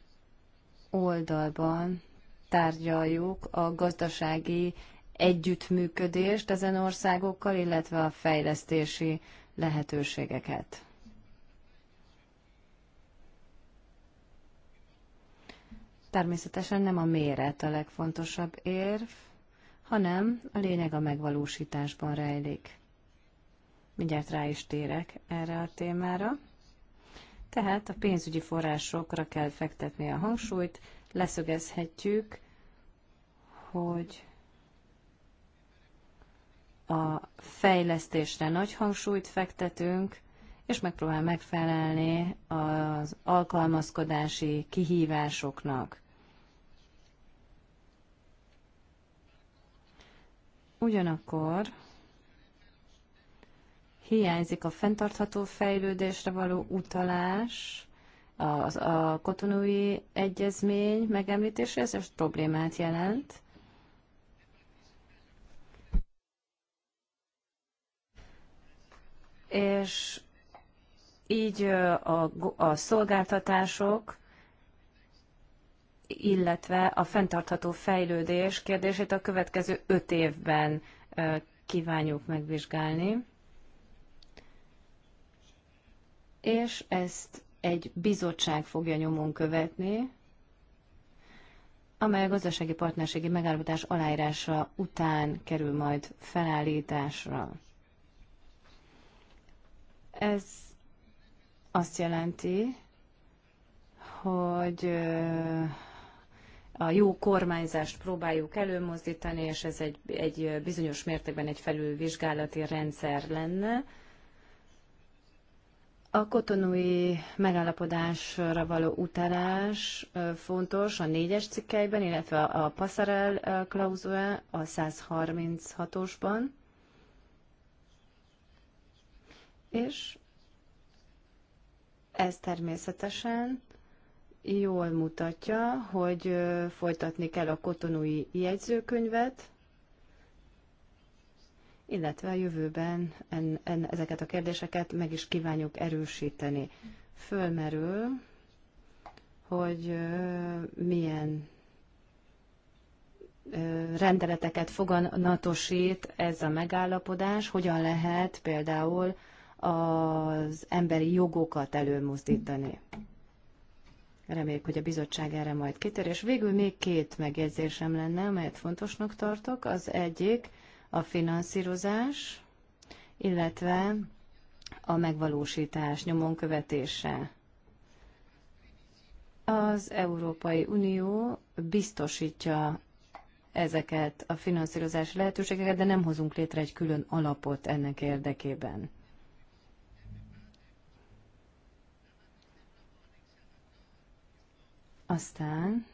oldalban tárgyaljuk a gazdasági együttműködést ezen országokkal, illetve a fejlesztési lehetőségeket. Természetesen nem a méret a legfontosabb érv, hanem a lényeg a megvalósításban rejlik. Mindjárt rá is térek erre a témára. Tehát a pénzügyi forrásokra kell fektetni a hangsúlyt, leszögezhetjük, hogy a fejlesztésre nagy hangsúlyt fektetünk, és megpróbál megfelelni az alkalmazkodási kihívásoknak. Ugyanakkor hiányzik a fenntartható fejlődésre való utalás, az, a kotonói egyezmény megemlítése, ez is problémát jelent. És így a, a szolgáltatások illetve a fenntartható fejlődés kérdését a következő öt évben kívánjuk megvizsgálni. És ezt egy bizottság fogja nyomon követni, amely a gazdasági partnerségi megállapodás aláírása után kerül majd felállításra. Ez azt jelenti, hogy a jó kormányzást próbáljuk előmozdítani, és ez egy, egy bizonyos mértékben egy felülvizsgálati rendszer lenne. A kotonui megállapodásra való utalás fontos a négyes cikkelyben, illetve a Passarel klauzula a 136-osban. És ez természetesen jól mutatja, hogy folytatni kell a kotonói jegyzőkönyvet, illetve a jövőben en, en, ezeket a kérdéseket meg is kívánjuk erősíteni. Fölmerül, hogy milyen rendeleteket foganatosít ez a megállapodás, hogyan lehet például az emberi jogokat előmozdítani. Reméljük, hogy a bizottság erre majd kitér. És végül még két megjegyzésem lenne, amelyet fontosnak tartok. Az egyik a finanszírozás, illetve a megvalósítás, nyomon követése. Az Európai Unió biztosítja ezeket a finanszírozási lehetőségeket, de nem hozunk létre egy külön alapot ennek érdekében. Aztán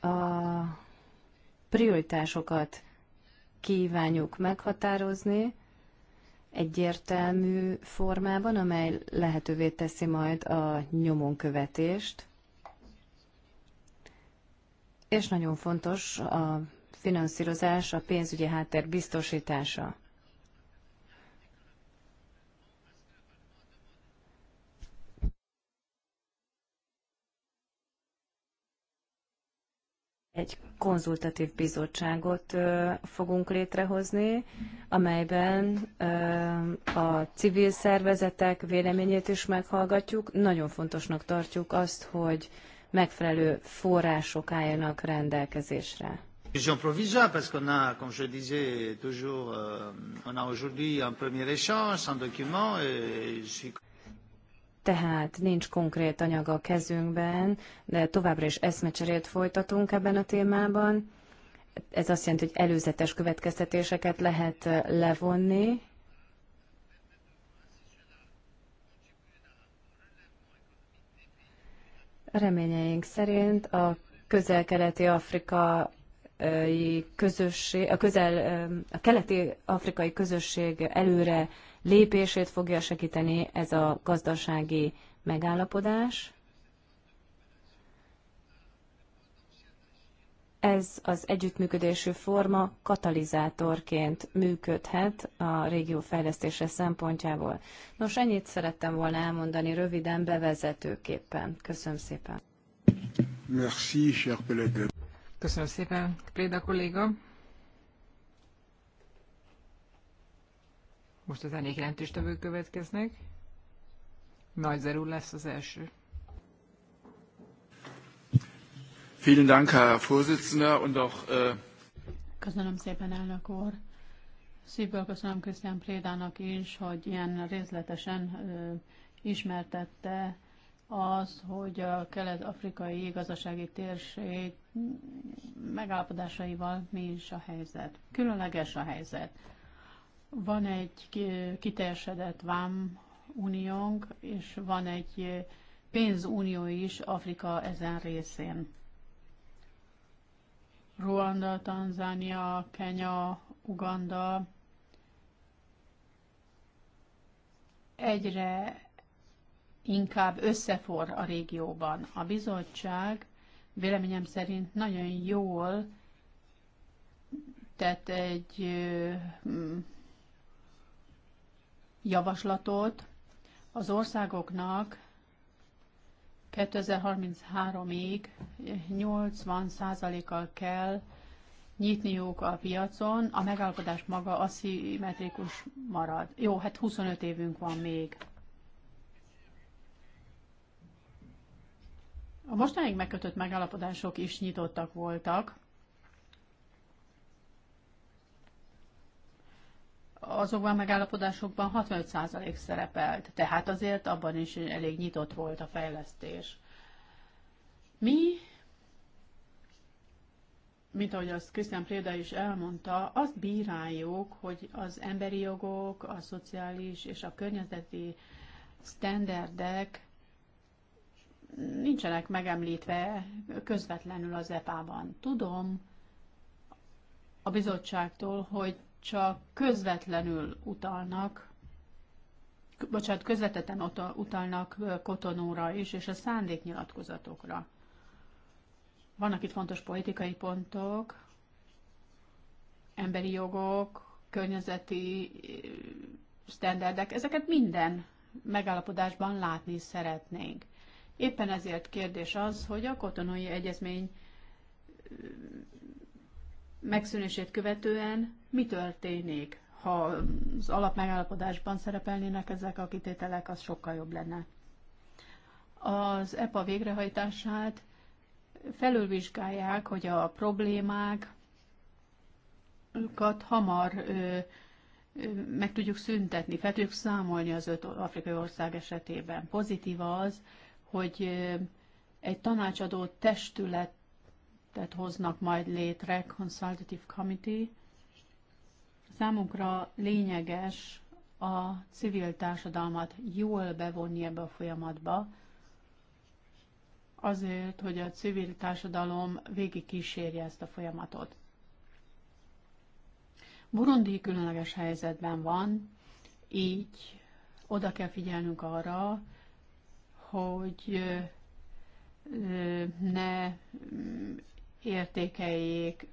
a prioritásokat kívánjuk meghatározni egyértelmű formában, amely lehetővé teszi majd a nyomonkövetést. És nagyon fontos a finanszírozás, a pénzügyi háttér biztosítása. Egy konzultatív bizottságot fogunk létrehozni, amelyben a civil szervezetek véleményét is meghallgatjuk. Nagyon fontosnak tartjuk azt, hogy megfelelő források álljanak rendelkezésre. Discussion provisoire parce qu'on a, comme je disais toujours, euh, on a aujourd'hui un premier échange, sans document et je suis tehát nincs konkrét anyaga a kezünkben, de továbbra is eszmecserét folytatunk ebben a témában. Ez azt jelenti, hogy előzetes következtetéseket lehet eh, levonni, reményeink szerint a közel-keleti afrikai közösség, a közel, eh, a keleti afrikai közösség előre lépését fogja segíteni ez a gazdasági megállapodás. Ez az együttműködésű forma katalizátorként működhet a régió fejlesztése szempontjából. Nos, ennyit szerettem volna elmondani röviden bevezetőképpen. Köszönöm szépen. Merci, cher collègue. Köszönöm szépen, Préda kolléga. Most az elég tevők következnek. Nagy Zerú lesz az első. Vielen Dank, Herr Vorsitzender, und auch... Äh, köszönöm szépen, elnök úr. Szívből köszönöm Krisztián Prédának is, hogy ilyen részletesen ismertette az, hogy a kelet-afrikai gazdasági térség megállapodásaival mi is a helyzet. Különleges a helyzet. Van egy kiteljesedett vám uniónk, és van egy eh, pénzunió is Afrika ezen részén. Ruanda, Tanzánia, Kenya, Uganda egyre inkább összefor a régióban. A bizottság véleményem szerint nagyon jól tett egy eh, javaslatot az országoknak 2033-ig 80%-kal kell nyitniuk a piacon, a megállapodás maga aszimmetrikus marad. Jó, hát 25 évünk van még. A mostanáig megkötött megállapodások is nyitottak voltak, azokban a megállapodásokban 65% szerepelt, tehát azért abban is elég nyitott volt a fejlesztés. Mi, mint ahogy azt Krisztián Préda is elmondta, azt bíráljuk, hogy az emberi jogok, a szociális és a környezeti standardek nincsenek megemlítve közvetlenül az EPA-ban. Tudom a bizottságtól, hogy csak közvetlenül utalnak, bocsánat, közvetetten utalnak kotonóra is, és a szándéknyilatkozatokra. Vannak itt fontos politikai pontok, emberi jogok, környezeti sztenderdek, ezeket minden megállapodásban látni szeretnénk. Éppen ezért kérdés az, hogy a kotonói egyezmény megszűnését követően mi történik? Ha az alapmegállapodásban szerepelnének ezek a kitételek, az sokkal jobb lenne. Az EPA végrehajtását felülvizsgálják, hogy a problémákat hamar ö, meg tudjuk szüntetni, fel tudjuk számolni az öt afrikai ország esetében. Pozitív az, hogy egy tanácsadó testület testületet hoznak majd létre, Consultative Committee. Számunkra lényeges a civil társadalmat jól bevonni ebbe a folyamatba, azért, hogy a civil társadalom végig kísérje ezt a folyamatot. Burundi különleges helyzetben van, így oda kell figyelnünk arra, hogy ne értékeljék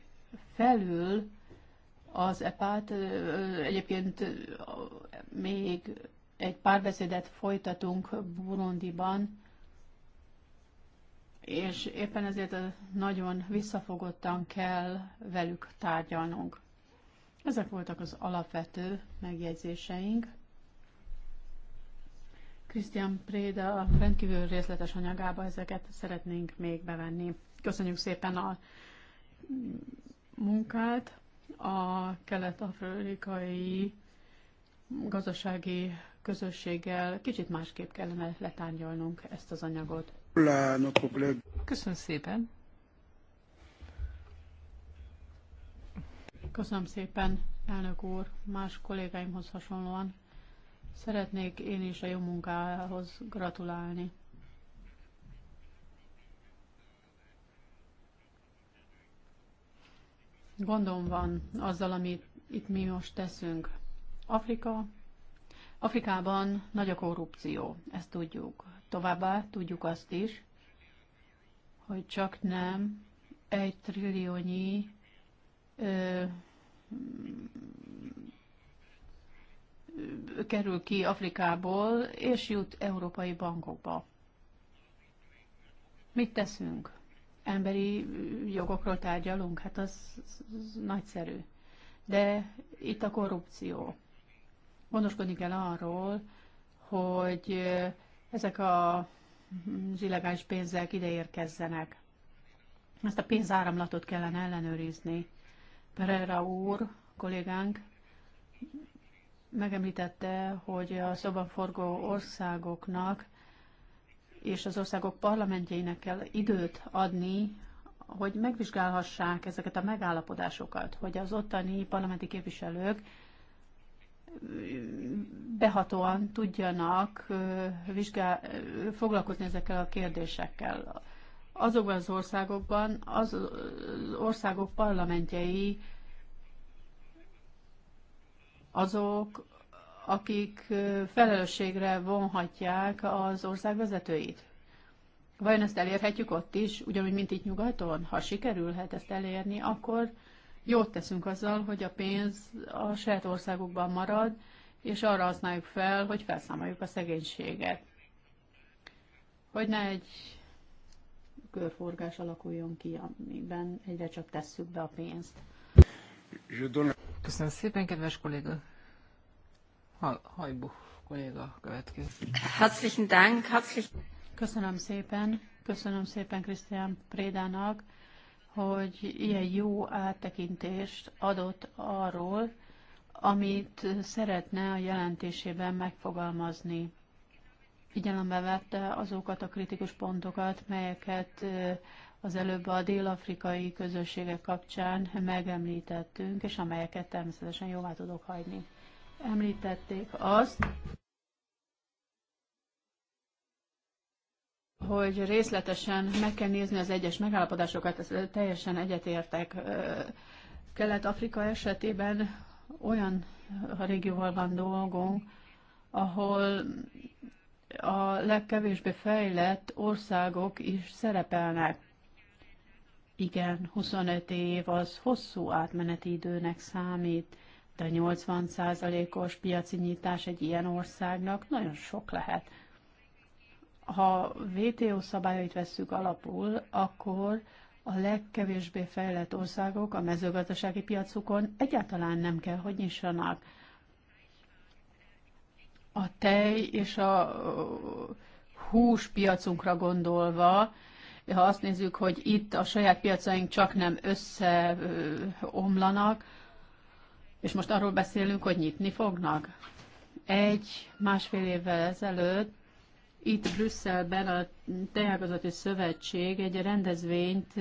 felül az EPÁT. Egyébként még egy párbeszédet folytatunk Burundiban, és éppen ezért nagyon visszafogottan kell velük tárgyalnunk. Ezek voltak az alapvető megjegyzéseink. Krisztián Préda rendkívül részletes anyagába ezeket szeretnénk még bevenni. Köszönjük szépen a munkát. A kelet-afrikai gazdasági közösséggel kicsit másképp kellene letárgyalnunk ezt az anyagot. Köszönöm szépen. Köszönöm szépen, elnök úr, más kollégáimhoz hasonlóan. Szeretnék én is a jó munkához gratulálni. gondom van azzal, amit itt mi most teszünk. Afrika, Afrikában nagy a korrupció, ezt tudjuk. Továbbá tudjuk azt is, hogy csak nem egy trilliónyi ö, kerül ki Afrikából, és jut európai bankokba. Mit teszünk? emberi jogokról tárgyalunk, hát az, az nagyszerű. De itt a korrupció. Gondoskodni kell arról, hogy ezek a, az illegális pénzek ide érkezzenek. Ezt a pénzáramlatot kellene ellenőrizni. Pereira úr, kollégánk, megemlítette, hogy a szobaforgó országoknak és az országok parlamentjeinek kell időt adni, hogy megvizsgálhassák ezeket a megállapodásokat, hogy az ottani parlamenti képviselők mm, behatóan tudjanak vizsgál, foglalkozni ezekkel a kérdésekkel. Azokban az országokban az országok parlamentjei azok, akik felelősségre vonhatják az ország vezetőit. Vajon ezt elérhetjük ott is, ugyanúgy, mint itt nyugaton? Ha sikerülhet ezt elérni, akkor jót teszünk azzal, hogy a pénz a saját országokban marad, és arra használjuk fel, hogy felszámoljuk a szegénységet. Hogy ne egy körforgás alakuljon ki, amiben egyre csak tesszük be a pénzt. Köszönöm szépen, kedves kolléga! Hajbuch kolléga következő. Herzlichen Dank, herzlich. Köszönöm szépen, köszönöm szépen Krisztián Prédának, hogy ilyen jó áttekintést adott arról, amit szeretne a jelentésében megfogalmazni. Figyelembe vette azokat a kritikus pontokat, melyeket az előbb a dél-afrikai közösségek kapcsán megemlítettünk, és amelyeket természetesen jóvá tudok hagyni említették azt, hogy részletesen meg kell nézni az egyes megállapodásokat, ez teljesen egyetértek. Kelet-Afrika esetében olyan a régióval van dolgunk, ahol a legkevésbé fejlett országok is szerepelnek. Igen, 25 év az hosszú átmeneti időnek számít de 80%-os piaci nyitás egy ilyen országnak nagyon sok lehet. Ha WTO szabályait vesszük alapul, akkor a legkevésbé fejlett országok a mezőgazdasági piacukon egyáltalán nem kell, hogy nyissanak. A tej és a hús piacunkra gondolva, ha azt nézzük, hogy itt a saját piacaink csak nem összeomlanak, és most arról beszélünk, hogy nyitni fognak. Egy, másfél évvel ezelőtt itt Brüsszelben a Tejágazati Szövetség egy rendezvényt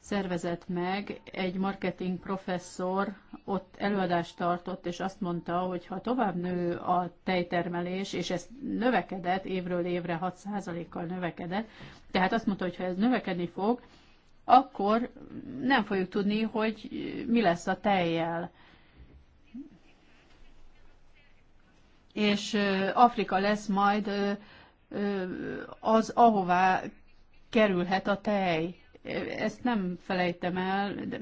szervezett meg, egy marketing professzor ott előadást tartott, és azt mondta, hogy ha tovább nő a tejtermelés, és ez növekedett, évről évre 6%-kal növekedett, tehát azt mondta, hogy ha ez növekedni fog, akkor nem fogjuk tudni, hogy mi lesz a tejjel. és Afrika lesz majd az, ahová kerülhet a tej. Ezt nem felejtem el, de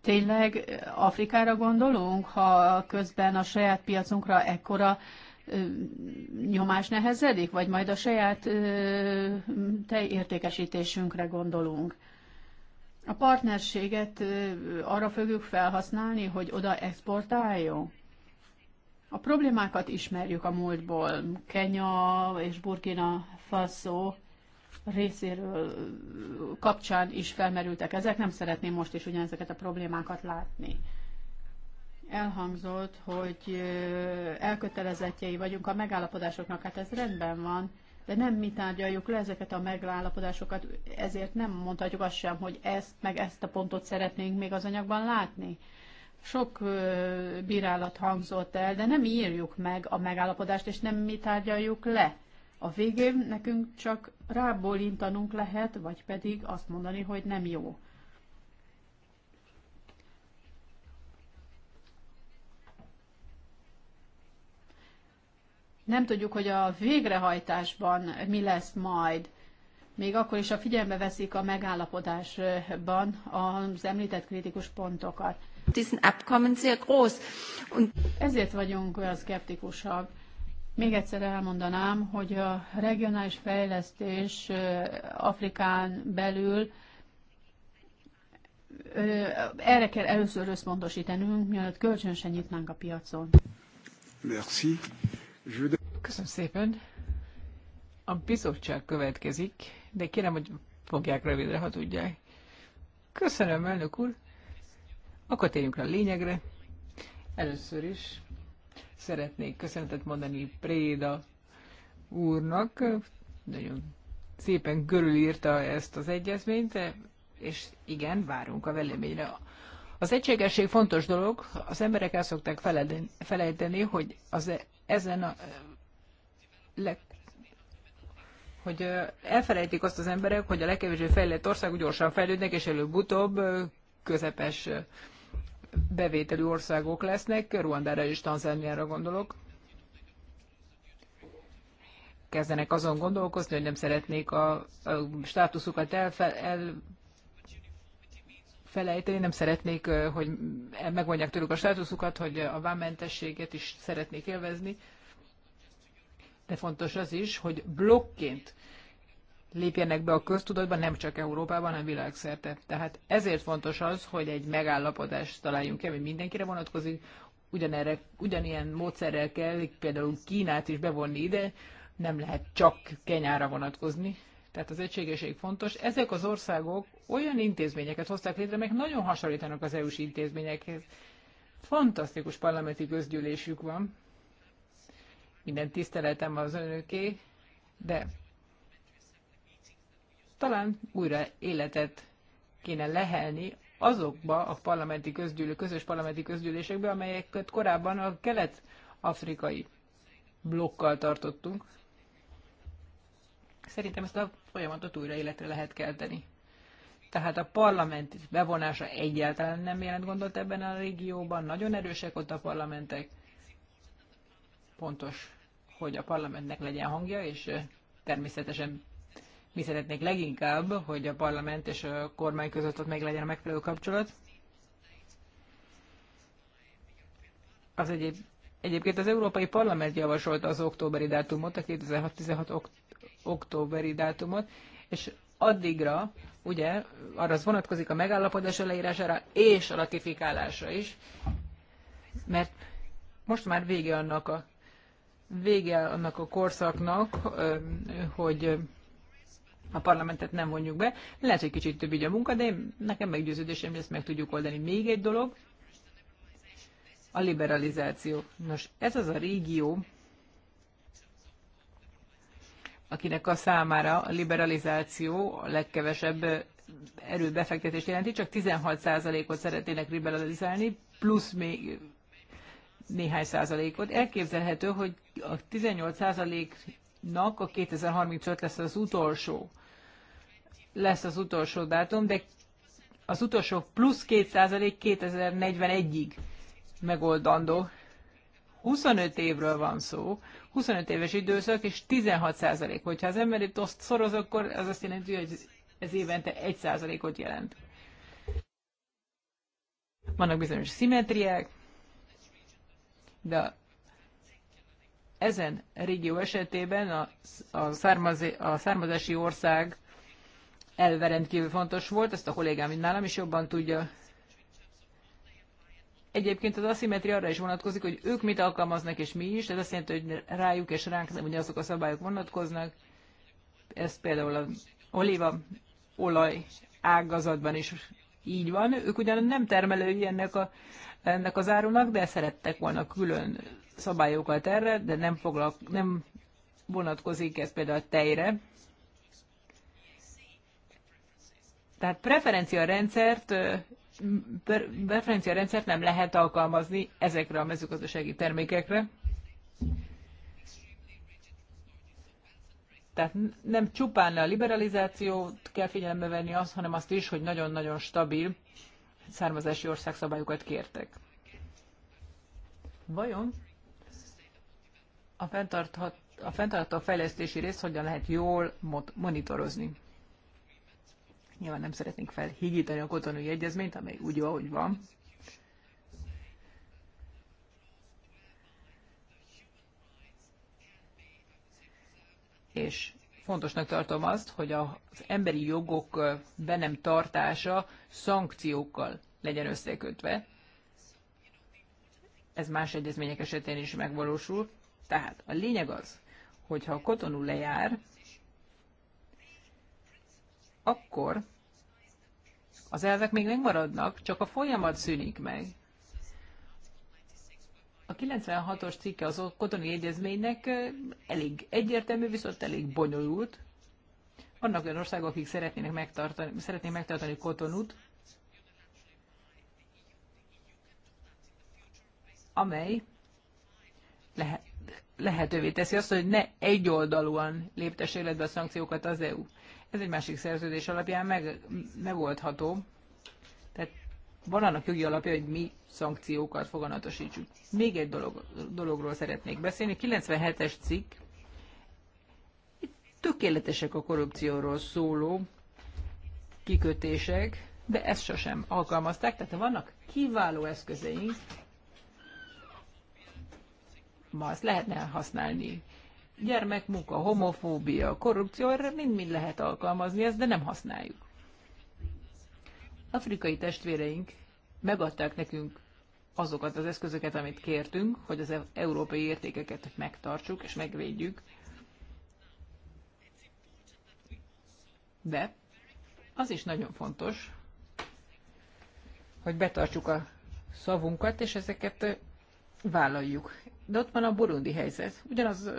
tényleg Afrikára gondolunk, ha közben a saját piacunkra ekkora nyomás nehezedik, vagy majd a saját értékesítésünkre gondolunk. A partnerséget arra fogjuk felhasználni, hogy oda exportáljon? A problémákat ismerjük a múltból. Kenya és Burkina Faso részéről kapcsán is felmerültek ezek. Nem szeretném most is ugyanezeket a problémákat látni. Elhangzott, hogy elkötelezettjei vagyunk a megállapodásoknak. Hát ez rendben van, de nem mi tárgyaljuk le ezeket a megállapodásokat, ezért nem mondhatjuk azt sem, hogy ezt meg ezt a pontot szeretnénk még az anyagban látni. Sok bírálat hangzott el, de nem írjuk meg a megállapodást, és nem mi tárgyaljuk le. A végén nekünk csak rábólintanunk lehet, vagy pedig azt mondani, hogy nem jó. Nem tudjuk, hogy a végrehajtásban mi lesz majd. Még akkor is a figyelembe veszik a megállapodásban az említett kritikus pontokat diesen Abkommen sehr groß. Und Ezért vagyunk olyan szkeptikusak. Még egyszer elmondanám, hogy a regionális fejlesztés Afrikán belül erre kell először összpontosítanunk, mielőtt kölcsönösen nyitnánk a piacon. Merci. Köszönöm szépen. A bizottság következik, de kérem, hogy fogják rövidre, ha tudják. Köszönöm, elnök úr. Akkor térjünk rá a lényegre. Először is szeretnék köszönetet mondani Préda úrnak. Nagyon szépen körülírta ezt az egyezményt, és igen, várunk a veleményre. Az egységesség fontos dolog, az emberek el szokták felejteni, hogy az e- ezen a e- le, hogy e- elfelejtik azt az emberek, hogy a legkevésbé fejlett országok gyorsan fejlődnek, és előbb-utóbb közepes bevételi országok lesznek, Ruandára és Tanzániára gondolok. Kezdenek azon gondolkozni, hogy nem szeretnék a, a státuszukat elfelejteni, el, nem szeretnék, hogy megmondják tőlük a státuszukat, hogy a vámmentességet is szeretnék élvezni. De fontos az is, hogy blokként lépjenek be a köztudatba, nem csak Európában, hanem világszerte. Tehát ezért fontos az, hogy egy megállapodást találjunk ki, ami mindenkire vonatkozik, ugyanerre, ugyanilyen módszerrel kell például Kínát is bevonni ide, nem lehet csak Kenyára vonatkozni. Tehát az egységeség fontos. Ezek az országok olyan intézményeket hozták létre, meg nagyon hasonlítanak az EU-s intézményekhez. Fantasztikus parlamenti közgyűlésük van. Minden tiszteletem az önöké, de talán újra életet kéne lehelni azokba a parlamenti közgyűlő, közös parlamenti közgyűlésekbe, amelyeket korábban a kelet-afrikai blokkal tartottunk. Szerintem ezt a folyamatot újra életre lehet kelteni. Tehát a parlament bevonása egyáltalán nem jelent gondot ebben a régióban, nagyon erősek ott a parlamentek. Pontos, hogy a parlamentnek legyen hangja, és természetesen mi szeretnék leginkább, hogy a parlament és a kormány között ott meg legyen a megfelelő kapcsolat. Az egyéb, egyébként az Európai Parlament javasolta az októberi dátumot, a 2016 ok, októberi dátumot, és addigra, ugye, arra az vonatkozik a megállapodás leírására és a ratifikálása is, mert most már vége annak a vége annak a korszaknak, hogy a parlamentet nem vonjuk be. Lehet, hogy kicsit több így a munka, de nekem meggyőződésem, hogy ezt meg tudjuk oldani. Még egy dolog, a liberalizáció. Nos, ez az a régió, akinek a számára a liberalizáció a legkevesebb erőbefektetést jelenti, csak 16%-ot szeretnének liberalizálni, plusz még néhány százalékot. Elképzelhető, hogy a 18 százalék nak a 2035 lesz az utolsó lesz az utolsó dátum, de az utolsó plusz 2% 2041-ig megoldandó. 25 évről van szó, 25 éves időszak és 16%. Hogyha az ember itt azt szoroz, akkor az azt jelenti, hogy ez évente 1%-ot jelent. Vannak bizonyos szimetriák, de ezen régió esetében a, a, származi, a származási ország elve rendkívül fontos volt, ezt a kollégám mint nálam is jobban tudja. Egyébként az aszimetria arra is vonatkozik, hogy ők mit alkalmaznak és mi is, ez azt jelenti, hogy rájuk és ránk nem ugyanazok a szabályok vonatkoznak. Ez például az oliva olaj ágazatban is így van. Ők ugyan nem termelői ennek, a, ennek az árunak, de szerettek volna külön szabályokat erre, de nem, foglal nem vonatkozik ez például a tejre. Tehát preferencia rendszert, preferencia rendszert nem lehet alkalmazni ezekre a mezőgazdasági termékekre. Tehát nem csupán a liberalizációt kell figyelembe venni azt, hanem azt is, hogy nagyon-nagyon stabil származási országszabályokat kértek. Vajon a, a fenntartható fejlesztési részt hogyan lehet jól monitorozni. Nyilván nem szeretnénk felhigítani a kotonói egyezményt, amely úgy ahogy van. És fontosnak tartom azt, hogy az emberi jogok be nem tartása szankciókkal legyen összekötve. Ez más egyezmények esetén is megvalósul. Tehát a lényeg az, hogyha a kotonú lejár, akkor az elvek még megmaradnak, csak a folyamat szűnik meg. A 96-os cikke az kotoni egyezménynek elég egyértelmű, viszont elég bonyolult. Vannak olyan országok, akik szeretnének megtartani, szeretnék megtartani kotonút, amely lehet, lehetővé teszi azt, hogy ne egyoldalúan léptes életbe a szankciókat az EU. Ez egy másik szerződés alapján meg, megoldható. Tehát van annak jogi alapja, hogy mi szankciókat foganatosítsuk. Még egy dolog, dologról szeretnék beszélni. 97-es cikk. tökéletesek a korrupcióról szóló kikötések, de ezt sosem alkalmazták. Tehát vannak kiváló eszközeink, ma azt lehetne használni. Gyermekmunka, homofóbia, korrupció, erre mind-mind lehet alkalmazni ezt, de nem használjuk. Afrikai testvéreink megadták nekünk azokat az eszközöket, amit kértünk, hogy az e- európai értékeket megtartsuk és megvédjük. De az is nagyon fontos, hogy betartsuk a szavunkat, és ezeket vállaljuk. De ott van a burundi helyzet. Ugyanaz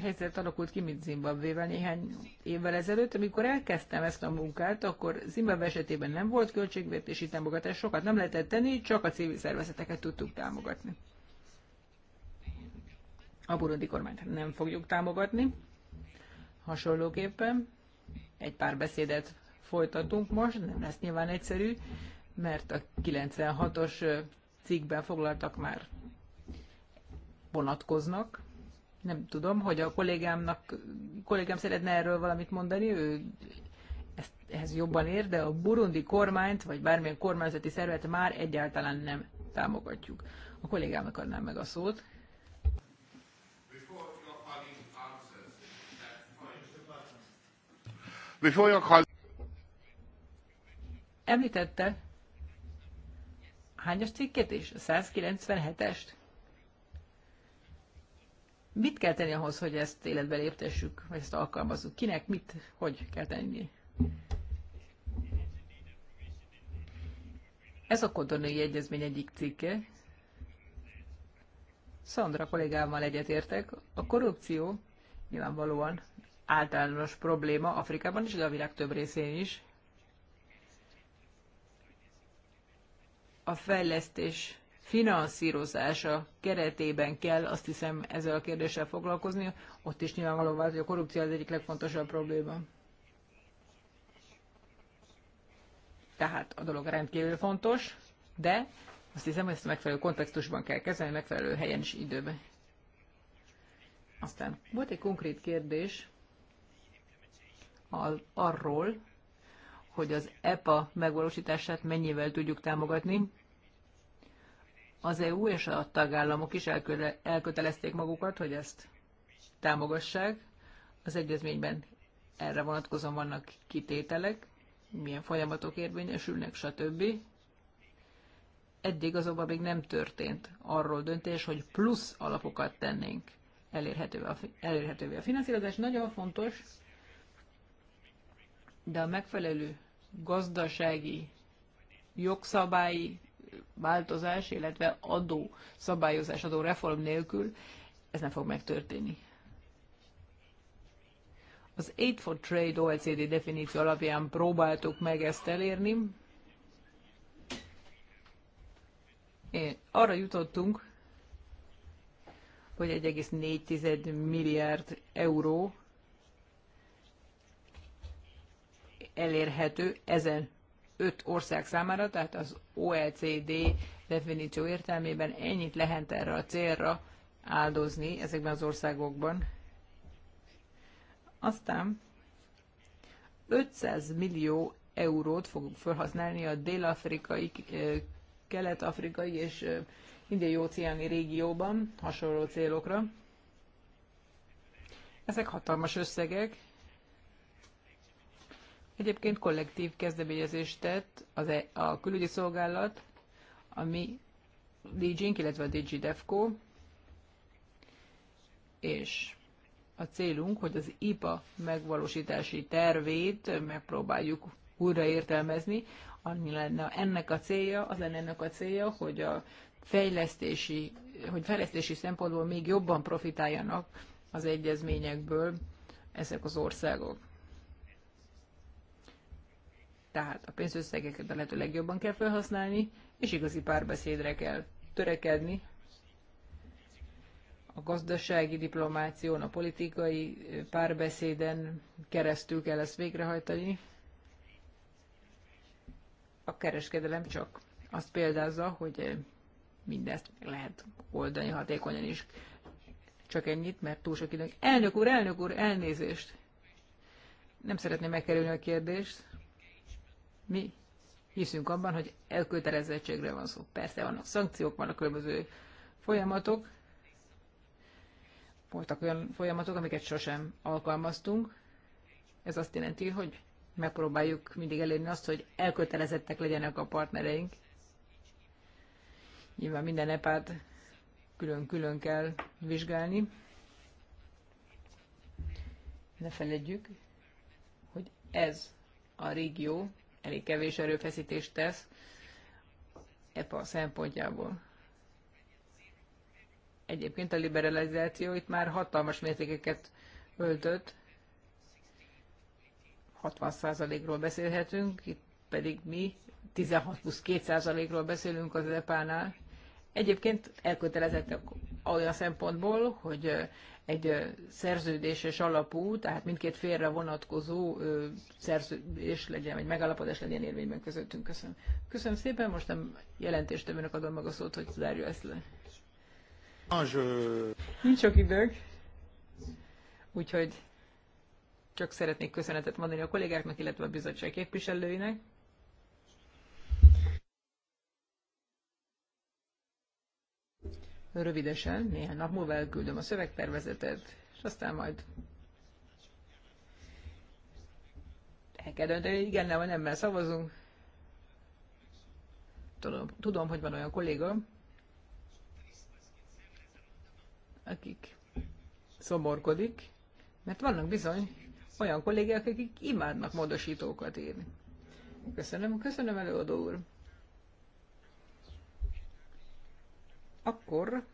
helyzet alakult ki, mint Zimbabvével néhány évvel ezelőtt. Amikor elkezdtem ezt a munkát, akkor Zimbabve esetében nem volt költségvetési támogatás, sokat nem lehetett tenni, csak a civil szervezeteket tudtuk támogatni. A burundi kormányt nem fogjuk támogatni. Hasonlóképpen egy pár beszédet folytatunk most, nem lesz nyilván egyszerű, mert a 96-os cikkben foglaltak már vonatkoznak. Nem tudom, hogy a kollégámnak, kollégám szeretne erről valamit mondani, ő ezt, ehhez jobban ér, de a burundi kormányt, vagy bármilyen kormányzati szervet már egyáltalán nem támogatjuk. A kollégámnak adnám meg a szót. Említette hányas cikket és 197-est? Mit kell tenni ahhoz, hogy ezt életbe léptessük, vagy ezt alkalmazzuk? Kinek, mit, hogy kell tenni? Ez a kodonai egyezmény egyik cikke. Szandra kollégámmal egyetértek. A korrupció nyilvánvalóan általános probléma Afrikában is, de a világ több részén is. A fejlesztés finanszírozása keretében kell, azt hiszem, ezzel a kérdéssel foglalkozni. Ott is nyilvánvalóan hogy a korrupció az egyik legfontosabb probléma. Tehát a dolog rendkívül fontos, de azt hiszem, hogy ezt a megfelelő kontextusban kell kezelni, megfelelő helyen és időben. Aztán volt egy konkrét kérdés arról, hogy az EPA megvalósítását mennyivel tudjuk támogatni. Az EU és a tagállamok is elkötelezték magukat, hogy ezt támogassák. Az egyezményben erre vonatkozóan vannak kitételek, milyen folyamatok érvényesülnek, stb. Eddig azonban még nem történt arról döntés, hogy plusz alapokat tennénk elérhetővé a, elérhetővé a finanszírozás. Nagyon fontos, de a megfelelő gazdasági jogszabályi változás, illetve adó szabályozás, adó reform nélkül ez nem fog megtörténni. Az Aid for Trade OECD definíció alapján próbáltuk meg ezt elérni. Én arra jutottunk, hogy 1,4 milliárd euró elérhető ezen öt ország számára, tehát az OECD definíció értelmében ennyit lehet erre a célra áldozni ezekben az országokban. Aztán 500 millió eurót fogunk felhasználni a dél-afrikai, kelet-afrikai és indiai óceáni régióban hasonló célokra. Ezek hatalmas összegek, Egyébként kollektív kezdeményezést tett az e, a külügyi szolgálat, ami DJink, illetve a DJ Defco, és a célunk, hogy az IPA megvalósítási tervét megpróbáljuk újraértelmezni. Annyi lenne ennek a célja, az lenne ennek a célja, hogy a fejlesztési, hogy fejlesztési szempontból még jobban profitáljanak az egyezményekből ezek az országok tehát a pénzösszegeket a lehető legjobban kell felhasználni, és igazi párbeszédre kell törekedni. A gazdasági diplomáción, a politikai párbeszéden keresztül kell ezt végrehajtani. A kereskedelem csak azt példázza, hogy mindezt meg lehet oldani hatékonyan is. Csak ennyit, mert túl sok időnk. Elnök úr, elnök úr, elnézést! Nem szeretném megkerülni a kérdést. Mi hiszünk abban, hogy elkötelezettségre van szó. Persze vannak szankciók, vannak különböző folyamatok. Voltak olyan folyamatok, amiket sosem alkalmaztunk. Ez azt jelenti, hogy megpróbáljuk mindig elérni azt, hogy elkötelezettek legyenek a partnereink. Nyilván minden epát külön-külön kell vizsgálni. Ne feledjük, hogy ez a régió elég kevés erőfeszítést tesz EPA szempontjából. Egyébként a liberalizáció itt már hatalmas mértékeket öltött, 60%-ról beszélhetünk, itt pedig mi 16 plusz 2%-ról beszélünk az EPA-nál. Egyébként elkötelezettek olyan szempontból, hogy egy szerződéses alapú, tehát mindkét félre vonatkozó szerződés legyen, vagy megállapodás legyen érvényben közöttünk. Köszönöm. Köszönöm szépen, most nem jelentéstevőnek adom meg a szót, hogy zárja ezt le. Nincs sok idők, úgyhogy csak szeretnék köszönetet mondani a kollégáknak, illetve a bizottság képviselőinek. rövidesen, néhány nap múlva elküldöm a szövegtervezetet, és aztán majd el kell dönteni, igen, nem, vagy mert szavazunk. Tudom, tudom, hogy van olyan kolléga, akik szomorkodik, mert vannak bizony olyan kollégák, akik imádnak módosítókat írni. Köszönöm, köszönöm előadó úr. akkor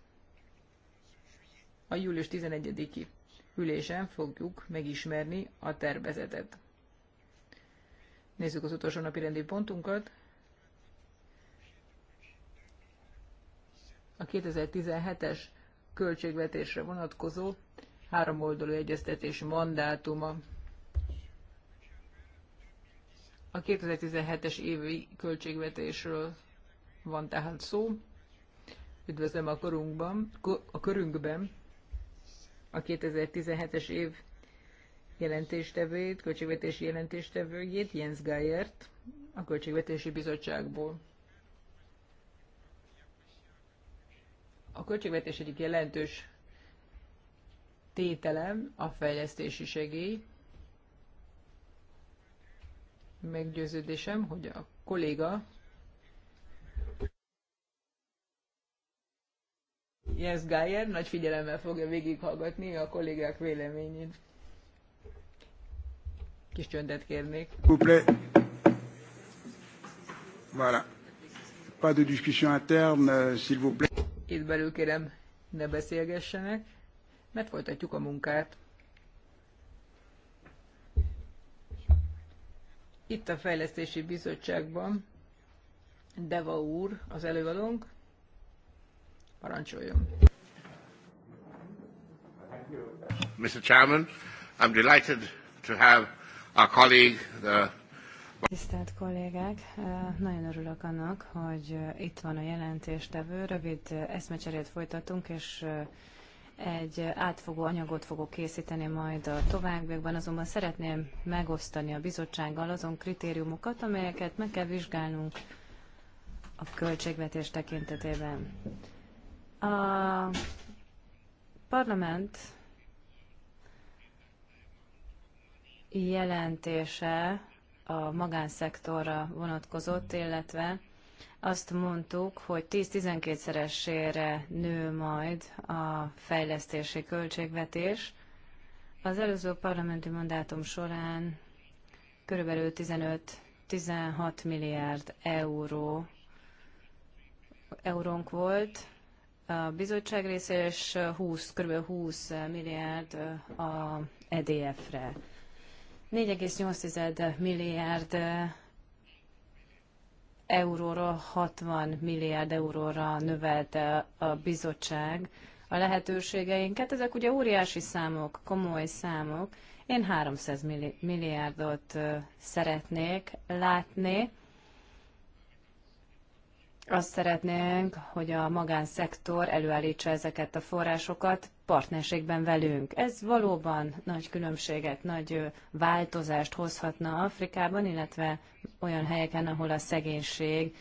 a július 11-i ülésen fogjuk megismerni a tervezetet. Nézzük az utolsó napi rendi pontunkat. A 2017-es költségvetésre vonatkozó háromoldalú egyeztetés mandátuma. A 2017-es évi költségvetésről van tehát szó üdvözlöm a, korunkban, a körünkben a 2017-es év jelentéstevőjét, költségvetési jelentéstevőjét, Jens Geiert, a Költségvetési Bizottságból. A költségvetés egyik jelentős tételem a fejlesztési segély. Meggyőződésem, hogy a kolléga Jens Geyer nagy figyelemmel fogja végighallgatni a kollégák véleményét. Kis csöndet kérnék. Couple. Voilà. Pas de discussion interne, euh, s'il vous plaît. Itt belül kérem, ne beszélgessenek, mert folytatjuk a munkát. Itt a Fejlesztési Bizottságban Deva úr, az előadónk, Parancsoljon. Mr. Chairman, I'm delighted to have our colleague, the Tisztelt kollégák, eh, nagyon örülök annak, hogy eh, itt van a jelentéstevő. Rövid eh, eszmecserét folytatunk, és egy átfogó anyagot fogok készíteni majd a továbbiakban, azonban szeretném megosztani a bizottsággal azon kritériumokat, amelyeket meg kell vizsgálnunk a költségvetés tekintetében. A parlament jelentése a magánszektorra vonatkozott, illetve azt mondtuk, hogy 10-12-szeresére nő majd a fejlesztési költségvetés. Az előző parlamenti mandátum során körülbelül 15-16 milliárd euró eurónk volt, a bizottság része, és 20, kb. 20 milliárd a EDF-re. 4,8 milliárd euróra, 60 milliárd euróra növelte a bizottság a lehetőségeinket. Ezek ugye óriási számok, komoly számok. Én 300 milliárdot szeretnék látni azt szeretnénk, hogy a magánszektor előállítsa ezeket a forrásokat partnerségben velünk. Ez valóban nagy különbséget, nagy változást hozhatna Afrikában, illetve olyan helyeken, ahol a szegénység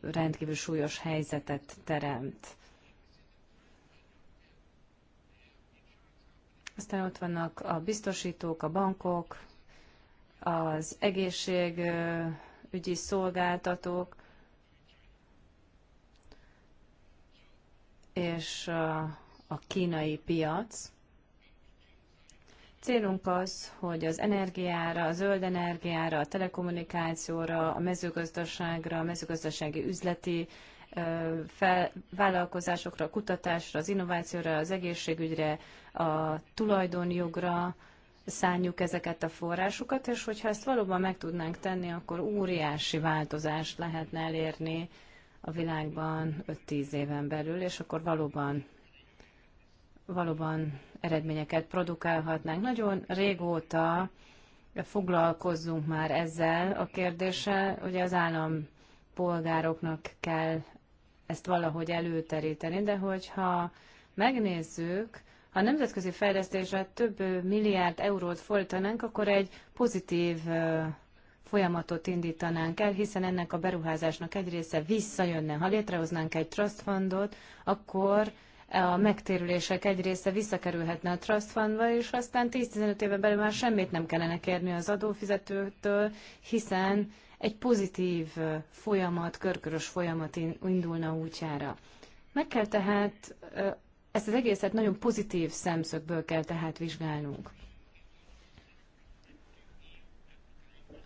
rendkívül súlyos helyzetet teremt. Aztán ott vannak a biztosítók, a bankok, az egészségügyi szolgáltatók, és a kínai piac. Célunk az, hogy az energiára, a zöld energiára, a telekommunikációra, a mezőgazdaságra, a mezőgazdasági üzleti fel, vállalkozásokra, a kutatásra, az innovációra, az egészségügyre, a tulajdonjogra szálljuk ezeket a forrásokat, és hogyha ezt valóban meg tudnánk tenni, akkor óriási változást lehetne elérni a világban 5-10 éven belül, és akkor valóban, valóban eredményeket produkálhatnánk. Nagyon régóta foglalkozzunk már ezzel a kérdéssel, hogy az állampolgároknak kell ezt valahogy előteríteni, de hogyha megnézzük, ha nemzetközi fejlesztésre több milliárd eurót folytanánk, akkor egy pozitív folyamatot indítanánk el, hiszen ennek a beruházásnak egy része visszajönne. Ha létrehoznánk egy trust fundot, akkor a megtérülések egy része visszakerülhetne a trust fundba, és aztán 10-15 éve belül már semmit nem kellene kérni az adófizetőtől, hiszen egy pozitív folyamat, körkörös folyamat indulna útjára. Meg kell tehát, ezt az egészet nagyon pozitív szemszögből kell tehát vizsgálnunk.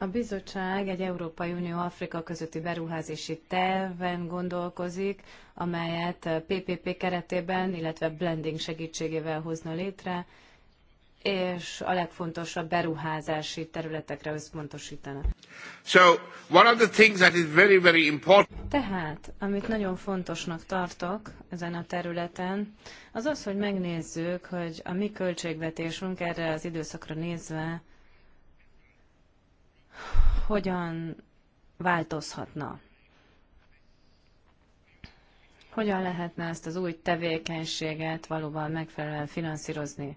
A bizottság egy Európai Unió-Afrika közötti beruházási terven gondolkozik, amelyet PPP keretében, illetve blending segítségével hozna létre, és a legfontosabb beruházási területekre összpontosítana. So, one of the things that is very, very important... Tehát, amit nagyon fontosnak tartok ezen a területen, az az, hogy megnézzük, hogy a mi költségvetésünk erre az időszakra nézve hogyan változhatna? Hogyan lehetne ezt az új tevékenységet valóban megfelelően finanszírozni?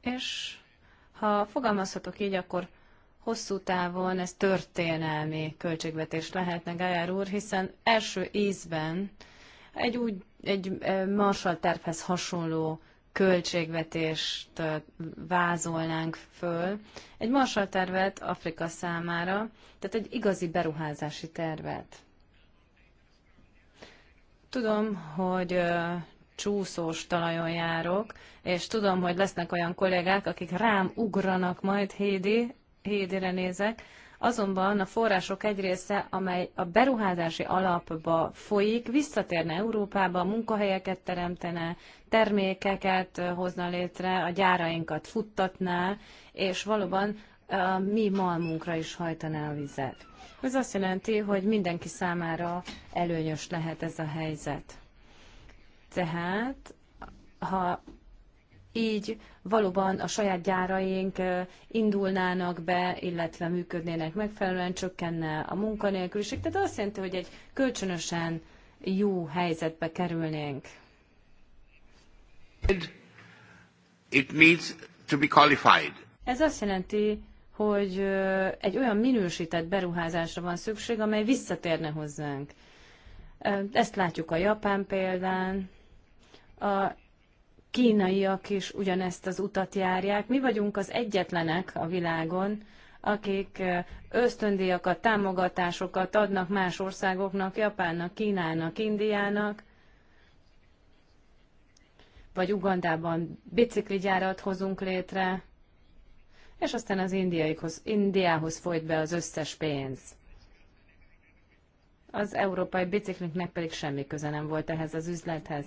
És ha fogalmazhatok így, akkor hosszú távon ez történelmi költségvetés lehetne, Gájár úr, hiszen első ízben egy úgy egy eh, marsal tervhez hasonló költségvetést vázolnánk föl, egy Marshall tervet Afrika számára, tehát egy igazi beruházási tervet. Tudom, hogy csúszós talajon járok, és tudom, hogy lesznek olyan kollégák, akik rám ugranak majd Hédi, Hédire nézek, Azonban a források egy része, amely a beruházási alapba folyik, visszatérne Európába, munkahelyeket teremtene, termékeket hozna létre, a gyárainkat futtatná, és valóban a mi malmunkra is hajtaná a vizet. Ez azt jelenti, hogy mindenki számára előnyös lehet ez a helyzet. Tehát, ha így valóban a saját gyáraink indulnának be, illetve működnének megfelelően, csökkenne a munkanélküliség. Tehát azt jelenti, hogy egy kölcsönösen jó helyzetbe kerülnénk. It means to be qualified. Ez azt jelenti, hogy egy olyan minősített beruházásra van szükség, amely visszatérne hozzánk. Ezt látjuk a japán példán. A kínaiak is ugyanezt az utat járják. Mi vagyunk az egyetlenek a világon, akik ösztöndíjakat, támogatásokat adnak más országoknak, Japánnak, Kínának, Indiának, vagy Ugandában bicikligyárat hozunk létre, és aztán az indiaikhoz, Indiához folyt be az összes pénz. Az európai bicikliknek pedig semmi köze nem volt ehhez az üzlethez.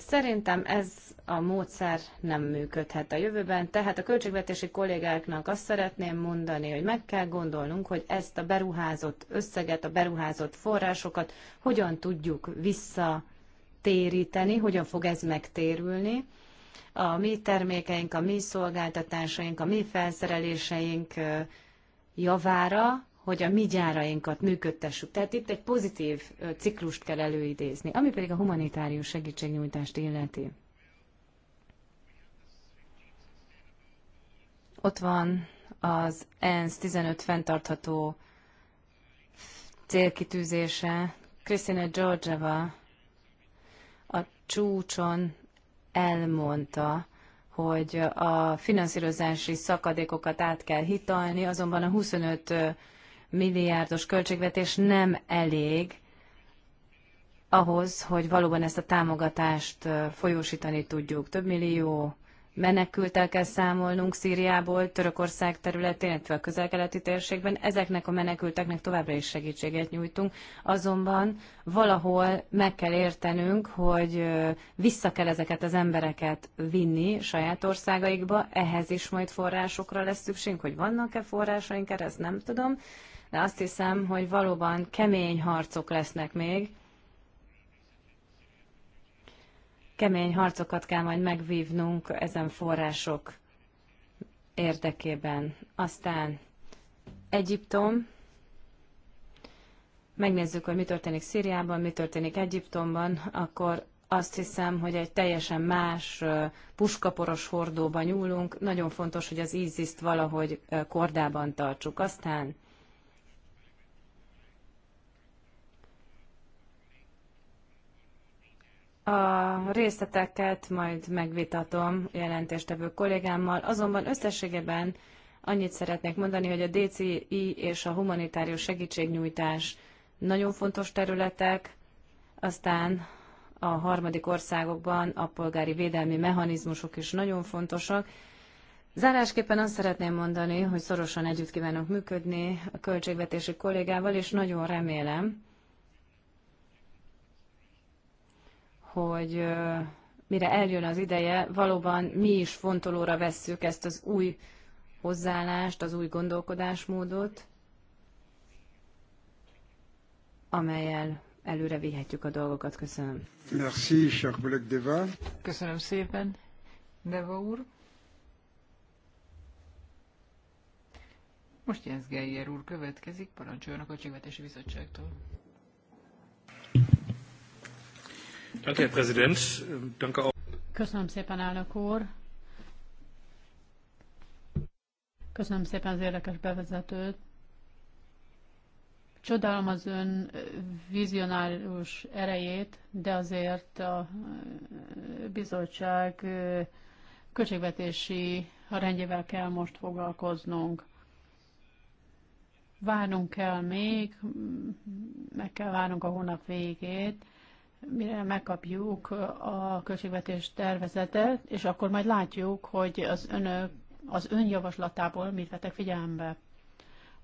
Szerintem ez a módszer nem működhet a jövőben, tehát a költségvetési kollégáknak azt szeretném mondani, hogy meg kell gondolnunk, hogy ezt a beruházott összeget, a beruházott forrásokat hogyan tudjuk visszatéríteni, hogyan fog ez megtérülni. A mi termékeink, a mi szolgáltatásaink, a mi felszereléseink javára, hogy a mi gyárainkat működtessük. Tehát itt egy pozitív ciklust kell előidézni, ami pedig a humanitárius segítségnyújtást illeti. Ott van az ENSZ 15 fenntartható célkitűzése. Krisztina Georgieva a csúcson elmondta, hogy a finanszírozási szakadékokat át kell hitalni, azonban a 25 milliárdos költségvetés nem elég ahhoz, hogy valóban ezt a támogatást folyósítani tudjuk. Több millió menekültel kell számolnunk Szíriából, Törökország területén, illetve a közel-keleti térségben. Ezeknek a menekülteknek továbbra is segítséget nyújtunk, azonban valahol meg kell értenünk, hogy vissza kell ezeket az embereket vinni saját országaikba, ehhez is majd forrásokra lesz szükségünk, hogy vannak-e forrásaink, ezt nem tudom, de azt hiszem, hogy valóban kemény harcok lesznek még. Kemény harcokat kell majd megvívnunk ezen források érdekében. Aztán Egyiptom. Megnézzük, hogy mi történik Szíriában, mi történik Egyiptomban, akkor azt hiszem, hogy egy teljesen más puskaporos hordóba nyúlunk. Nagyon fontos, hogy az isis valahogy kordában tartsuk. Aztán A részleteket majd megvitatom jelentéstevő kollégámmal, azonban összességében annyit szeretnék mondani, hogy a DCI és a humanitárius segítségnyújtás nagyon fontos területek, aztán a harmadik országokban a polgári védelmi mechanizmusok is nagyon fontosak. Zárásképpen azt szeretném mondani, hogy szorosan együtt kívánok működni a költségvetési kollégával, és nagyon remélem, hogy mire eljön az ideje, valóban mi is fontolóra vesszük ezt az új hozzáállást, az új gondolkodásmódot, amelyel előre vihetjük a dolgokat. Köszönöm. Merci, Charles Deva. Köszönöm szépen, Deva úr. Most Jens Geyer úr következik, parancsoljon a Költségvetési Bizottságtól. Köszönöm szépen, elnök úr. Köszönöm szépen az érdekes bevezetőt. Csodálom az ön vizionárius erejét, de azért a bizottság költségvetési rendjével kell most foglalkoznunk. Várnunk kell még, meg kell várnunk a hónap végét, mire megkapjuk a költségvetés tervezetet, és akkor majd látjuk, hogy az önök az javaslatából mit vettek figyelembe.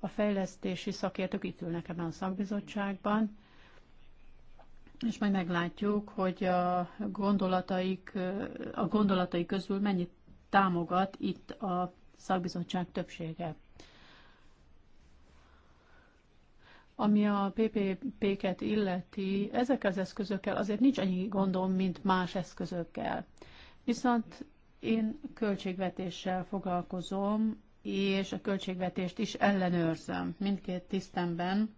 A fejlesztési szakértők itt ülnek ebben a szakbizottságban, és majd meglátjuk, hogy a gondolataik, a gondolataik közül mennyit támogat itt a szakbizottság többsége. Ami a PPP-ket illeti, ezek az eszközökkel azért nincs annyi gondom, mint más eszközökkel. Viszont én költségvetéssel foglalkozom, és a költségvetést is ellenőrzöm. Mindkét tisztemben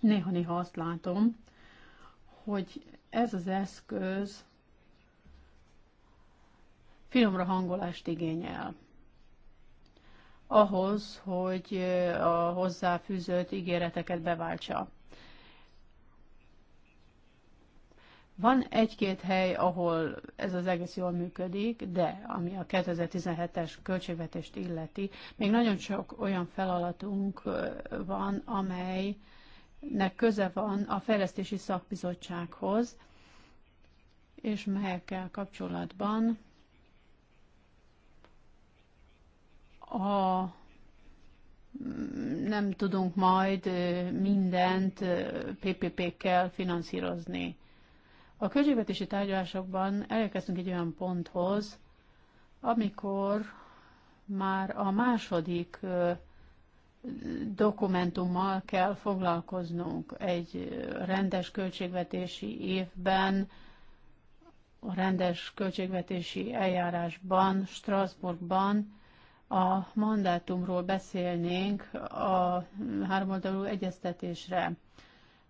néha-néha azt látom, hogy ez az eszköz finomra hangolást igényel ahhoz, hogy eh, a hozzáfűzött ígéreteket beváltsa. Van egy-két hely, ahol ez az egész jól működik, de ami a 2017-es költségvetést illeti, még nagyon sok olyan feladatunk eh, van, amelynek köze van a fejlesztési szakbizottsághoz, és melyekkel kapcsolatban a mm, nem tudunk majd mindent PPP-kkel finanszírozni. A költségvetési tárgyalásokban elérkeztünk egy olyan ponthoz, amikor már a második dokumentummal kell foglalkoznunk egy rendes költségvetési évben, a rendes költségvetési eljárásban, Strasbourgban, a mandátumról beszélnénk a háromoldalú egyeztetésre.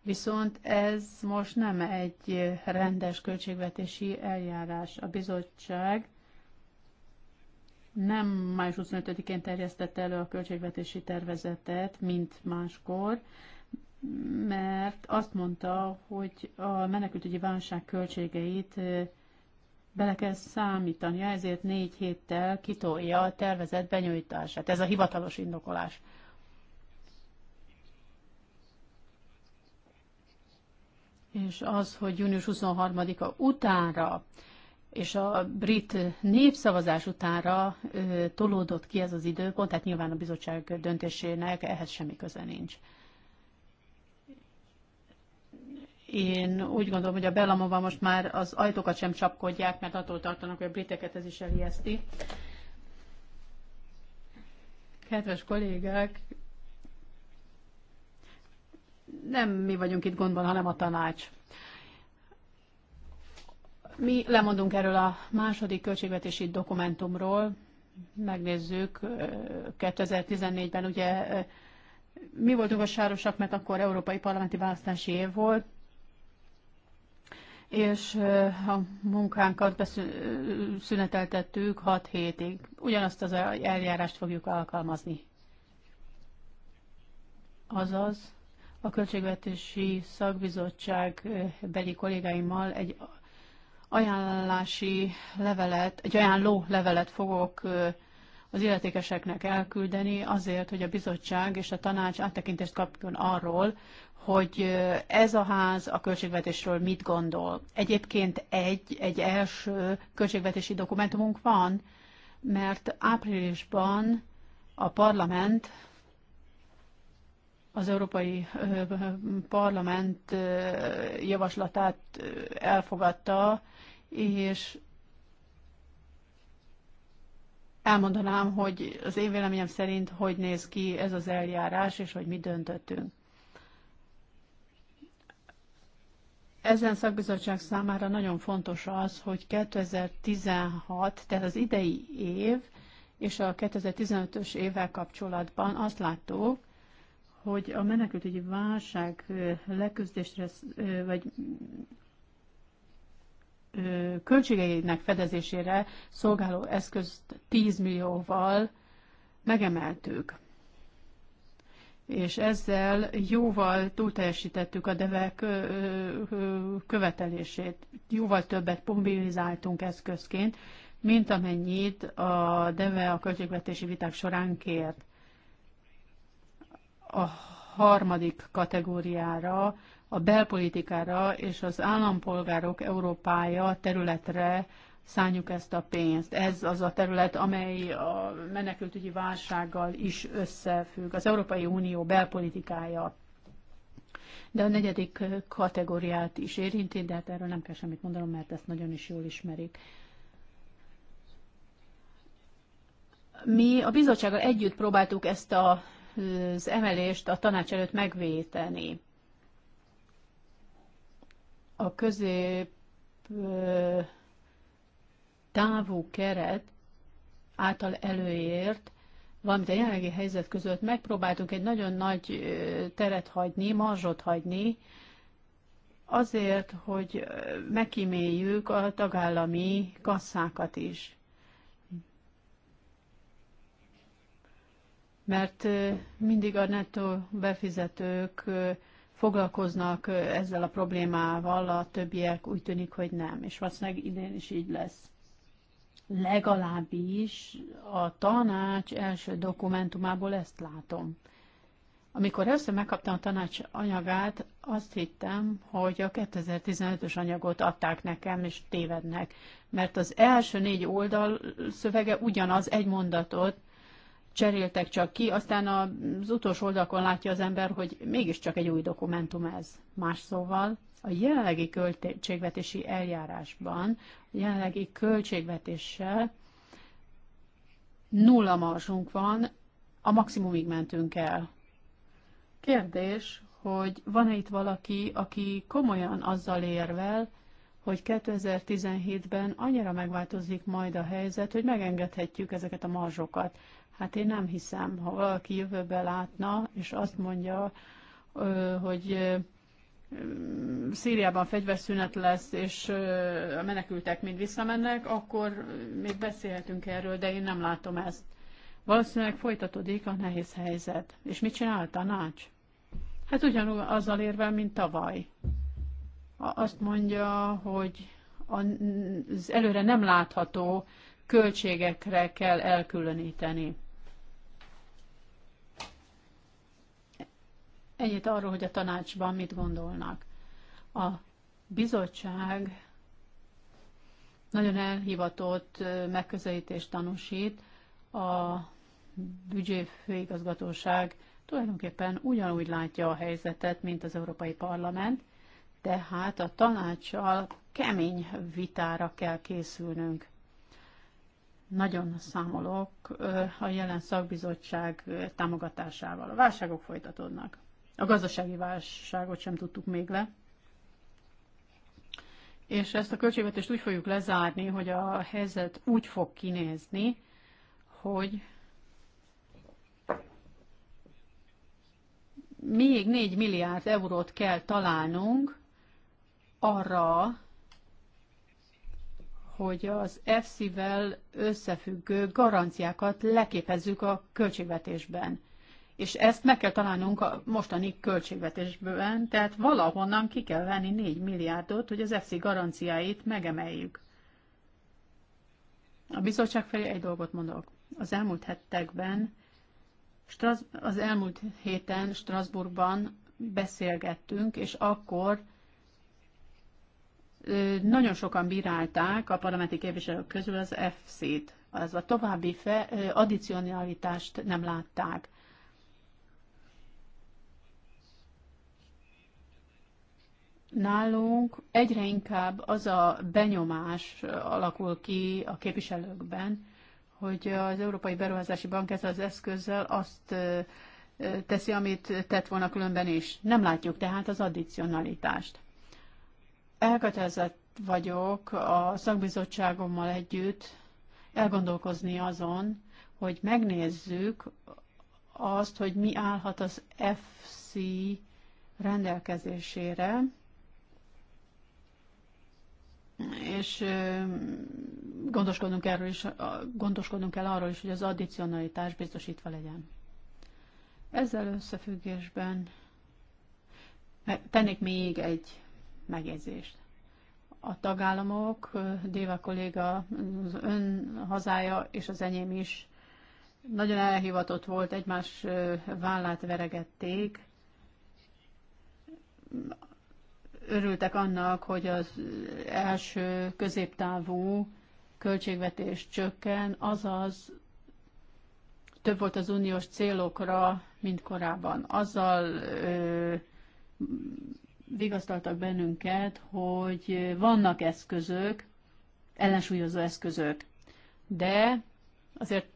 Viszont ez most nem egy rendes költségvetési eljárás. A bizottság nem május 25-én terjesztette elő a költségvetési tervezetet, mint máskor, mert azt mondta, hogy a menekültügyi válság költségeit bele kell számítania, ezért négy héttel kitolja a tervezett benyújtását. Ez a hivatalos indokolás. És az, hogy június 23-a utánra és a brit népszavazás utánra ö, tolódott ki ez az időpont, tehát nyilván a bizottság döntésének ehhez semmi köze nincs. Én úgy gondolom, hogy a Bellamova most már az ajtókat sem csapkodják, mert attól tartanak, hogy a briteket ez is elijeszti. Kedves kollégák, nem mi vagyunk itt gondban, hanem a tanács. Mi lemondunk erről a második költségvetési dokumentumról, megnézzük 2014-ben, ugye mi voltunk a sárosak, mert akkor európai parlamenti választási év volt, és a munkánkat szüneteltettük 6 hétig. Ugyanazt az eljárást fogjuk alkalmazni. Azaz, a Költségvetési Szakbizottság beli kollégáimmal egy ajánlási levelet, egy ajánló levelet fogok az illetékeseknek elküldeni azért, hogy a bizottság és a tanács áttekintést kapjon arról, hogy ez a ház a költségvetésről mit gondol. Egyébként egy, egy első költségvetési dokumentumunk van, mert áprilisban a parlament, az Európai Parlament javaslatát elfogadta, és elmondanám, hogy az én véleményem szerint hogy néz ki ez az eljárás, és hogy mi döntöttünk. Ezen szakbizottság számára nagyon fontos az, hogy 2016, tehát az idei év és a 2015-ös évvel kapcsolatban azt láttuk, hogy a menekültügyi válság leküzdésre, vagy költségeinek fedezésére szolgáló eszközt 10 millióval megemeltük. És ezzel jóval túlteljesítettük a devek követelését, jóval többet mobilizáltunk eszközként, mint amennyit a DEVE a költségvetési viták során kért. A harmadik kategóriára a belpolitikára és az állampolgárok Európája területre szálljuk ezt a pénzt. Ez az a terület, amely a menekültügyi válsággal is összefügg. Az Európai Unió belpolitikája de a negyedik kategóriát is érinti, de hát erről nem kell semmit mondanom, mert ezt nagyon is jól ismerik. Mi a bizottsággal együtt próbáltuk ezt a, az emelést a tanács előtt megvéteni a közép távú keret által előért, valamint a jelenlegi helyzet között megpróbáltunk egy nagyon nagy teret hagyni, marzsot hagyni, azért, hogy megkíméljük a tagállami kasszákat is. Mert mindig a nettó befizetők foglalkoznak ezzel a problémával, a többiek úgy tűnik, hogy nem, és valószínűleg idén is így lesz. Legalábbis a tanács első dokumentumából ezt látom. Amikor először megkaptam a tanács anyagát, azt hittem, hogy a 2015-ös anyagot adták nekem, és tévednek. Mert az első négy oldal szövege ugyanaz, egy mondatot cseréltek csak ki, aztán az utolsó oldalakon látja az ember, hogy mégiscsak egy új dokumentum ez. Más szóval a jelenlegi költségvetési eljárásban, a jelenlegi költségvetéssel nulla marzsunk van, a maximumig mentünk el. Kérdés, hogy van-e itt valaki, aki komolyan azzal érvel, hogy 2017-ben annyira megváltozik majd a helyzet, hogy megengedhetjük ezeket a marzsokat. Hát én nem hiszem, ha valaki jövőbe látna, és azt mondja, hogy Szíriában fegyverszünet lesz, és a menekültek mind visszamennek, akkor még beszélhetünk erről, de én nem látom ezt. Valószínűleg folytatódik a nehéz helyzet. És mit csinál a tanács? Hát ugyanúgy azzal érve, mint tavaly. Azt mondja, hogy az előre nem látható költségekre kell elkülöníteni. Ennyit arról, hogy a tanácsban mit gondolnak. A bizottság nagyon elhivatott megközelítést tanúsít, a büdzséfőigazgatóság tulajdonképpen ugyanúgy látja a helyzetet, mint az Európai Parlament, tehát a tanácssal kemény vitára kell készülnünk. Nagyon számolok a jelen szakbizottság támogatásával. A válságok folytatódnak. A gazdasági válságot sem tudtuk még le. És ezt a költségvetést úgy fogjuk lezárni, hogy a helyzet úgy fog kinézni, hogy még 4 milliárd eurót kell találnunk arra, hogy az EFSZ-vel összefüggő garanciákat leképezzük a költségvetésben és ezt meg kell találnunk a mostani költségvetésben, tehát valahonnan ki kell venni 4 milliárdot, hogy az FC garanciáit megemeljük. A bizottság felé egy dolgot mondok. Az elmúlt hetekben, az elmúlt héten Strasbourgban beszélgettünk, és akkor nagyon sokan bírálták a parlamenti képviselők közül az FC-t, azaz a további fe, addicionalitást nem látták. nálunk egyre inkább az a benyomás alakul ki a képviselőkben, hogy az Európai Beruházási Bank ezzel az eszközzel azt teszi, amit tett volna különben is. Nem látjuk tehát az addicionalitást. Elkötelezett vagyok a szakbizottságommal együtt elgondolkozni azon, hogy megnézzük azt, hogy mi állhat az FC rendelkezésére, és gondoskodnunk, erről is, gondoskodnunk kell arról is, hogy az addicionalitás biztosítva legyen. Ezzel összefüggésben tennék még egy megjegyzést. A tagállamok, Déva kolléga, az ön hazája és az enyém is nagyon elhivatott volt, egymás vállát veregették örültek annak, hogy az első középtávú költségvetés csökken, azaz több volt az uniós célokra, mint korábban. Azzal ö, vigasztaltak bennünket, hogy vannak eszközök, ellensúlyozó eszközök, de azért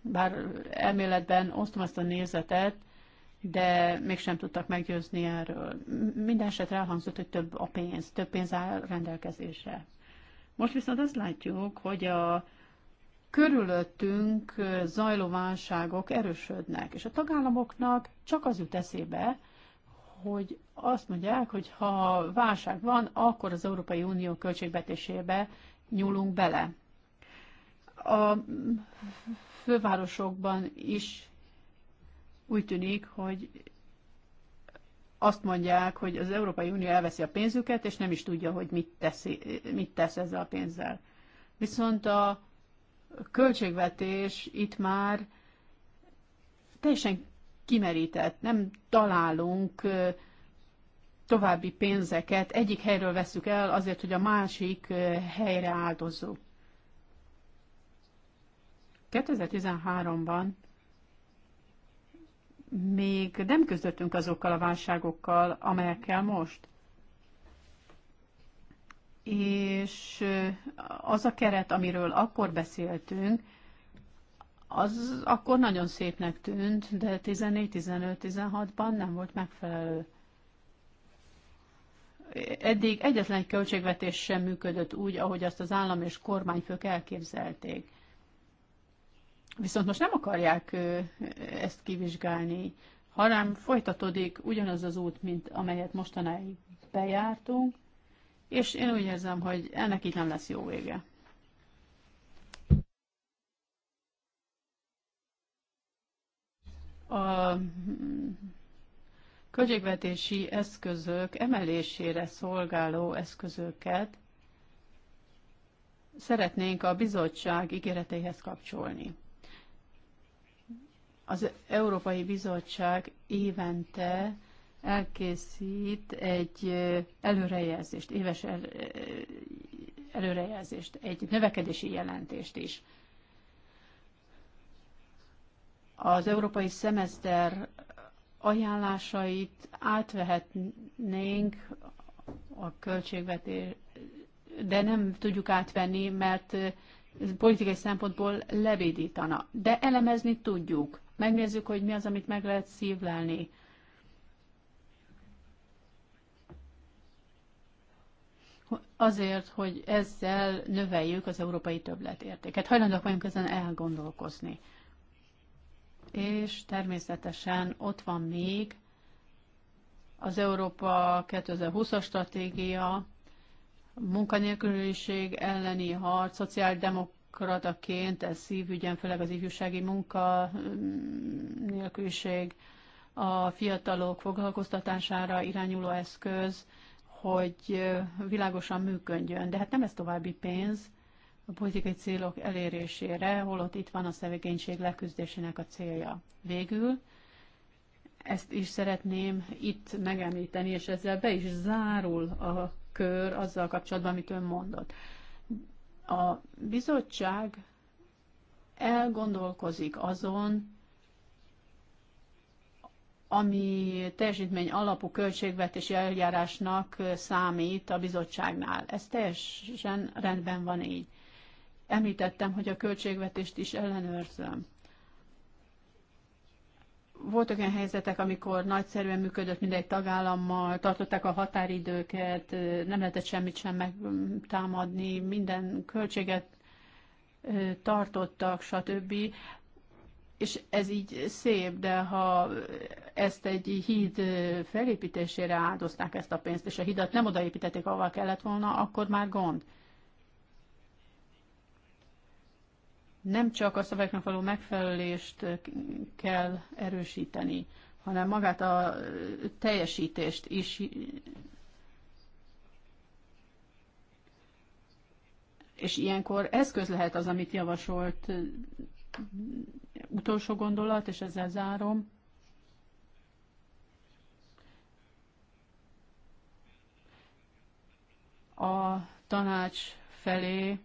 bár elméletben osztom azt a nézetet, de mégsem tudtak meggyőzni erről. Minden esetre elhangzott, hogy több a pénz, több pénz áll rendelkezésre. Most viszont azt látjuk, hogy a körülöttünk zajló válságok erősödnek, és a tagállamoknak csak az jut eszébe, hogy azt mondják, hogy ha válság van, akkor az Európai Unió költségvetésébe nyúlunk bele. A fővárosokban is úgy tűnik, hogy azt mondják, hogy az Európai Unió elveszi a pénzüket, és nem is tudja, hogy mit, teszi, mit tesz ezzel a pénzzel. Viszont a költségvetés itt már teljesen kimerített, nem találunk további pénzeket, egyik helyről veszük el azért, hogy a másik helyre áldozzuk. 2013-ban még nem közöttünk azokkal a válságokkal, amelyekkel most. És az a keret, amiről akkor beszéltünk, az akkor nagyon szépnek tűnt, de 14-15-16-ban nem volt megfelelő. Eddig egyetlen költségvetés sem működött úgy, ahogy azt az állam és kormányfők elképzelték. Viszont most nem akarják ezt kivizsgálni, hanem folytatódik ugyanaz az út, mint amelyet mostanáig bejártunk, és én úgy érzem, hogy ennek így nem lesz jó vége. A hm, költségvetési eszközök emelésére szolgáló eszközöket szeretnénk a bizottság ígéreteihez kapcsolni. Az Európai Bizottság évente elkészít egy előrejelzést, éves előrejelzést, egy növekedési jelentést is. Az európai szemeszter ajánlásait átvehetnénk a költségvetés, de nem tudjuk átvenni, mert politikai szempontból levédítana. De elemezni tudjuk. Megnézzük, hogy mi az, amit meg lehet szívlelni. Azért, hogy ezzel növeljük az európai többletértéket. Hajlandók vagyunk ezen elgondolkozni. És természetesen ott van még az Európa 2020-as stratégia, munkanélküliség elleni harc, szociáldemok demokrataként ez szívügyen főleg az ifjúsági munka mm, nélküliség, a fiatalok foglalkoztatására irányuló eszköz, hogy világosan működjön. De hát nem ez további pénz a politikai célok elérésére, holott itt van a szegénység leküzdésének a célja. Végül ezt is szeretném itt megemlíteni, és ezzel be is zárul a kör azzal kapcsolatban, amit ön mondott. A bizottság elgondolkozik azon, ami teljesítmény alapú költségvetési eljárásnak számít a bizottságnál. Ez teljesen rendben van így. Említettem, hogy a költségvetést is ellenőrzöm voltak olyan helyzetek, amikor nagyszerűen működött mindegy tagállammal, tartották a határidőket, nem lehetett semmit sem megtámadni, minden költséget tartottak, stb. És ez így szép, de ha ezt egy híd felépítésére áldozták ezt a pénzt, és a hidat nem odaépítették, ahol kellett volna, akkor már gond. nem csak a szabályoknak való megfelelést kell erősíteni, hanem magát a teljesítést is. És ilyenkor eszköz lehet az, amit javasolt utolsó gondolat, és ezzel zárom. A tanács felé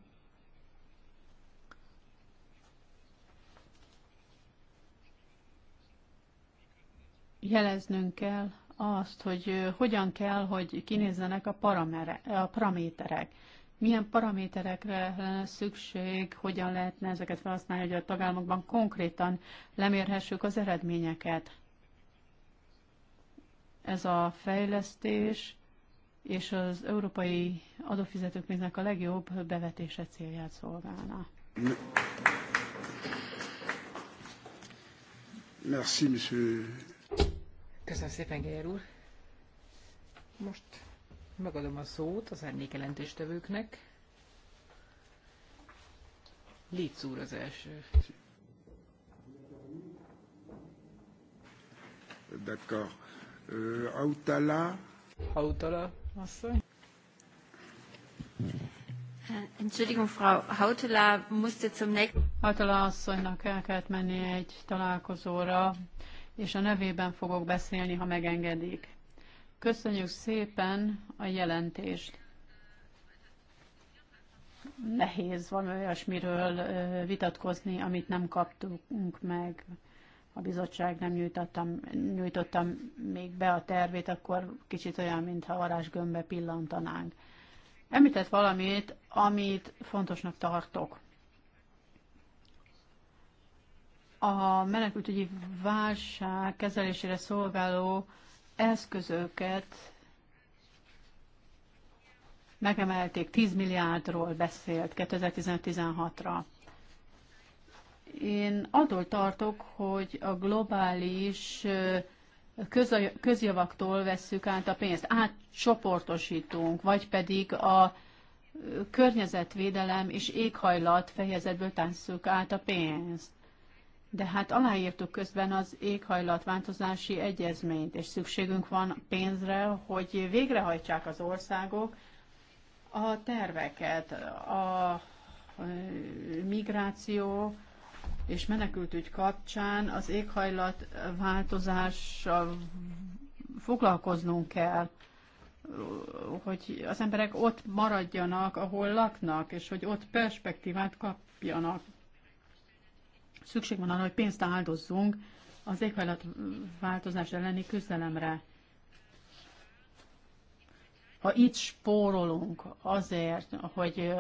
jeleznünk kell azt, hogy hogyan kell, hogy kinézzenek a, paramere, a paraméterek. Milyen paraméterekre lenne szükség, hogyan lehetne ezeket felhasználni, hogy a tagállamokban konkrétan lemérhessük az eredményeket. Ez a fejlesztés és az európai adófizetőknek a legjobb bevetése célját szolgálna. Merci, monsieur Köszönöm szépen, Geyer úr. Most megadom a szót az jelentéstevőknek. Litz úr az első. D'accord. Euh, Autala. Autala, asszony. Entschuldigung, Frau Hautala musste zum nächsten... Hautala asszonynak el kellett menni egy találkozóra és a nevében fogok beszélni, ha megengedik. Köszönjük szépen a jelentést. Nehéz van olyasmiről vitatkozni, amit nem kaptunk meg. A bizottság nem nyújtottam, nyújtottam még be a tervét, akkor kicsit olyan, mintha varázsgömbbe pillantanánk. Említett valamit, amit fontosnak tartok. a menekültügyi válság kezelésére szolgáló eszközöket megemelték, 10 milliárdról beszélt 2016-ra. Én attól tartok, hogy a globális közjavaktól vesszük át a pénzt, átcsoportosítunk, vagy pedig a környezetvédelem és éghajlat fejezetből tesszük át a pénzt. De hát aláírtuk közben az éghajlatváltozási egyezményt, és szükségünk van pénzre, hogy végrehajtsák az országok a terveket, a migráció és menekültügy kapcsán az éghajlatváltozással foglalkoznunk kell, hogy az emberek ott maradjanak, ahol laknak, és hogy ott perspektívát kapjanak szükség van arra, hogy pénzt áldozzunk az éghajlatváltozás elleni küzdelemre. Ha itt spórolunk azért, hogy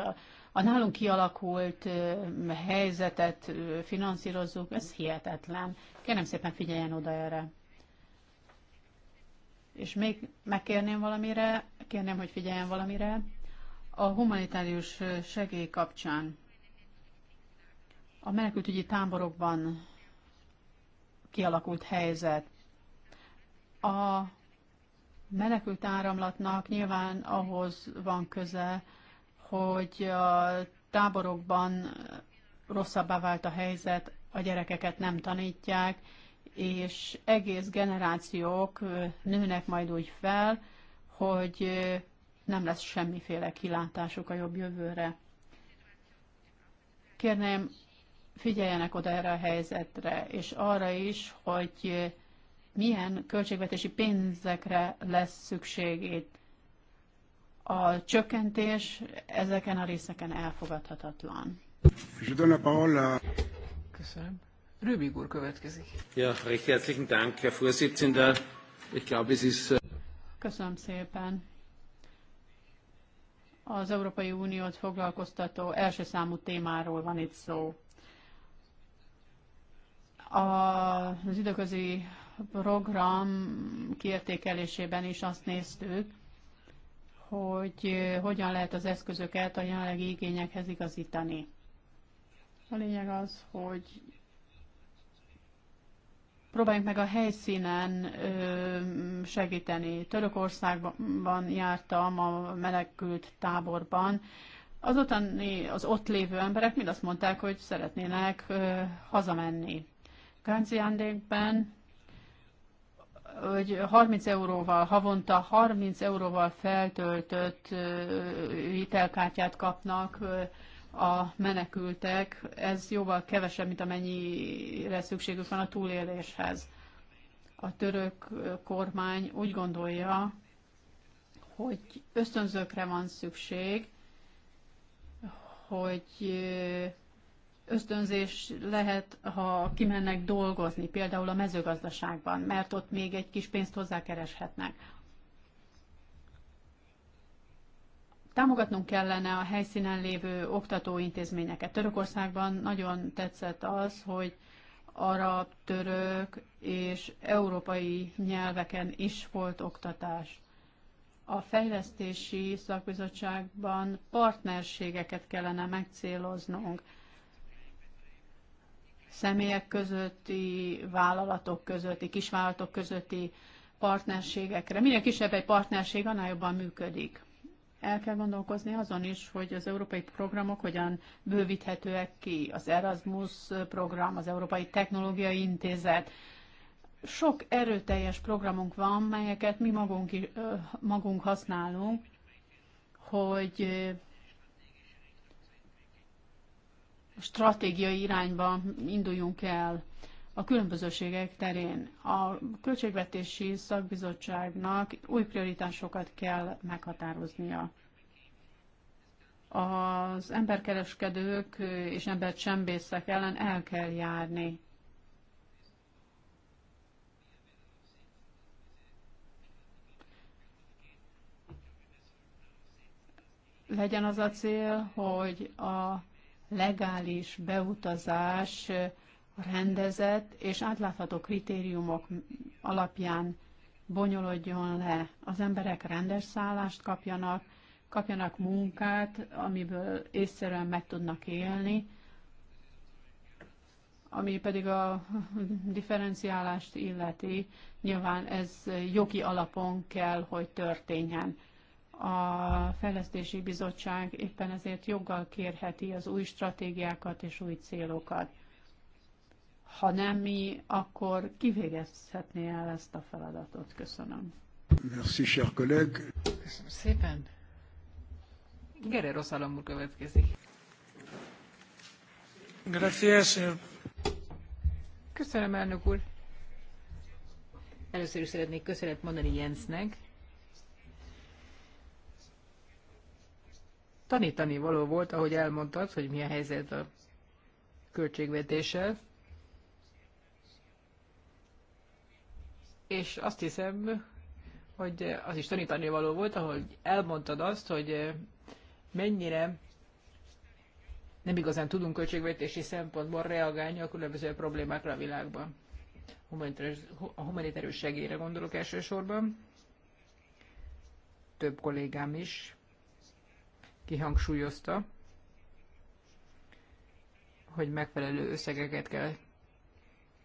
a nálunk kialakult eh, helyzetet eh, finanszírozzuk, ez hihetetlen. Kérem szépen figyeljen oda erre. És még megkérném valamire, kérném, hogy figyeljen valamire. A humanitárius eh, segély kapcsán a menekültügyi táborokban kialakult helyzet. A menekült áramlatnak nyilván ahhoz van köze, hogy a táborokban rosszabbá vált a helyzet, a gyerekeket nem tanítják, és egész generációk nőnek majd úgy fel, hogy nem lesz semmiféle kilátásuk a jobb jövőre. Kérném figyeljenek oda erre a helyzetre, és arra is, hogy milyen költségvetési pénzekre lesz szükség itt. A csökkentés ezeken a részeken elfogadhatatlan. Köszönöm. Rübig úr következik. Ja, recht herzlichen Dank, Herr Vorsitzender. Ich glaube, es ist... Äh, Köszönöm szépen. Az Európai Uniót foglalkoztató első számú témáról van itt szó. Az időközi program kiértékelésében is azt néztük, hogy eh, hogyan lehet az eszközöket a jelenlegi igényekhez igazítani. A lényeg az, hogy próbáljunk meg a helyszínen segíteni. Törökországban jártam, a menekült táborban. Azután az ott lévő emberek mind azt mondták, hogy szeretnének hazamenni. Gaziantepben, hogy 30 euróval havonta 30 euróval feltöltött hitelkártyát kapnak a menekültek. Ez jóval kevesebb, mint amennyire szükségük van a túléléshez. A török kormány úgy gondolja, hogy ösztönzőkre van szükség, hogy ösztönzés lehet, ha kimennek dolgozni, például a mezőgazdaságban, mert ott még egy kis pénzt hozzákereshetnek. Támogatnunk kellene a helyszínen lévő oktatóintézményeket. Törökországban nagyon tetszett az, hogy arab, török és európai nyelveken is volt oktatás. A fejlesztési szakbizottságban partnerségeket kellene megcéloznunk személyek közötti, vállalatok közötti, kisvállalatok közötti partnerségekre. Minél kisebb egy partnerség, annál jobban működik. El kell gondolkozni azon is, hogy az európai programok hogyan bővíthetőek ki. Az Erasmus program, az Európai Technológiai Intézet. Sok erőteljes programunk van, melyeket mi magunk, magunk használunk, hogy stratégiai irányba induljunk el a különbözőségek terén. A Költségvetési Szakbizottságnak új prioritásokat kell meghatároznia. Az emberkereskedők és embercsempészek ellen el kell járni. Legyen az a cél, hogy a legális beutazás rendezett és átlátható kritériumok alapján bonyolodjon le. Az emberek rendes szállást kapjanak, kapjanak munkát, amiből észszerűen meg tudnak élni, ami pedig a differenciálást illeti, nyilván ez jogi alapon kell, hogy történjen a Fejlesztési Bizottság éppen ezért joggal kérheti az új stratégiákat és új célokat. Ha nem mi, akkor kivégezhetné el ezt a feladatot. Köszönöm. Merci, cher collègue. Köszönöm szépen. Rosalom úr következik. Gracias, eh. Köszönöm, elnök úr. Először is szeretnék köszönet mondani Jensnek, tanítani való volt, ahogy elmondtad, hogy milyen helyzet a költségvetéssel. És azt hiszem, hogy az is tanítani való volt, ahogy elmondtad azt, hogy mennyire nem igazán tudunk költségvetési szempontból reagálni a különböző problémákra a világban. A humanitárius segélyre gondolok elsősorban. Több kollégám is kihangsúlyozta, hogy megfelelő összegeket kell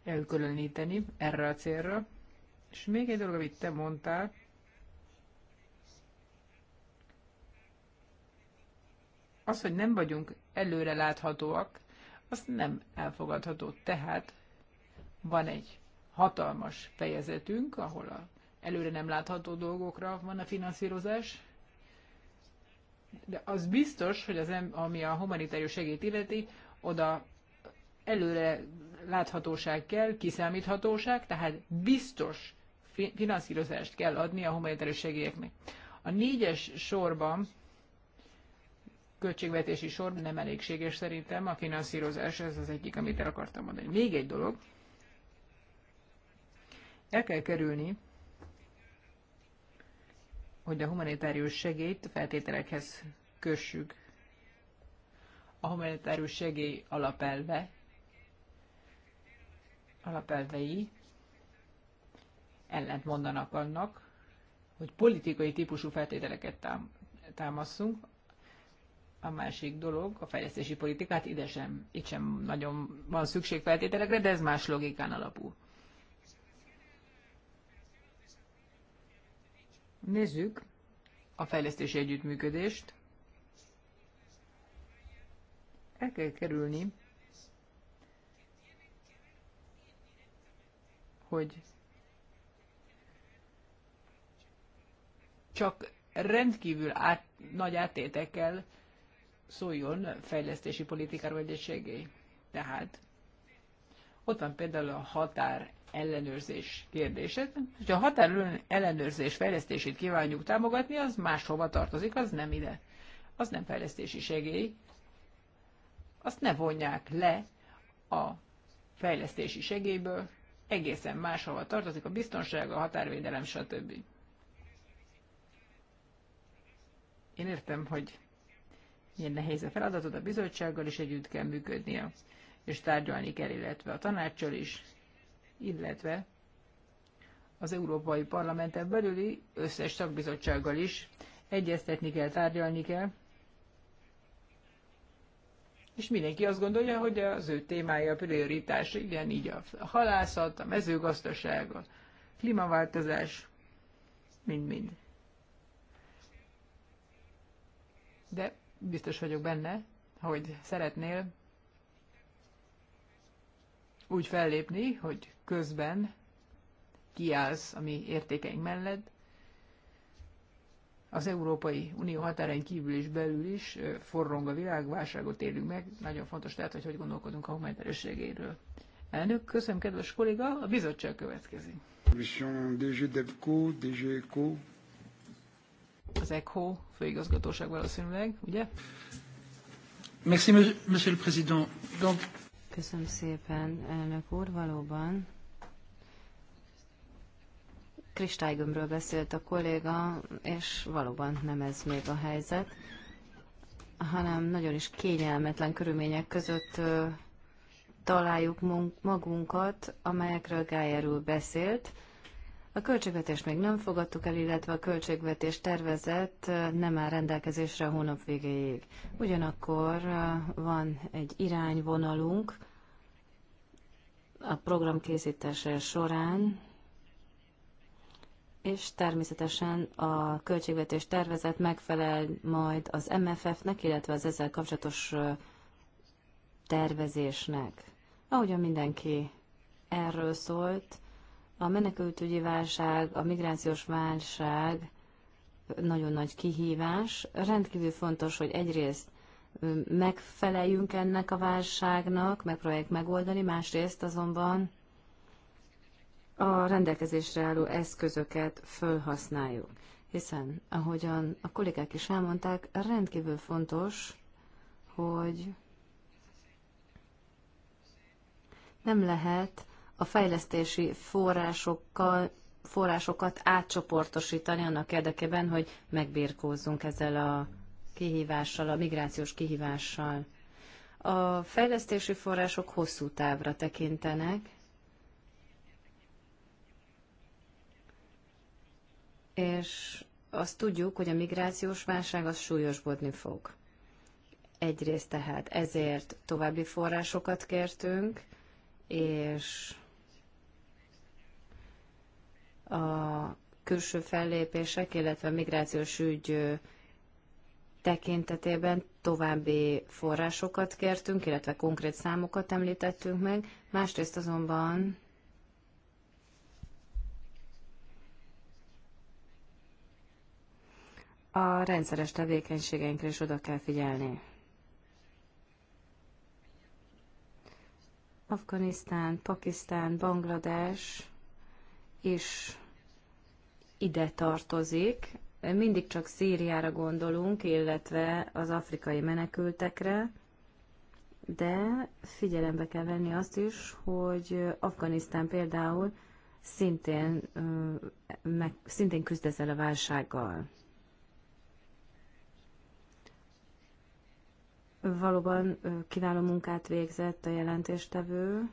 elkülöníteni erre a célra. És még egy dolog, amit te mondtál, az, hogy nem vagyunk előre láthatóak, az nem elfogadható. Tehát van egy hatalmas fejezetünk, ahol a előre nem látható dolgokra van a finanszírozás, de az biztos, hogy az, ami a humanitárius segélyt illeti, oda előre láthatóság kell, kiszámíthatóság, tehát biztos finanszírozást kell adni a humanitárius segélyeknek. A négyes sorban, költségvetési sorban nem elégséges szerintem a finanszírozás, ez az egyik, amit el akartam mondani. Még egy dolog, el kell kerülni, hogy a humanitárius segélyt feltételekhez kössük. A humanitárius segély alapelve, alapelvei ellent mondanak annak, hogy politikai típusú feltételeket tám támaszunk. A másik dolog, a fejlesztési politikát, ide sem, itt sem nagyon van szükség feltételekre, de ez más logikán alapul. Nézzük a fejlesztési együttműködést. El kell kerülni, hogy csak rendkívül át, nagy átétekkel szóljon fejlesztési politikáról egy Tehát ott van például a határ ellenőrzés kérdése. Ha a határ ellenőrzés fejlesztését kívánjuk támogatni, az máshova tartozik, az nem ide. Az nem fejlesztési segély. Azt ne vonják le a fejlesztési segélyből, egészen máshova tartozik a biztonság, a határvédelem, stb. Én értem, hogy milyen nehéz a feladatod, a bizottsággal is együtt kell működnie, és tárgyalni kell, illetve a tanácssal is, illetve az Európai Parlamenten belüli összes szakbizottsággal is egyeztetni kell, tárgyalni kell. És mindenki azt gondolja, hogy az ő témája a prioritás, igen, így a halászat, a mezőgazdaság, a klímaváltozás, mind-mind. De biztos vagyok benne, hogy szeretnél úgy fellépni, hogy közben kiállsz a mi értékeink mellett, az Európai Unió határain kívül és belül is forrong a világ, válságot élünk meg. Nagyon fontos tehát, hogy hogy gondolkodunk a humanitárius segélyről. Elnök, köszönöm, kedves kolléga, a bizottság következik. E e az ECHO főigazgatóság valószínűleg, ugye? Merci, monsieur le président. Donc, Köszönöm szépen, elnök úr, valóban. Kristálygömbről beszélt a kolléga, és valóban nem ez még a helyzet, hanem nagyon is kényelmetlen körülmények között találjuk magunkat, amelyekről Gájerül beszélt, a költségvetést még nem fogadtuk el, illetve a költségvetés tervezett nem áll rendelkezésre a hónap végéig. Ugyanakkor van egy irányvonalunk a program készítése során, és természetesen a költségvetés tervezet megfelel majd az MFF-nek, illetve az ezzel kapcsolatos tervezésnek. Ahogyan mindenki erről szólt, a menekültügyi válság, a migrációs válság nagyon nagy kihívás. Rendkívül fontos, hogy egyrészt megfeleljünk ennek a válságnak, megpróbáljuk megoldani, másrészt azonban a rendelkezésre álló eszközöket fölhasználjuk. Hiszen, ahogyan a kollégák is elmondták, rendkívül fontos, hogy nem lehet a fejlesztési forrásokkal, forrásokat átcsoportosítani annak érdekében, hogy megbírkózzunk ezzel a kihívással, a migrációs kihívással. A fejlesztési források hosszú távra tekintenek, és azt tudjuk, hogy a migrációs válság az súlyosbodni fog. Egyrészt tehát ezért további forrásokat kértünk, és a külső fellépések, illetve a migrációs ügy tekintetében további forrásokat kértünk, illetve konkrét számokat említettünk meg. Másrészt azonban a rendszeres tevékenységeinkre is oda kell figyelni. Afganisztán, Pakisztán, Banglades, is ide tartozik. Mindig csak Szíriára gondolunk, illetve az afrikai menekültekre, de figyelembe kell venni azt is, hogy Afganisztán például szintén, meg, szintén küzd ezzel a válsággal. Valóban kiváló munkát végzett a jelentéstevő,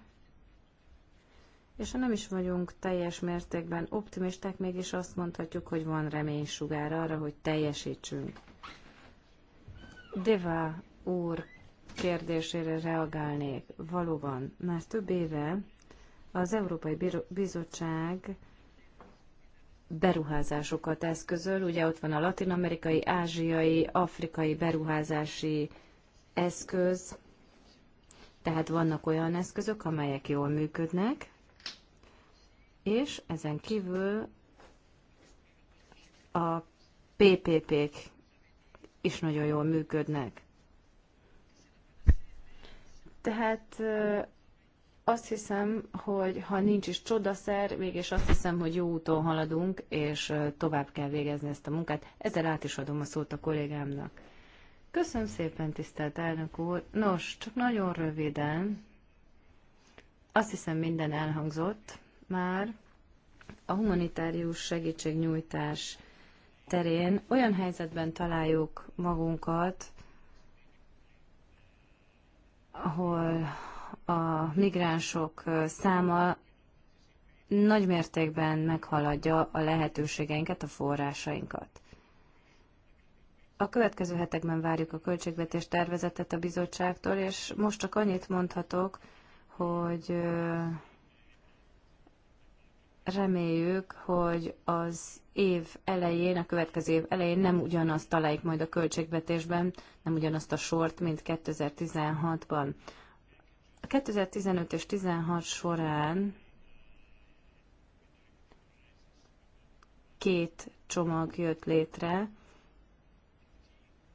és ha nem is vagyunk teljes mértékben optimisták, mégis azt mondhatjuk, hogy van remény sugár arra, hogy teljesítsünk. Deva úr kérdésére reagálnék. Valóban, már több éve az Európai Bizottság beruházásokat eszközöl. Ugye ott van a latinamerikai, ázsiai, afrikai beruházási eszköz. Tehát vannak olyan eszközök, amelyek jól működnek, és ezen kívül a PPP-k is nagyon jól működnek. Tehát azt hiszem, hogy ha nincs is csodaszer, mégis azt hiszem, hogy jó úton haladunk, és tovább kell végezni ezt a munkát. Ezzel át is adom a szót a kollégámnak. Köszönöm szépen, tisztelt elnök úr. Nos, csak nagyon röviden. Azt hiszem, minden elhangzott már a humanitárius segítségnyújtás terén olyan helyzetben találjuk magunkat, ahol a migránsok száma nagy mértékben meghaladja a lehetőségeinket, a forrásainkat. A következő hetekben várjuk a költségvetés tervezetet a bizottságtól, és most csak annyit mondhatok, hogy reméljük, hogy az év elején, a következő év elején nem ugyanazt találjuk majd a költségvetésben, nem ugyanazt a sort, mint 2016-ban. A 2015 és 16 során két csomag jött létre,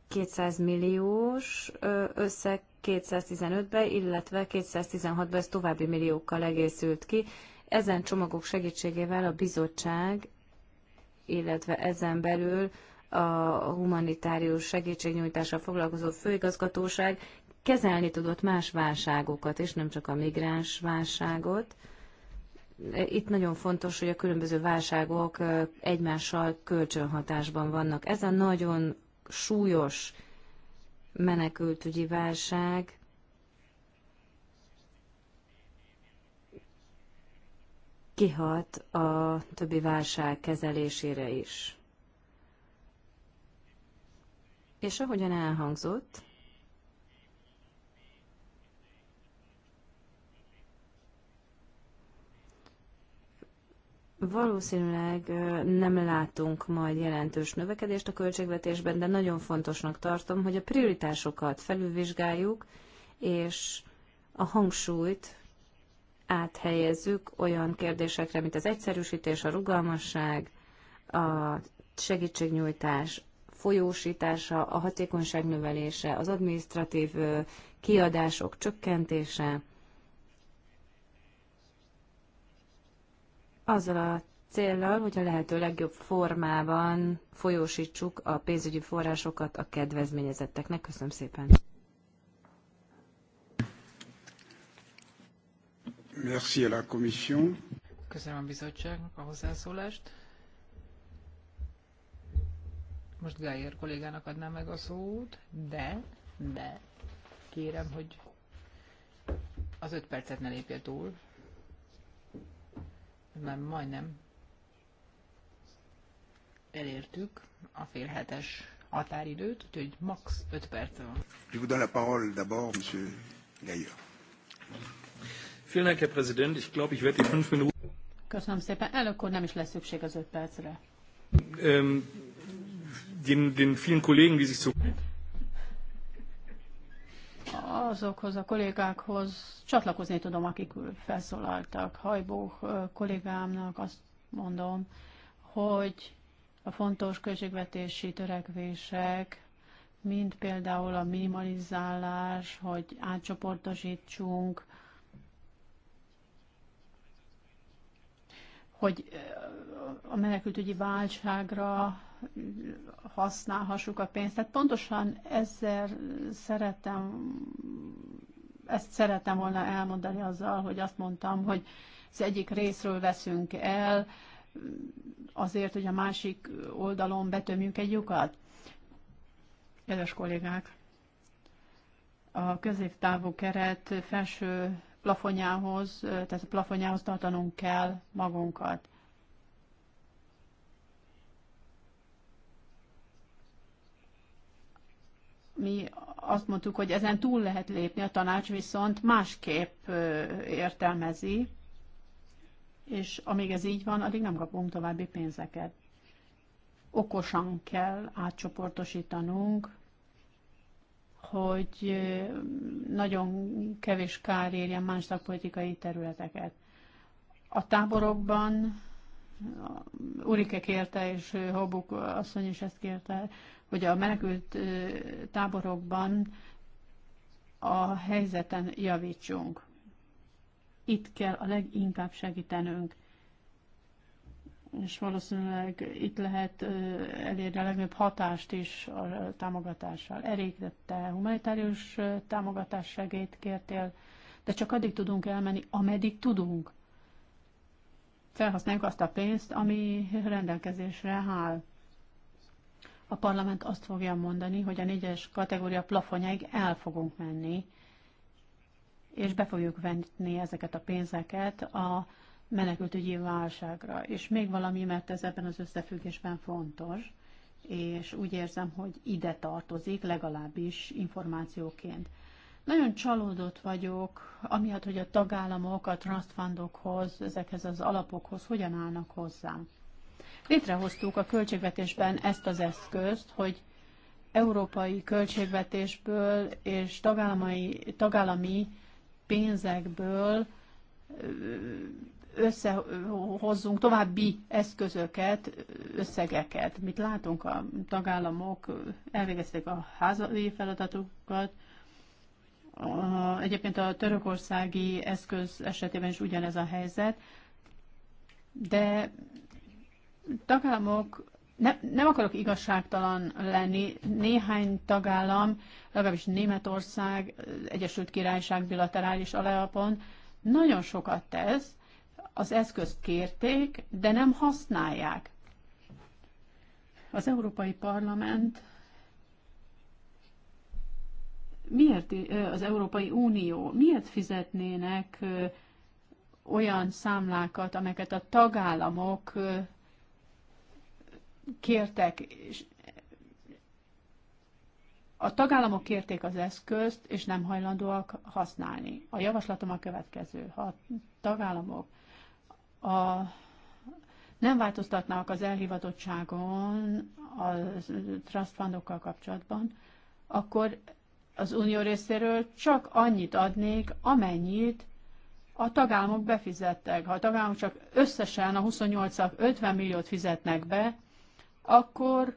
200 milliós összeg 215-be, illetve 216-ba ez további milliókkal egészült ki, ezen csomagok segítségével a bizottság, illetve ezen belül a humanitárius segítségnyújtással foglalkozó főigazgatóság kezelni tudott más válságokat, és nem csak a migráns válságot. Itt nagyon fontos, hogy a különböző válságok egymással kölcsönhatásban vannak. Ez a nagyon súlyos menekültügyi válság kihat a többi válság kezelésére is. És ahogyan elhangzott, Valószínűleg nem látunk majd jelentős növekedést a költségvetésben, de nagyon fontosnak tartom, hogy a prioritásokat felülvizsgáljuk, és a hangsúlyt áthelyezzük olyan kérdésekre, mint az egyszerűsítés, a rugalmasság, a segítségnyújtás folyósítása, a hatékonyság növelése, az administratív kiadások csökkentése, azzal a céllal, hogy a lehető legjobb formában folyósítsuk a pénzügyi forrásokat a kedvezményezetteknek. Köszönöm szépen! Merci à la Commission. Köszönöm a bizottságnak a hozzászólást. Most Gájer kollégának adnám meg a szót, de, de kérem, hogy az öt percet ne lépje túl, mert majdnem elértük a fél hetes határidőt, úgyhogy max. 5 perc van. Je vous donne la parole d'abord, monsieur Gaillard. Köszönöm szépen. Elnök úr, nem is lesz szükség az öt percre. Ähm, den, den vielen Kollegen, die sich zu azokhoz a kollégákhoz csatlakozni tudom, akik felszólaltak. Hajbó kollégámnak azt mondom, hogy a fontos költségvetési törekvések, mint például a minimalizálás, hogy átcsoportosítsunk hogy a menekültügyi válságra használhassuk a pénzt. Tehát pontosan ezzel szeretem, ezt szeretem volna elmondani azzal, hogy azt mondtam, hogy az egyik részről veszünk el, azért, hogy a másik oldalon betömjünk egy lyukat. Kedves kollégák, a középtávú keret felső plafonjához, tehát a plafonjához tartanunk kell magunkat. mi azt mondtuk, hogy ezen túl lehet lépni, a tanács viszont másképp értelmezi, és amíg ez így van, addig nem kapunk további pénzeket. Okosan kell átcsoportosítanunk hogy nagyon kevés kár érjen más politikai területeket. A táborokban Urike kérte, és Hobuk asszony is ezt kérte, hogy a menekült táborokban a helyzeten javítsunk. Itt kell a leginkább segítenünk és valószínűleg itt lehet elérni a legnagyobb hatást is a támogatással. Erik, te humanitárius támogatás segélyt kértél, de csak addig tudunk elmenni, ameddig tudunk. Felhasználjuk azt a pénzt, ami rendelkezésre áll. A parlament azt fogja mondani, hogy a négyes kategória plafonjáig el fogunk menni, és be fogjuk venni ezeket a pénzeket a menekültügyi válságra. És még valami, mert ez ebben az összefüggésben fontos, és úgy érzem, hogy ide tartozik, legalábbis információként. Nagyon csalódott vagyok, amiatt, hogy a tagállamok a trust fundokhoz, ezekhez az alapokhoz hogyan állnak hozzá. Létrehoztuk a költségvetésben ezt az eszközt, hogy európai költségvetésből és tagállami, tagállami pénzekből összehozzunk további eszközöket, összegeket. Mit látunk, a tagállamok elvégezték a házai feladatukat, egyébként a törökországi eszköz esetében is ugyanez a helyzet, de tagállamok, ne, nem akarok igazságtalan lenni, néhány tagállam, legalábbis Németország, Egyesült Királyság bilaterális alapon nagyon sokat tesz, az eszközt kérték, de nem használják. Az Európai Parlament miért az Európai Unió miért fizetnének olyan számlákat, amelyeket a tagállamok kértek, és a tagállamok kérték az eszközt, és nem hajlandóak használni. A javaslatom a következő. Ha a tagállamok a, nem változtatnak az elhivatottságon a trust fundokkal kapcsolatban, akkor az unió részéről csak annyit adnék, amennyit a tagállamok befizettek. Ha a tagállamok csak összesen a 28-ak 50 milliót fizetnek be, akkor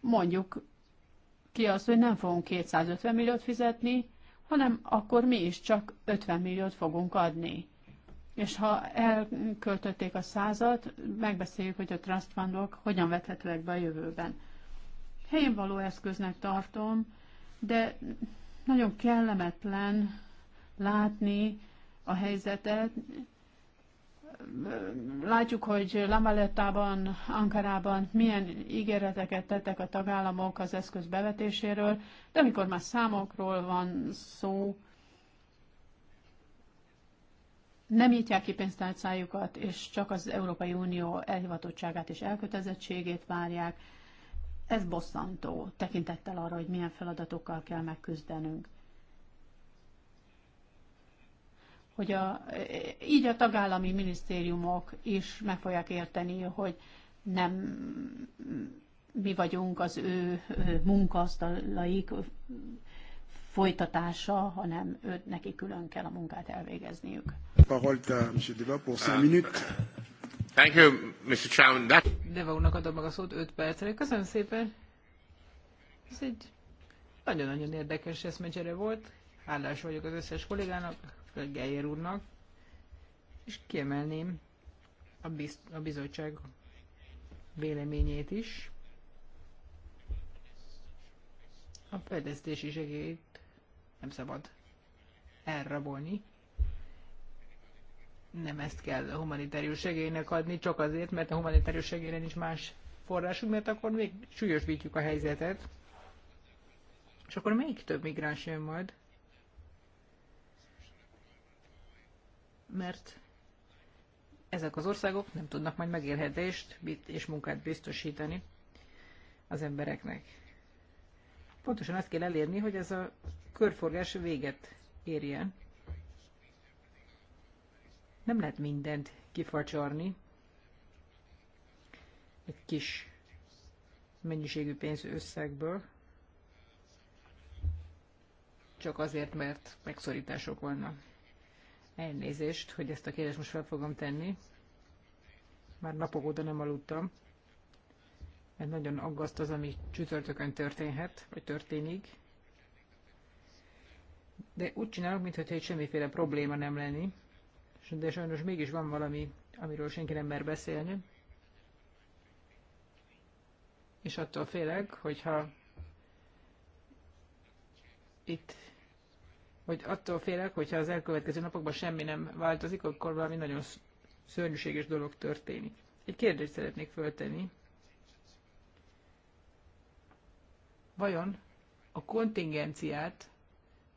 mondjuk ki az hogy nem fogunk 250 milliót fizetni, hanem akkor mi is csak 50 milliót fogunk adni és ha elköltötték a százat, megbeszéljük, hogy a trust fundok hogyan vethetőek be a jövőben. Helyén való eszköznek tartom, de nagyon kellemetlen látni a helyzetet. Látjuk, hogy Lamalettában, Ankarában milyen ígéreteket tettek a tagállamok az eszköz bevetéséről, de amikor már számokról van szó, nem nyitják ki pénztárcájukat, és csak az Európai Unió elhivatottságát és elkötelezettségét várják. Ez bosszantó, tekintettel arra, hogy milyen feladatokkal kell megküzdenünk. Hogy a, így a tagállami minisztériumok is meg fogják érteni, hogy nem mi vagyunk az ő, ő munkaasztalaik, folytatása, hanem őt neki külön kell a munkát elvégezniük. Thank you, Mr. Chairman. That... Deva úrnak adom meg a szót 5 percre. Köszönöm szépen. Ez egy nagyon-nagyon érdekes eszmecsere volt. Hálás vagyok az összes kollégának, Geyer úrnak. És kiemelném a, biz a bizottság véleményét is. A fejlesztési segélyt nem szabad elrabolni. Nem ezt kell a humanitárius segélynek adni, csak azért, mert a humanitárius segélyre nincs más forrásunk, mert akkor még súlyosbítjuk a helyzetet, és akkor még több migráns jön majd. Mert ezek az országok nem tudnak majd megélhetést és munkát biztosítani az embereknek. Pontosan azt kell elérni, hogy ez a körforgás véget érjen. Nem lehet mindent kifacsarni. Egy kis mennyiségű pénz összegből. Csak azért, mert megszorítások vannak. Elnézést, hogy ezt a kérdést most fel fogom tenni. Már napok óta nem aludtam mert nagyon aggaszt az, ami csütörtökön történhet, vagy történik. De úgy csinálok, mintha egy semmiféle probléma nem lenni, de sajnos mégis van valami, amiről senki nem mer beszélni. És attól félek, hogyha itt hogy attól félek, hogyha az elkövetkező napokban semmi nem változik, akkor valami nagyon szörnyűséges dolog történik. Egy kérdést szeretnék föltenni. vajon a kontingenciát,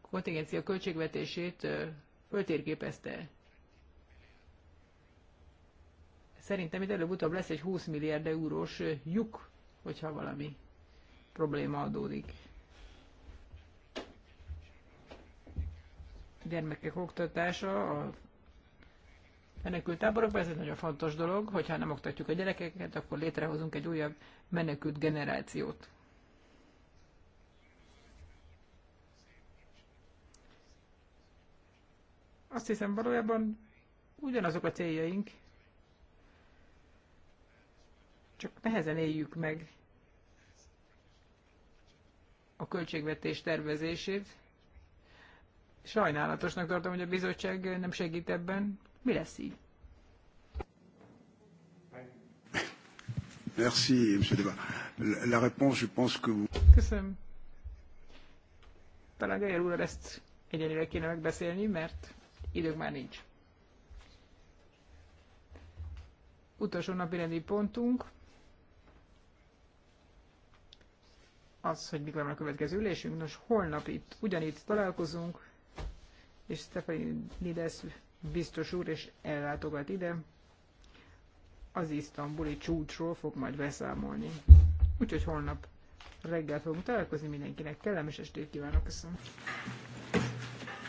kontingencia költségvetését föltérképezte. Szerintem itt előbb-utóbb lesz egy 20 milliárd eurós lyuk, hogyha valami probléma adódik. Gyermekek oktatása a menekült táborokban, ez egy nagyon fontos dolog, hogyha nem oktatjuk a gyerekeket, akkor létrehozunk egy újabb menekült generációt. Azt hiszem valójában ugyanazok a céljaink, csak nehezen éljük meg a költségvetés tervezését. Sajnálatosnak tartom, hogy a bizottság nem segít ebben. Mi lesz így? Merci, Monsieur Deba. La réponse, je pense que vous... Köszönöm. Talán Gajer úr ezt egyenlőre kéne megbeszélni, mert Idők már nincs. Utolsó rendi pontunk az, hogy mikor van a következő ülésünk. Nos, holnap itt ugyanitt találkozunk, és Stefanides biztos úr, és ellátogat ide, az isztambuli csúcsról fog majd beszámolni. Úgyhogy holnap reggel fogunk találkozni mindenkinek. Kellemes estét kívánok, köszönöm!